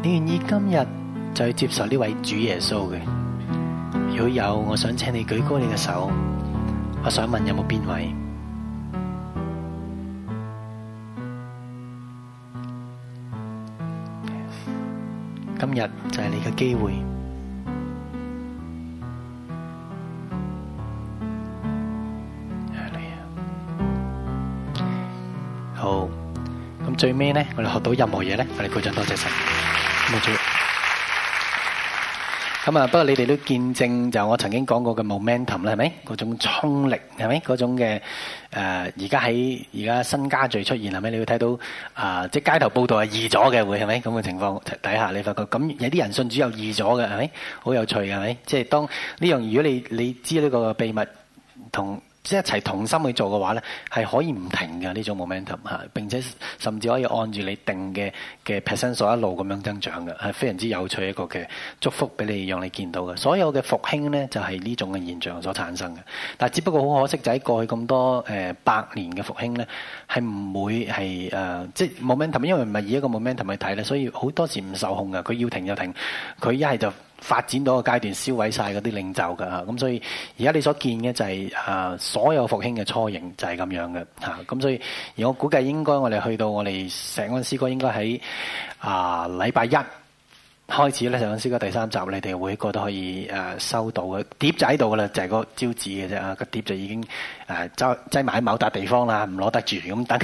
你願意今日就去接受呢位主耶穌嘅？如果有，我想請你舉高你嘅手。我想問有冇邊位？今日就係你嘅機會。最尾咧，我哋學到任何嘢咧，我哋鼓掌多謝神，唔該主席。咁啊，不過你哋都見證就我曾經講過嘅 momentum 啦，係咪？嗰種衝力係咪？嗰種嘅誒，而家喺而家新加聚出現係咪？你會睇到啊，即係街頭報道係易咗嘅會係咪？咁嘅情況底下，你發覺咁有啲人信主又易咗嘅係咪？好有趣係咪？即係當呢樣，如果你你知呢個秘密同。即係一齊同心去做嘅話咧，係可以唔停嘅呢種 momentum 吓並且甚至可以按住你定嘅嘅 percent 數一路咁樣增長嘅，係非常之有趣一個嘅祝福俾你，讓你見到嘅。所有嘅復興咧，就係呢種嘅現象所產生嘅。但只不過好可惜就喺過去咁多誒、呃、百年嘅復興咧，係唔會係即係 momentum，因為唔係以一個 momentum 去睇咧，所以好多時唔受控嘅。佢要停就停，佢一係就。發展到個階段，銷毀曬嗰啲領袖噶，咁所以而家你所見嘅就係、是、啊，所有復興嘅雛形就係咁樣嘅。咁、啊、所以而我估計應該我哋去到我哋錫安詩歌應該喺啊禮拜一開始咧，錫安詩歌第三集你哋會每一個都可以、啊、收到嘅碟仔喺度噶啦，就係、是、個招紙嘅啫啊，個碟就已經誒擠埋喺某笪地方啦，唔攞得住咁等。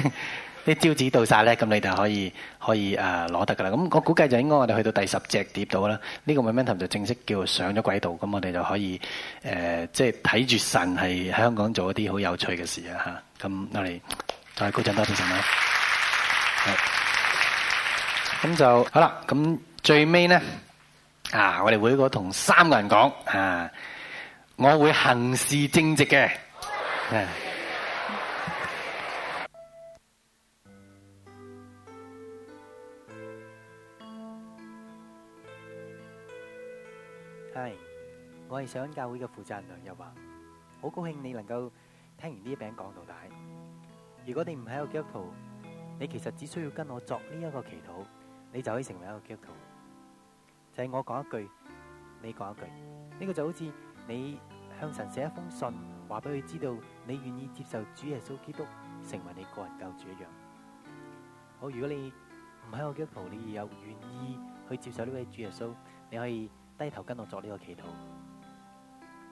啲招紙到曬咧，咁你就可以可以誒攞得噶啦。咁我估計就應該我哋去到第十隻碟到啦。呢個 momentum 就正式叫上咗軌道，咁我哋就可以誒，即係睇住神係香港做一啲好有趣嘅事啊！嚇，咁我哋再鼓掌多謝神啦。咁 就好啦。咁最尾呢，啊，我哋會過同三個人講啊，我會行事正直嘅。 我係上恩教會嘅負責人梁日華，好高興你能夠聽完呢一餅講到大。如果你唔喺個基督徒，你其實只需要跟我作呢一個祈禱，你就可以成為一個基督徒。就係我講一句，你講一句，呢個就好似你向神寫一封信，話俾佢知道你願意接受主耶穌基督成為你個人救主一樣。好，如果你唔喺個基督徒，你又願意去接受呢位主耶穌，你可以低頭跟我作呢個祈禱。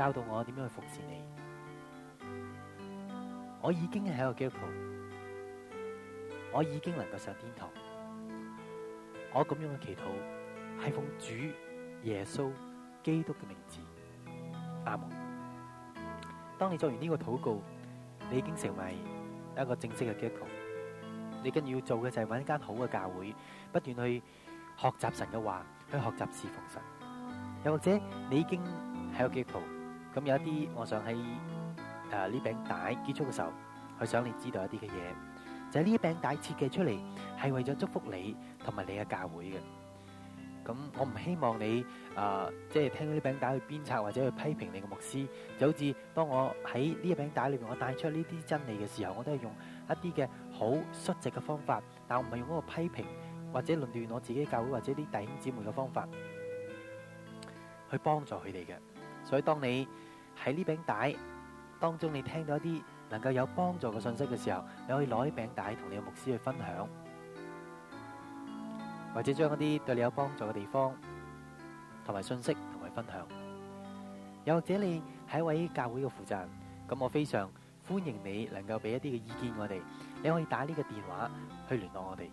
教到我點樣去服侍你，我已經喺個基督徒，我已經能夠上天堂。我咁樣嘅祈禱係奉主耶穌基督嘅名字，阿門。當你做完呢個禱告，你已經成為一個正式嘅基督徒。你跟住要做嘅就係揾一間好嘅教會，不斷去學習神嘅話，去學習侍奉神。又或者你已經喺個基督徒。咁有一啲，我想喺誒呢餅帶結束嘅時候，佢想你知道一啲嘅嘢，就係、是、呢餅帶設計出嚟係為咗祝福你同埋你嘅教會嘅。咁我唔希望你誒，即、啊、係、就是、聽呢餅帶去鞭策，或者去批評你嘅牧師，就好似當我喺呢餅帶裏面我帶出呢啲真理嘅時候，我都係用一啲嘅好率直嘅方法，但我唔係用嗰個批評或者論斷我自己嘅教會或者啲弟兄姊妹嘅方法去幫助佢哋嘅。所以，當你喺呢餅帶當中，你聽到一啲能夠有幫助嘅信息嘅時候，你可以攞呢餅帶同你嘅牧師去分享，或者將嗰啲對你有幫助嘅地方同埋信息同佢分享。又或者你係一位教會嘅負責人，咁我非常歡迎你能夠俾一啲嘅意見我哋。你可以打呢個電話去聯絡我哋。